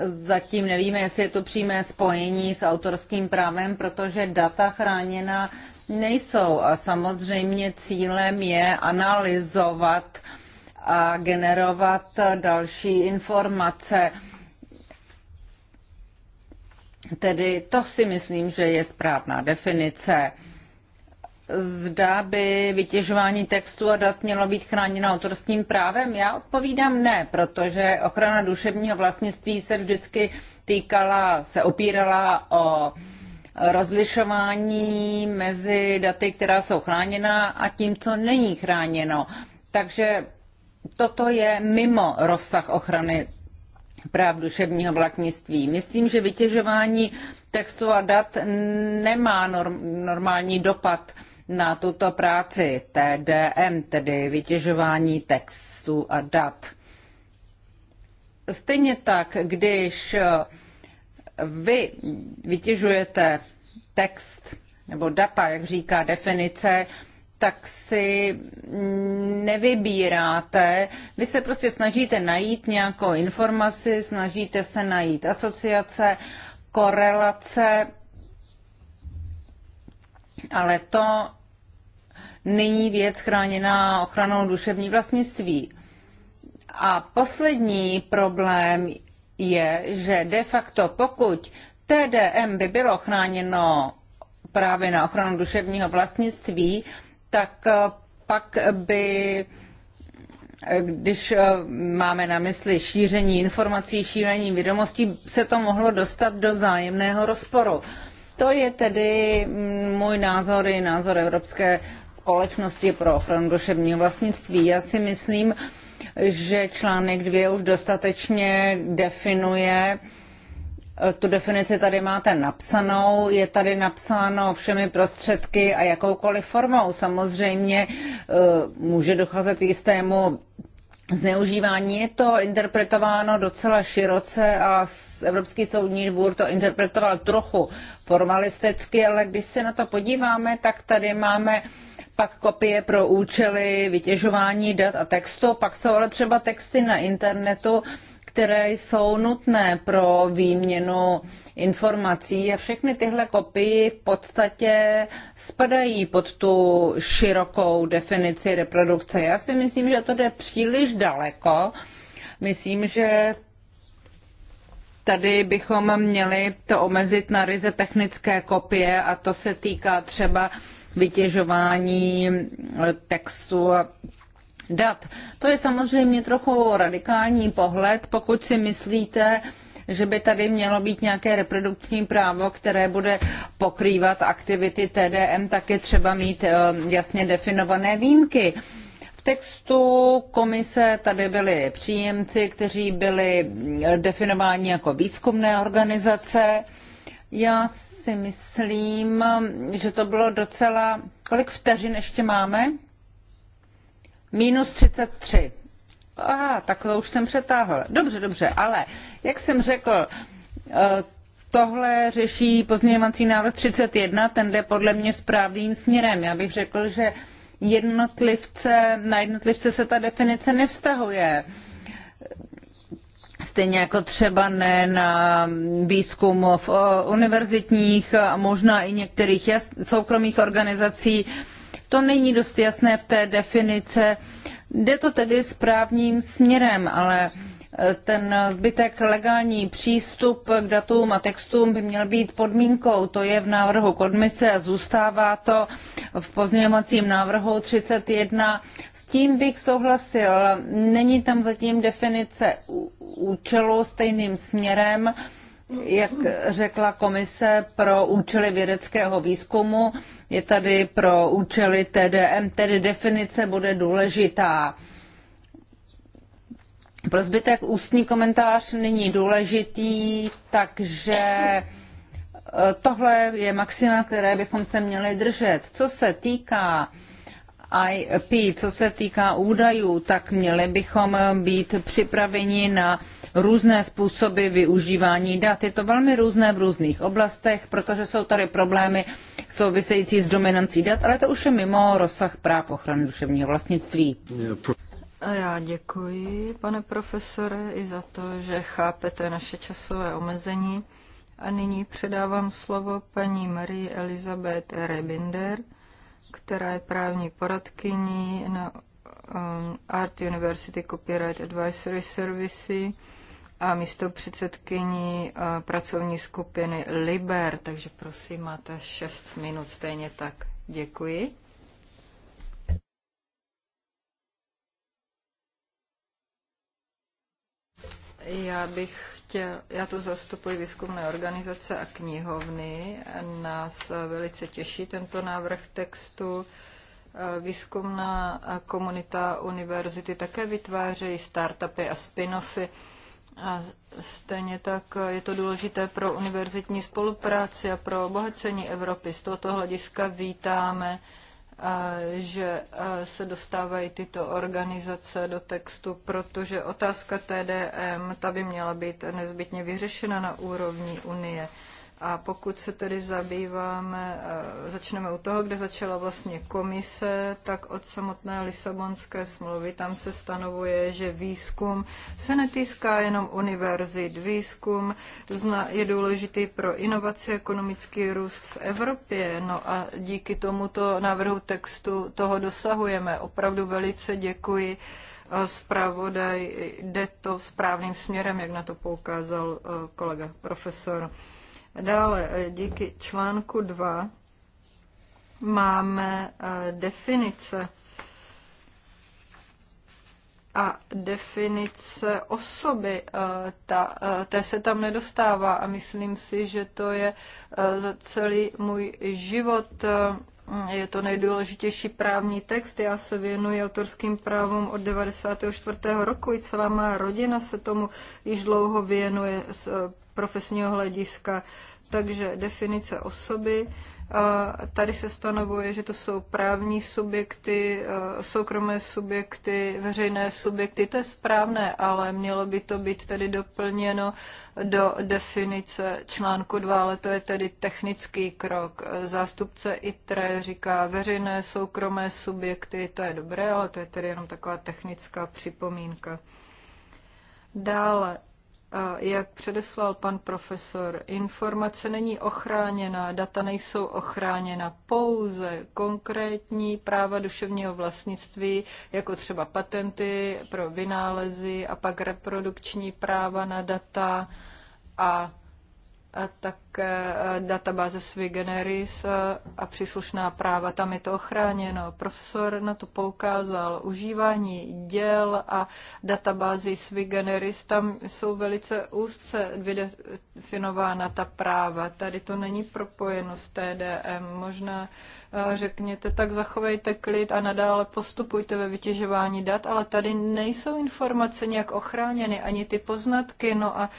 [SPEAKER 2] zatím nevíme, jestli je to přímé spojení s autorským právem, protože data chráněna nejsou. A samozřejmě cílem je analyzovat a generovat další informace. Tedy to si myslím, že je správná definice. Zda by vytěžování textu a dat mělo být chráněno autorským právem? Já odpovídám ne, protože ochrana duševního vlastnictví se vždycky týkala, se opírala o rozlišování mezi daty, která jsou chráněna a tím, co není chráněno. Takže toto je mimo rozsah ochrany práv duševního vlastnictví. Myslím, že vytěžování textu a dat nemá norm, normální dopad na tuto práci TDM, tedy vytěžování textu a dat. Stejně tak, když vy vytěžujete text nebo data, jak říká definice, tak si nevybíráte. Vy se prostě snažíte najít nějakou informaci, snažíte se najít asociace, korelace, ale to není věc chráněná ochranou duševní vlastnictví. A poslední problém je, že de facto pokud TDM by bylo chráněno právě na ochranu duševního vlastnictví, tak eh, pak by eh, když eh, máme na mysli šíření informací, šíření vědomostí, se to mohlo dostat do zájemného rozporu. To je tedy mm, můj názor i názor Evropské společnosti pro ochranu duševního vlastnictví. Já si myslím, že článek 2 už dostatečně definuje uh, Eh, tu definici tady máte napsanou, je tady napsáno všemi prostředky a jakoukoliv formou. Samozřejmě eh, může docházet k jistému zneužívání. Je to interpretováno docela široce a Evropský soudní dvůr to interpretoval trochu formalisticky, ale když se na to podíváme, tak tady máme pak kopie pro účely vytěžování dat a textu, pak jsou ale třeba texty na internetu, které jsou nutné pro výměnu informací a všechny tyhle kopii v podstatě spadají pod tu širokou definici reprodukce. Já si myslím, že to jde příliš daleko. Myslím, že tady bychom měli to omezit na ryze technické kopie a to se týká třeba vytěžování textu a dat. To je samozřejmě trochu radikální pohled, pokud si myslíte, že by tady mělo být nějaké reprodukční právo, které bude pokrývat aktivity TDM, tak je třeba mít ehm, jasně definované výjimky. V textu komise tady byli příjemci, kteří byli mm, definováni jako výzkumné organizace. Já si myslím, že to bylo docela... Kolik vteřin ještě máme? Minus 33. Aha, tak to už jsem přetáhl. Dobře, dobře, ale jak jsem řekl, eh, tohle řeší pozměňovací návrh 31, ten jde podle mě správným směrem. Já bych řekl, že jednotlivce, na jednotlivce se ta definice nevztahuje. Stejně jako třeba ne na výzkum v univerzitních a možná i některých soukromých organizací, to není dost jasné v té definice. Jde to tedy správným směrem, ale e, ten zbytek legální přístup k datům a textům by měl být podmínkou. To je v návrhu komise a zůstává to v pozměňovacím návrhu 31. S tím bych souhlasil. Není tam zatím definice účelu stejným směrem jak řekla komise, pro účely vědeckého výzkumu, je tady pro účely TDM, tedy definice bude důležitá. Pro zbytek ústní komentář není důležitý, takže e, tohle je maxima, které bychom se měli držet. Co se týká IP, co se týká údajů, tak měli bychom být připraveni na různé způsoby využívání dat. Je to velmi různé v různých oblastech, protože jsou tady problémy související s dominancí dat, ale to už je mimo rozsah práv ochrany duševního vlastnictví.
[SPEAKER 3] A já děkuji, pane profesore, i za to, že chápete naše časové omezení. A nyní předávám slovo paní Marie Elizabeth Rebinder, která je právní poradkyní na um, Art University Copyright Advisory Services a místo předsedkyní pracovní skupiny Liber, takže prosím, máte 6 minut stejně tak. Děkuji. Já bych chtěl, já tu zastupuji výzkumné organizace a knihovny. Nás velice těší tento návrh textu. Výzkumná komunita univerzity také vytvářejí startupy a spin-offy a stejně tak je to důležité pro univerzitní spolupráci a pro obohacení Evropy. Z tohoto hlediska vítáme, eh, že eh, se dostávají tyto organizace do textu, protože otázka TDM, ta by měla být nezbytně vyřešena na úrovni Unie. A pokud se tedy zabýváme, eh, začneme u toho, kde začala vlastně komise, tak od samotné Lisabonské smlouvy tam se stanovuje, že výzkum se netýská jenom univerzit. Výzkum je důležitý pro inovaci, ekonomický růst v Evropě. No a díky tomuto návrhu textu toho dosahujeme. Opravdu velice děkuji eh, zpravodaj jde to správným směrem, jak na to poukázal eh, kolega profesor. Dále, eh, díky článku 2 máme eh, definice a definice osoby, eh, ta, té se tam nedostává a myslím si, že to je za celý můj život je to nejdůležitější právní text. Já se věnuji autorským právům od 94. roku i celá má rodina se tomu již dlouho věnuje profesního hlediska. Takže definice osoby. Tady se stanovuje, že to jsou právní subjekty, soukromé subjekty, veřejné subjekty. To je správné, ale mělo by to být tedy doplněno do definice článku 2, ale to je tedy technický krok. Zástupce ITRE říká veřejné, soukromé subjekty, to je dobré, ale to je tedy jenom taková technická připomínka. Dále jak předeslal pan profesor, informace není ochráněna, data nejsou ochráněna, pouze konkrétní práva duševního vlastnictví, jako třeba patenty pro vynálezy a pak reprodukční práva na data a a také eh, databáze sui generis eh, a příslušná práva. Tam je to ochráněno. Profesor na to poukázal. Užívání děl a databázy sui generis, tam jsou velice úzce vydefinována ta práva. Tady to není propojeno s TDM. Možná eh, řekněte, tak zachovejte klid a nadále postupujte ve vytěžování dat, ale tady nejsou informace nějak ochráněny, ani ty poznatky. No a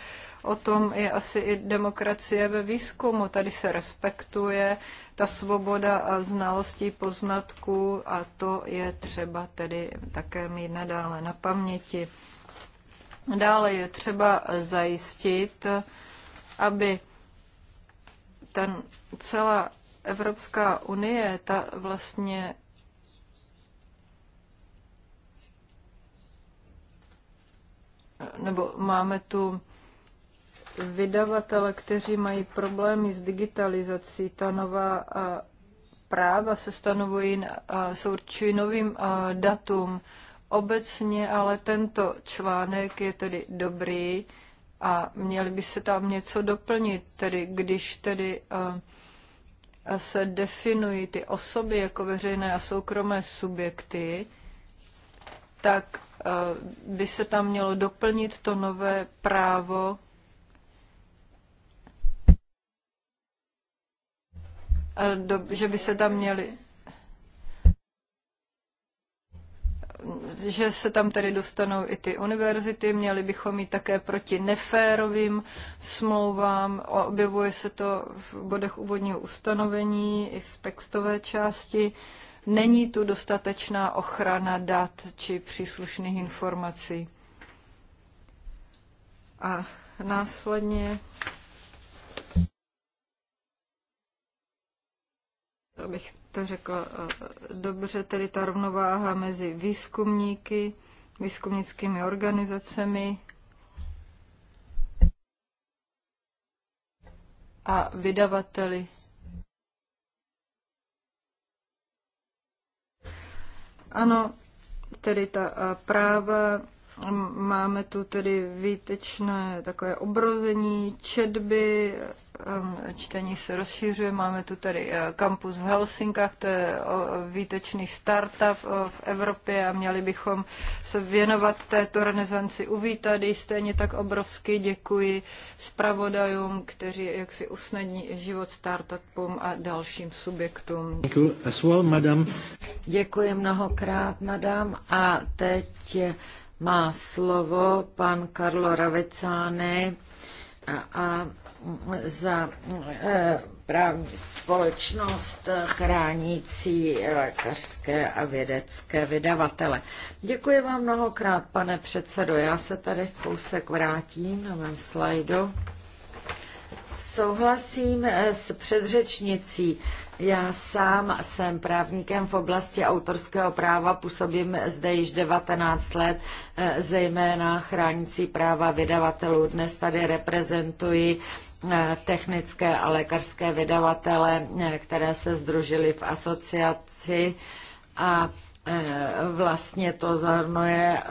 [SPEAKER 3] O tom je asi i demokracie ve výzkumu. Tady se respektuje ta svoboda a znalostí poznatků a to je třeba tedy také mít nadále na paměti. Dále je třeba zajistit, aby ten celá Evropská unie, ta vlastně nebo máme tu vydavatele, kteří mají problémy s digitalizací, ta nová práva se stanovují, se určují novým datům. Obecně ale tento článek je tedy dobrý a měli by se tam něco doplnit, tedy když tedy se definují ty osoby jako veřejné a soukromé subjekty, tak by se tam mělo doplnit to nové právo že by se tam měli že se tam tedy dostanou i ty univerzity, měli bychom jít také proti neférovým smlouvám, objevuje se to v bodech úvodního ustanovení i v textové části. Není tu dostatečná ochrana dat či příslušných informací. A následně abych to řekla eh, dobře, tedy ta rovnováha mezi výzkumníky, výzkumnickými organizacemi a vydavateli. Ano, tedy ta eh, práva Máme tu tedy výtečné takové obrození, četby, čtení se rozšiřuje. Máme tu tady eh, kampus v Helsinkách, to je výtečný startup v Evropě a měli bychom se věnovat této renesanci. Uvítat stejně tak obrovsky děkuji zpravodajům, kteří jak si usnadní život startupům a dalším
[SPEAKER 4] subjektům.
[SPEAKER 1] Děkuji, well, madam.
[SPEAKER 4] děkuji mnohokrát, madam. A teď má slovo pan Karlo Ravecáne a, a za e, právní společnost chránící lékařské a vědecké vydavatele. Děkuji vám mnohokrát, pane předsedo. Já se tady kousek vrátím na mém slajdu. Souhlasím e, s předřečnicí. Já sám jsem právníkem v oblasti autorského práva, působím zde již 19 let, eh, zejména chránící práva vydavatelů. Dnes tady reprezentuji eh, technické a lékařské vydavatele, eh, které se združili v asociaci a vlastně to zahrnuje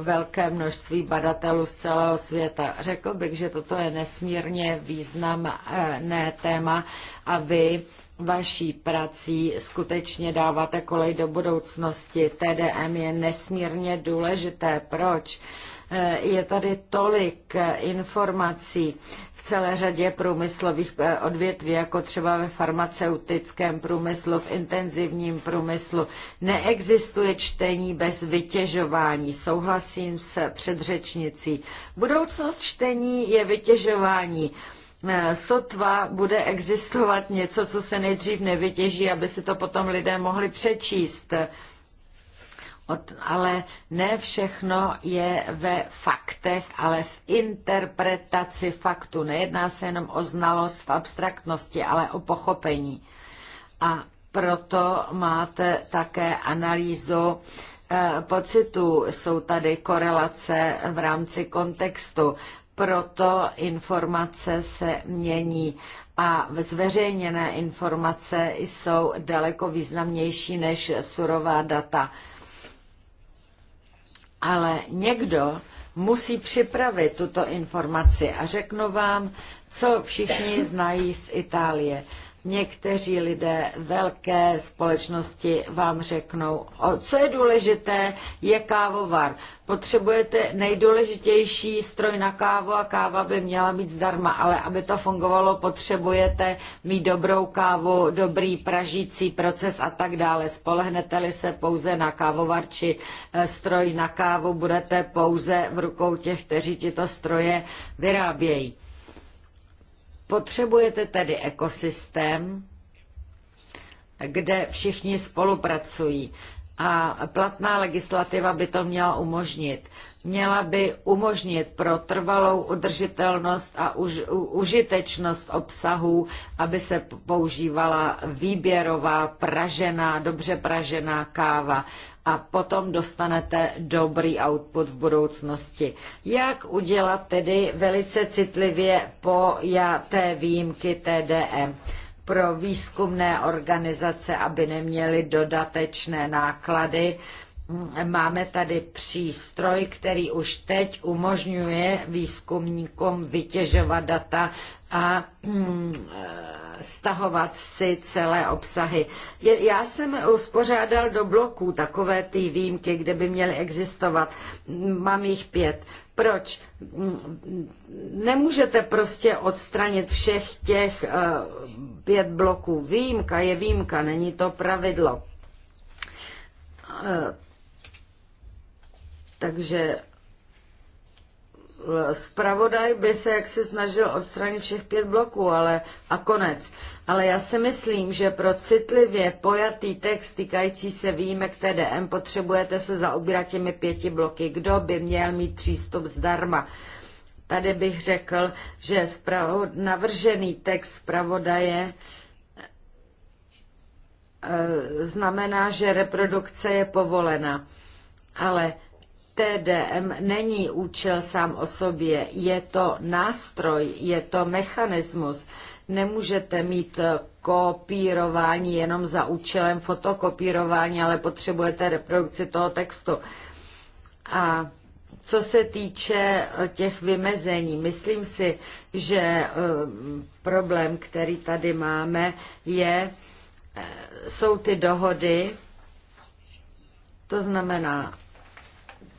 [SPEAKER 4] velké množství badatelů z celého světa. Řekl bych, že toto je nesmírně významné téma a vy vaší prací skutečně dáváte kolej do budoucnosti. TDM je nesmírně důležité. Proč? E, je tady tolik e, informací v celé řadě průmyslových e, odvětví, jako třeba ve farmaceutickém průmyslu, v intenzivním průmyslu. Neexistuje čtení bez vytěžování. Souhlasím s předřečnicí. Budoucnost čtení je vytěžování. Eh, sotva bude existovat něco, co se nejdřív nevytěží, aby si to potom lidé mohli přečíst. Od, ale ne všechno je ve faktech, ale v interpretaci faktu. Nejedná se jenom o znalost v abstraktnosti, ale o pochopení. A proto máte také analýzu eh, pocitů. Jsou tady korelace v rámci kontextu proto informace se mění a zveřejněné informace jsou daleko významnější než surová data. Ale někdo musí připravit tuto informaci a řeknu vám, co všichni znají z Itálie. Někteří lidé velké společnosti vám řeknou, o, co je důležité, je kávovar. Potřebujete nejdůležitější stroj na kávu a káva by měla být zdarma, ale aby to fungovalo, potřebujete mít dobrou kávu, dobrý pražící proces a tak dále. Spolehnete-li se pouze na kávovar či eh, stroj na kávu, budete pouze v rukou těch, kteří tyto stroje vyrábějí. Potřebujete tedy ekosystém, kde všichni spolupracují. A platná legislativa by to měla umožnit. Měla by umožnit pro trvalou udržitelnost a už, u, užitečnost obsahů, aby se používala výběrová, pražená, dobře pražená káva a potom dostanete dobrý output v budoucnosti. Jak udělat tedy velice citlivě po té výjimky TDM? pro výzkumné organizace, aby neměly dodatečné náklady. Máme tady přístroj, který už teď umožňuje výzkumníkům vytěžovat data a mm, eh, stahovat si celé obsahy. Já jsem uspořádal do bloků takové ty výjimky, kde by měly existovat. Mám jich pět. Proč? Nemůžete prostě odstranit všech těch eh, pět bloků. Výjimka je výjimka, není to pravidlo. Eh, takže Spravodaj by se jaksi snažil odstranit všech pět bloků ale, a konec. Ale já si myslím, že pro citlivě pojatý text týkající se výjimek TDM potřebujete se zaobírat těmi pěti bloky. Kdo by měl mít přístup zdarma? Tady bych řekl, že navržený text zpravodaje e, znamená, že reprodukce je povolena. Ale TDM není účel sám o sobě, je to nástroj, je to mechanismus. Nemůžete mít kopírování jenom za účelem fotokopírování, ale potřebujete reprodukci toho textu. A co se týče eh, těch vymezení, myslím si, že eh, problém, který tady máme, je, eh, jsou ty dohody, to znamená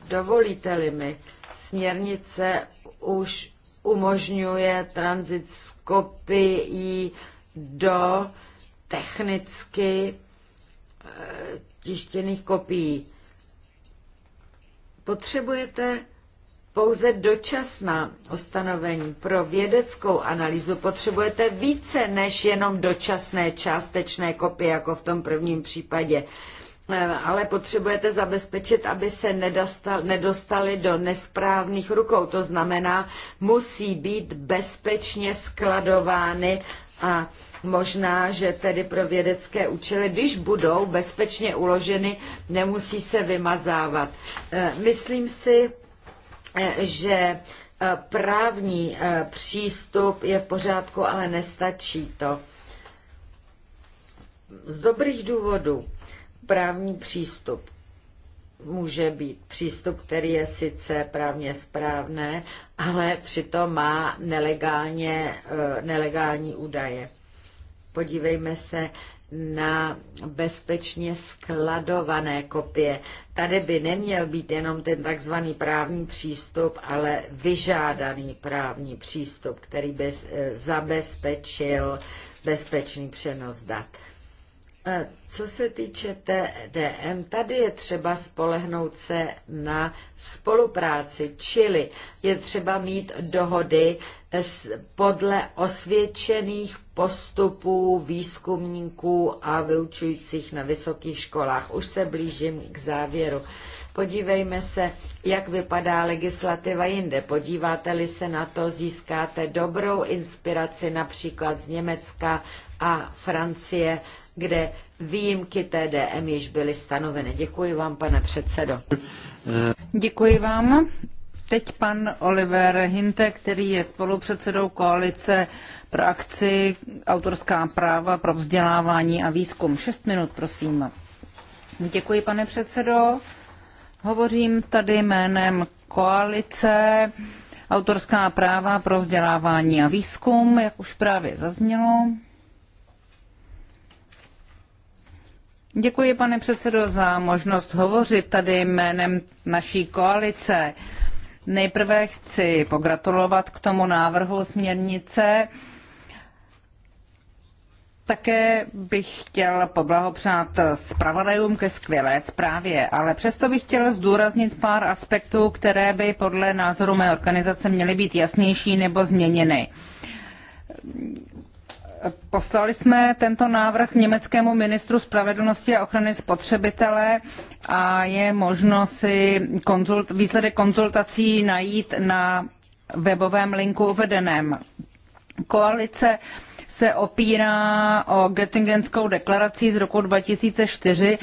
[SPEAKER 4] Dovolíte-li mi, směrnice už umožňuje tranzit z kopií do technicky eh, tištěných kopií. Potřebujete pouze dočasná ustanovení. Pro vědeckou analýzu potřebujete více než jenom dočasné částečné kopie, jako v tom prvním případě. Eh, ale potřebujete zabezpečit, aby se nedostal, nedostali do nesprávných rukou. To znamená, musí být bezpečně skladovány a možná, že tedy pro vědecké účely, když budou bezpečně uloženy, nemusí se vymazávat. Eh, myslím si, eh, že právní přístup je v pořádku, ale nestačí to. Z dobrých důvodů Právní přístup může být přístup, který je sice právně správné, ale přitom má nelegálně, eh, nelegální údaje. Podívejme se na bezpečně skladované kopie. Tady by neměl být jenom ten takzvaný právní přístup, ale vyžádaný právní přístup, který by eh, zabezpečil bezpečný přenos dat. Co se týče TDM, tady je třeba spolehnout se na spolupráci, čili je třeba mít dohody podle osvědčených postupů výzkumníků a vyučujících na vysokých školách. Už se blížím k závěru. Podívejme se, jak vypadá legislativa jinde. Podíváte-li se na to, získáte dobrou inspiraci například z Německa a Francie, kde výjimky TDM již byly stanoveny. Děkuji vám, pane předsedo. Děkuji vám. Teď pan Oliver Hinte, který je
[SPEAKER 2] spolupředsedou koalice pro akci Autorská práva pro vzdělávání a výzkum. Šest minut, prosím. Děkuji, pane předsedo. Hovořím tady jménem koalice Autorská práva pro vzdělávání a výzkum, jak už právě zaznělo. Děkuji, pane předsedo, za možnost hovořit tady jménem naší koalice. Nejprve chci pogratulovat k tomu návrhu směrnice také bych chtěl poblahopřát zpravodajům ke skvělé zprávě, ale přesto bych chtěl zdůraznit pár aspektů, které by podle názoru mé organizace měly být jasnější nebo změněny. Poslali jsme tento návrh německému ministru spravedlnosti a ochrany spotřebitele a je možno si konzult, výsledek konzultací najít na webovém linku uvedeném. Koalice se opírá o Göttingenskou deklaraci z roku 2004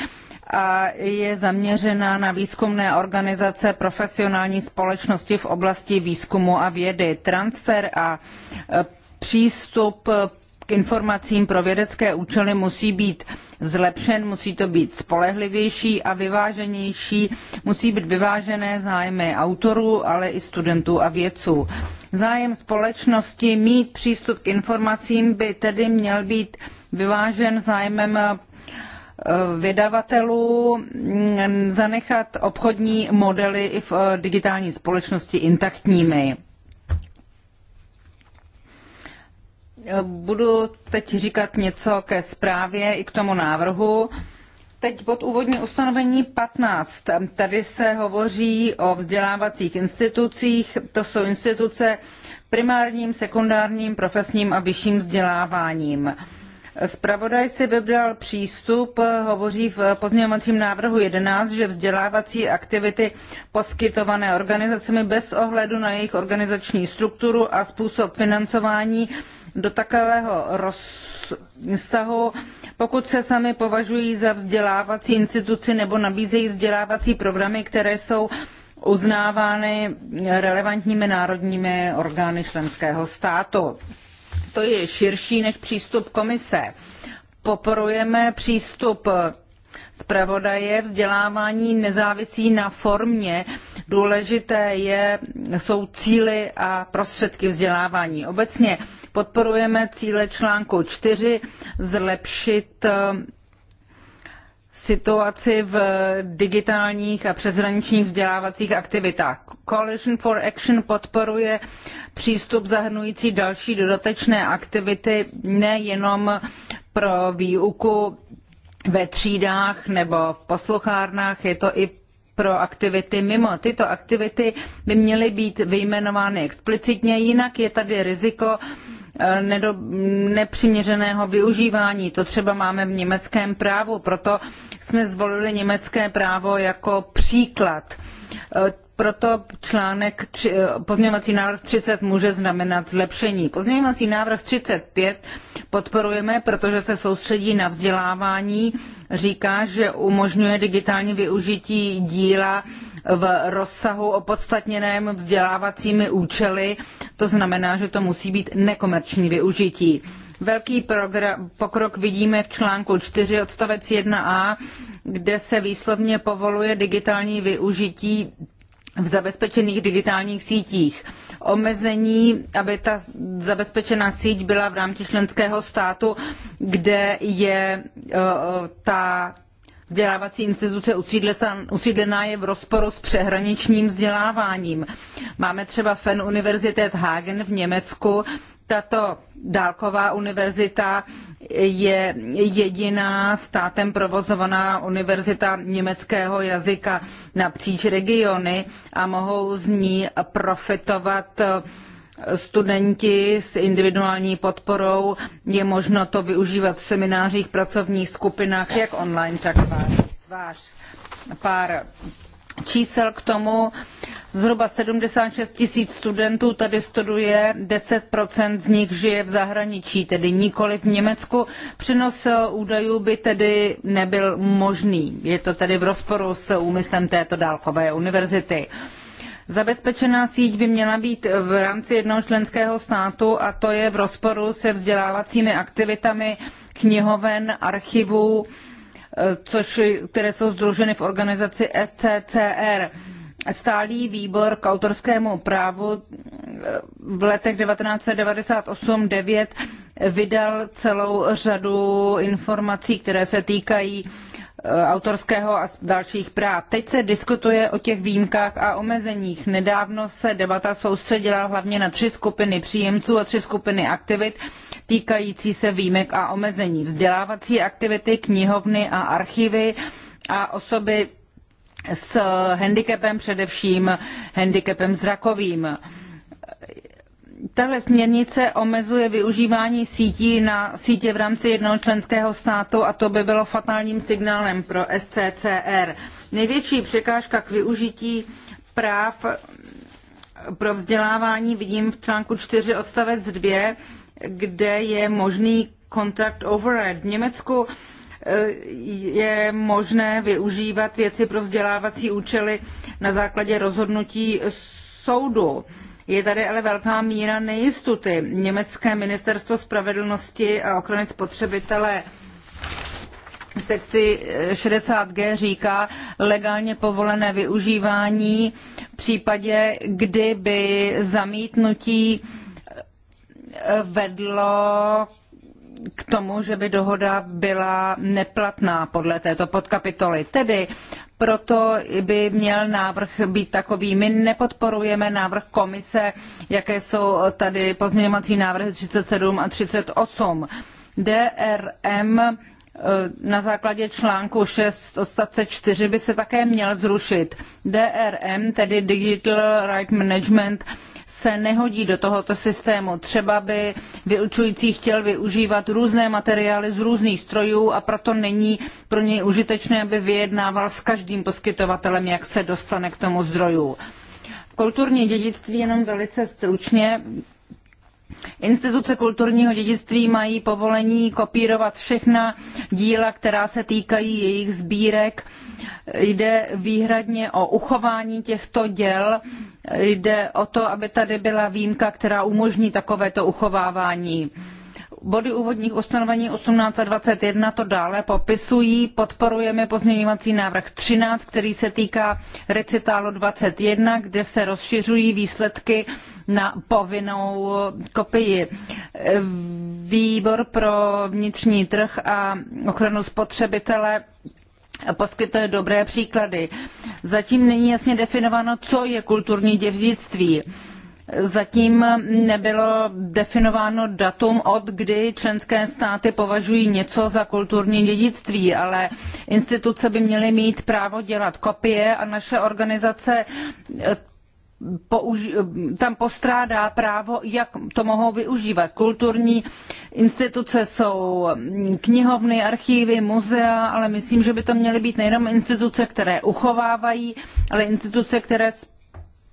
[SPEAKER 2] a je zaměřena na výzkumné organizace profesionální společnosti v oblasti výzkumu a vědy. Transfer a přístup k informacím pro vědecké účely musí být zlepšen, musí to být spolehlivější a vyváženější, musí být vyvážené zájmy autorů, ale i studentů a vědců. Zájem společnosti mít přístup k informacím by tedy měl být vyvážen zájmem eh, vydavatelů mm, zanechat obchodní modely i v eh, digitální společnosti intaktními. Budu teď říkat něco ke zprávě i k tomu návrhu. Teď pod úvodní ustanovení 15. Tady se hovoří o vzdělávacích institucích. To jsou instituce primárním, sekundárním, profesním a vyšším vzděláváním. Spravodaj si vybral přístup, hovoří v pozměňovacím návrhu 11, že vzdělávací aktivity poskytované organizacemi bez ohledu na jejich organizační strukturu a způsob financování do takového rozsahu, pokud se sami považují za vzdělávací instituci nebo nabízejí vzdělávací programy, které jsou uznávány relevantními národními orgány členského státu. To je širší než přístup komise. Poporujeme přístup zpravodaje, vzdělávání nezávisí na formě. Důležité je, jsou cíly a prostředky vzdělávání. Obecně Podporujeme cíle článku 4 zlepšit eh, situaci v digitálních a přeshraničních vzdělávacích aktivitách. Coalition for Action podporuje přístup zahrnující další dodatečné aktivity nejenom pro výuku ve třídách nebo v posluchárnách, je to i pro aktivity mimo. Tyto aktivity by měly být vyjmenovány explicitně, jinak je tady riziko eh, nedo, nepřiměřeného využívání. To třeba máme v německém právu, proto jsme zvolili německé právo jako příklad. Eh, proto článek tři, eh, pozměňovací návrh 30 může znamenat zlepšení. Pozměňovací návrh 35 podporujeme, protože se soustředí na vzdělávání, říká, že umožňuje digitální využití díla v rozsahu opodstatněném vzdělávacími účely, to znamená, že to musí být nekomerční využití. Velký pokrok vidíme v článku 4 odstavec 1a, kde se výslovně povoluje digitální využití v zabezpečených digitálních sítích. Omezení, aby ta zabezpečená síť byla v rámci členského státu, kde je eh, eh, ta vzdělávací instituce usídlená je v rozporu s přehraničním vzděláváním. Máme třeba Fen Universität Hagen v Německu, tato dálková univerzita je jediná státem provozovaná univerzita německého jazyka napříč regiony a mohou z ní profitovat eh, studenti s individuální podporou. Je možno to využívat v seminářích, pracovních skupinách, jak online, tak tvář. Pár čísel k tomu. Zhruba 76 tisíc studentů tady studuje, 10 z nich žije v zahraničí, tedy nikoli v Německu. Přenos údajů by tedy nebyl možný. Je to tedy v rozporu s úmyslem této dálkové univerzity. Zabezpečená síť by měla být v rámci jednoho členského státu a to je v rozporu se vzdělávacími aktivitami knihoven, archivů, což, které jsou združeny v organizaci SCCR. Stálý výbor k autorskému právu eh, v letech 1998-9 vydal celou řadu informací, které se týkají Eh, autorského a dalších práv. Teď se diskutuje o těch výjimkách a omezeních. Nedávno se debata soustředila hlavně na tři skupiny příjemců a tři skupiny aktivit týkající se výjimek a omezení. Vzdělávací aktivity, knihovny a archivy a osoby s handicapem, především handicapem zrakovým. Tahle směrnice omezuje využívání sítí na sítě v rámci jednoho členského státu a to by bylo fatálním signálem pro SCCR. Největší překážka k využití práv pro vzdělávání vidím v článku 4 odstavec 2, kde je možný kontrakt override. V Německu eh, je možné využívat věci pro vzdělávací účely na základě rozhodnutí soudu. Je tady ale velká míra nejistoty. Německé ministerstvo spravedlnosti a ochrany spotřebitele v sekci 60G říká legálně povolené využívání v případě, kdyby zamítnutí eh, vedlo k tomu, že by dohoda byla neplatná podle této podkapitoly. Tedy proto by měl návrh být takový. My nepodporujeme návrh komise, jaké jsou tady pozměňovací návrhy 37 a 38. DRM eh, na základě článku 6 odstavce 4 by se také měl zrušit. DRM, tedy Digital Right Management, se nehodí do tohoto systému. Třeba by vyučující chtěl využívat různé materiály z různých strojů a proto není pro něj užitečné, aby vyjednával s každým poskytovatelem, jak se dostane k tomu zdroju. Kulturní dědictví jenom velice stručně Instituce kulturního dědictví mají povolení kopírovat všechna díla, která se týkají jejich sbírek. Jde výhradně o uchování těchto děl. Jde o to, aby tady byla výjimka, která umožní takovéto uchovávání. Body úvodních ustanovení eighteen a one to dále popisují. Podporujeme pozměňovací návrh 13, který se týká recitálu 21, kde se rozšiřují výsledky na povinnou kopii. Výbor pro vnitřní trh a ochranu spotřebitele poskytuje dobré příklady. Zatím není jasně definováno, co je kulturní dědictví. Zatím nebylo definováno datum, od kdy členské státy považují něco za kulturní dědictví, ale instituce by měly mít právo dělat kopie a naše organizace eh, tam postrádá právo, jak to mohou využívat. Kulturní instituce jsou mm, knihovny, archívy, muzea, ale myslím, že by to měly být nejenom instituce, které uchovávají, ale instituce, které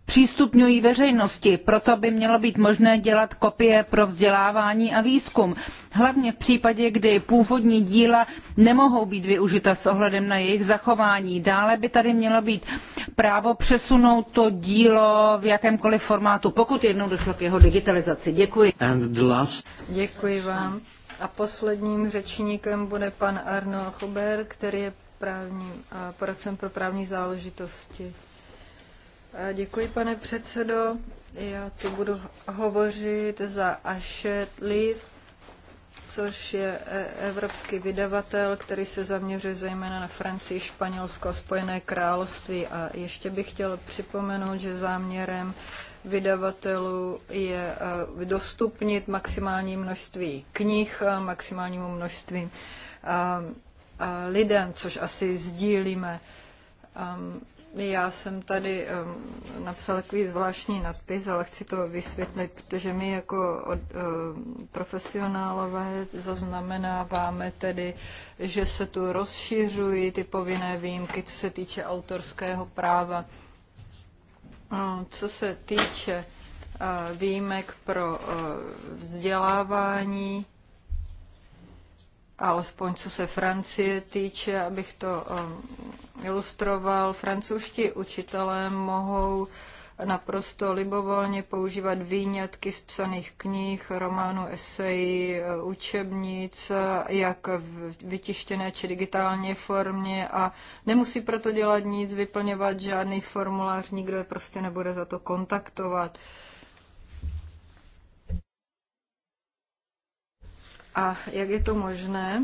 [SPEAKER 2] přístupňují veřejnosti. Proto by mělo být možné dělat kopie pro vzdělávání a výzkum. Hlavně v případě, kdy původní díla nemohou být využita s ohledem na jejich zachování. Dále by tady mělo být právo přesunout to dílo v jakémkoliv formátu, pokud jednou došlo k jeho digitalizaci. Děkuji.
[SPEAKER 1] Last...
[SPEAKER 3] Děkuji vám. A posledním řečníkem bude pan Arno Huber, který je právním poradcem pro právní záležitosti. Děkuji, pane předsedo. Já tu budu hovořit za Ashet což je e, evropský vydavatel, který se zaměřuje zejména na Francii, Španělsko a Spojené království. A ještě bych chtěl připomenout, že záměrem vydavatelů je e, dostupnit maximální množství knih a maximálnímu množství e, lidem, což asi sdílíme. Ehm, já jsem tady um, napsal takový zvláštní nadpis, ale chci to vysvětlit, protože my jako od, um, profesionálové zaznamenáváme tedy, že se tu rozšiřují ty povinné výjimky, co se týče autorského práva. Um, co se týče uh, výjimek pro uh, vzdělávání, alespoň co se Francie týče, abych to um, ilustroval, francouzští učitelé mohou naprosto libovolně používat výňatky z psaných knih, románů, esejí, učebnic, jak v vytištěné či digitální formě a nemusí proto dělat nic, vyplňovat žádný formulář, nikdo je prostě nebude za to kontaktovat. A jak je to možné?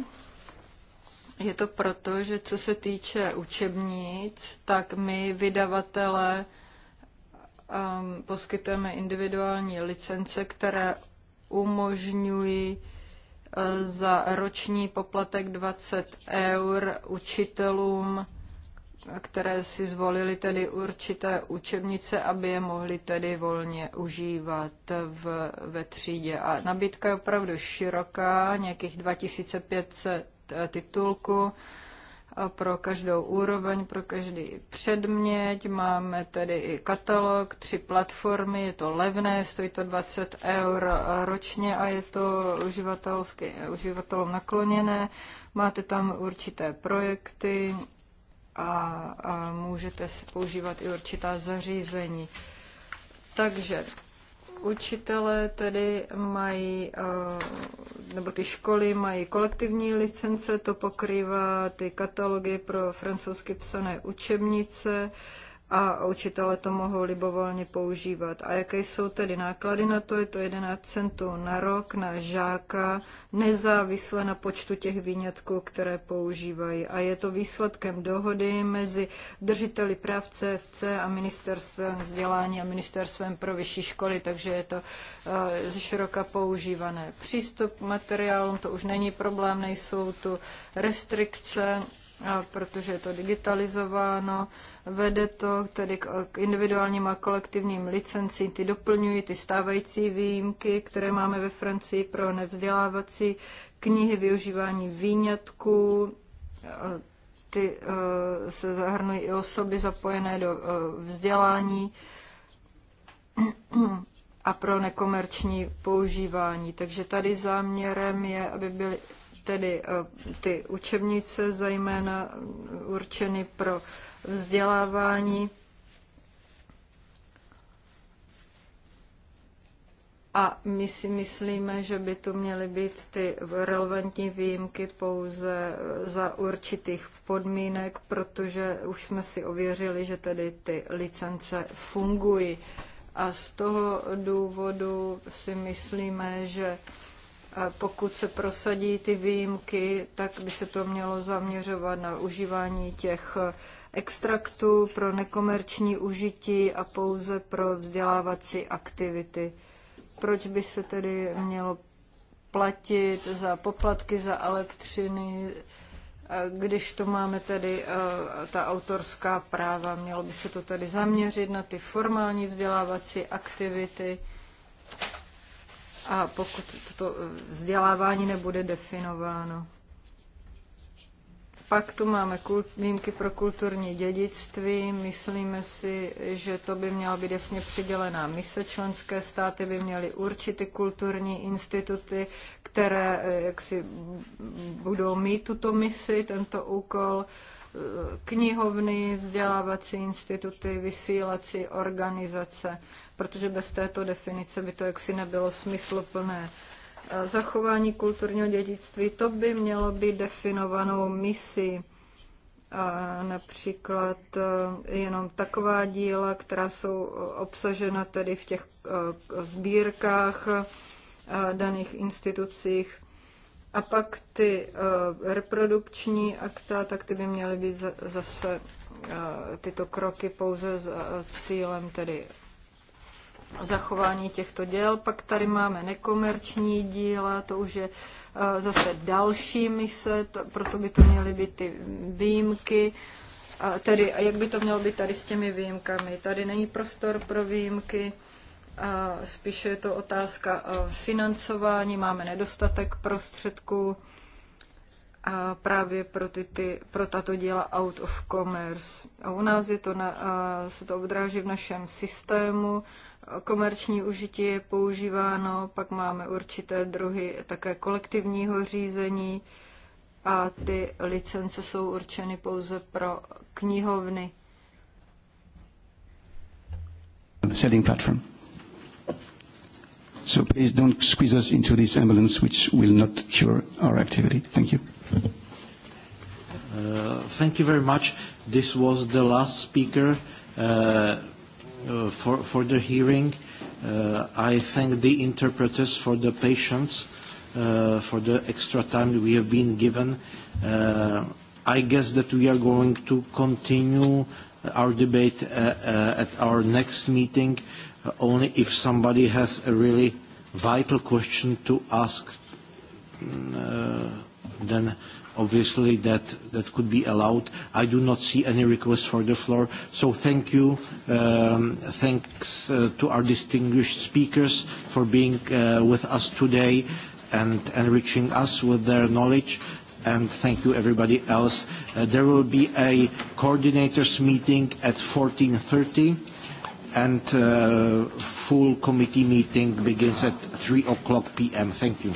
[SPEAKER 3] Je to proto, že co se týče učebnic, tak my vydavatele um, poskytujeme individuální licence, které umožňují uh, za roční poplatek 20 eur učitelům, které si zvolili tedy určité učebnice, aby je mohli tedy volně užívat v, ve třídě. A nabídka je opravdu široká, nějakých 2500 titulku pro každou úroveň, pro každý předmět. Máme tedy i katalog, tři platformy, je to levné, stojí to 20 eur ročně a je to uživatelsky, uživatelům nakloněné. Máte tam určité projekty a, a můžete používat i určitá zařízení. Takže Učitelé tedy mají, eh, nebo ty školy mají kolektivní licence, to pokrývá ty katalogy pro francouzsky psané učebnice, a učitelé to mohou libovolně používat. A jaké jsou tedy náklady na to? Je to 11 centů na rok na žáka, nezávisle na počtu těch výňatků, které používají. A je to výsledkem dohody mezi držiteli práv CFC a ministerstvem vzdělání a ministerstvem pro vyšší školy, takže je to eh, ze široka používané. Přístup k materiálům to už není problém, nejsou tu restrikce, protože je to digitalizováno, vede to tedy k individuálním a kolektivním licencím, ty doplňují ty stávající výjimky, které máme ve Francii pro nevzdělávací knihy, využívání výňatků, ty e, se zahrnují i osoby zapojené do e, vzdělání a pro nekomerční používání. Takže tady záměrem je, aby byly tedy eh, ty učebnice, zejména mm, určeny pro vzdělávání. A my si myslíme, že by tu měly být ty relevantní výjimky pouze eh, za určitých podmínek, protože už jsme si ověřili, že tedy ty licence fungují. A z toho důvodu si myslíme, že pokud se prosadí ty výjimky, tak by se to mělo zaměřovat na užívání těch extraktů pro nekomerční užití a pouze pro vzdělávací aktivity. Proč by se tedy mělo platit za poplatky za elektřiny, když to máme tedy ta autorská práva, mělo by se to tedy zaměřit na ty formální vzdělávací aktivity a pokud toto eh, vzdělávání nebude definováno. Pak tu máme kult, výjimky pro kulturní dědictví. Myslíme si, že to by měla být jasně přidělená mise. Členské státy by měly určit ty kulturní instituty, které eh, jaksi budou mít tuto misi, tento úkol. Eh, knihovny, vzdělávací instituty, vysílací organizace protože bez této definice by to jaksi nebylo smysluplné. E, zachování kulturního dědictví, to by mělo být definovanou misi. A e, například e, jenom taková díla, která jsou obsažena tedy v těch sbírkách daných institucích. A pak ty reprodukční akta, tak ty by měly být zase tyto kroky pouze s cílem tedy zachování těchto děl. Pak tady máme nekomerční díla, to už je eh, zase další mise, to, proto by to měly být ty výjimky. A tedy, a jak by to mělo být tady s těmi výjimkami? Tady není prostor pro výjimky, a spíše je to otázka eh, financování, máme nedostatek prostředků a právě pro, ty, ty, pro tato díla out of commerce. A u nás je to na, a eh, se to obdráží v našem systému, komerční užití je používáno, pak máme určité druhy také kolektivního řízení a ty licence jsou určeny pouze pro knihovny.
[SPEAKER 1] Selling platform. So please don't squeeze us into this ambulance, which will not cure our activity. Thank you. Uh, thank you very much. This was the last speaker. Uh, Uh, for, for the hearing. Uh, I thank the interpreters for the patience, uh, for the extra time we have been given. Uh, I guess that we are going to continue our debate uh, uh, at our next meeting, uh, only if somebody has a really vital question to ask, mm, uh, then obviously that, that could be allowed. I do not see any request for the floor. So thank you. Um, thanks uh, to our distinguished speakers for being uh, with us today and enriching us with their knowledge. And thank you everybody else. Uh, there will be a coordinators meeting at 14.30 and uh, full committee meeting begins at 3 o'clock p.m. Thank you.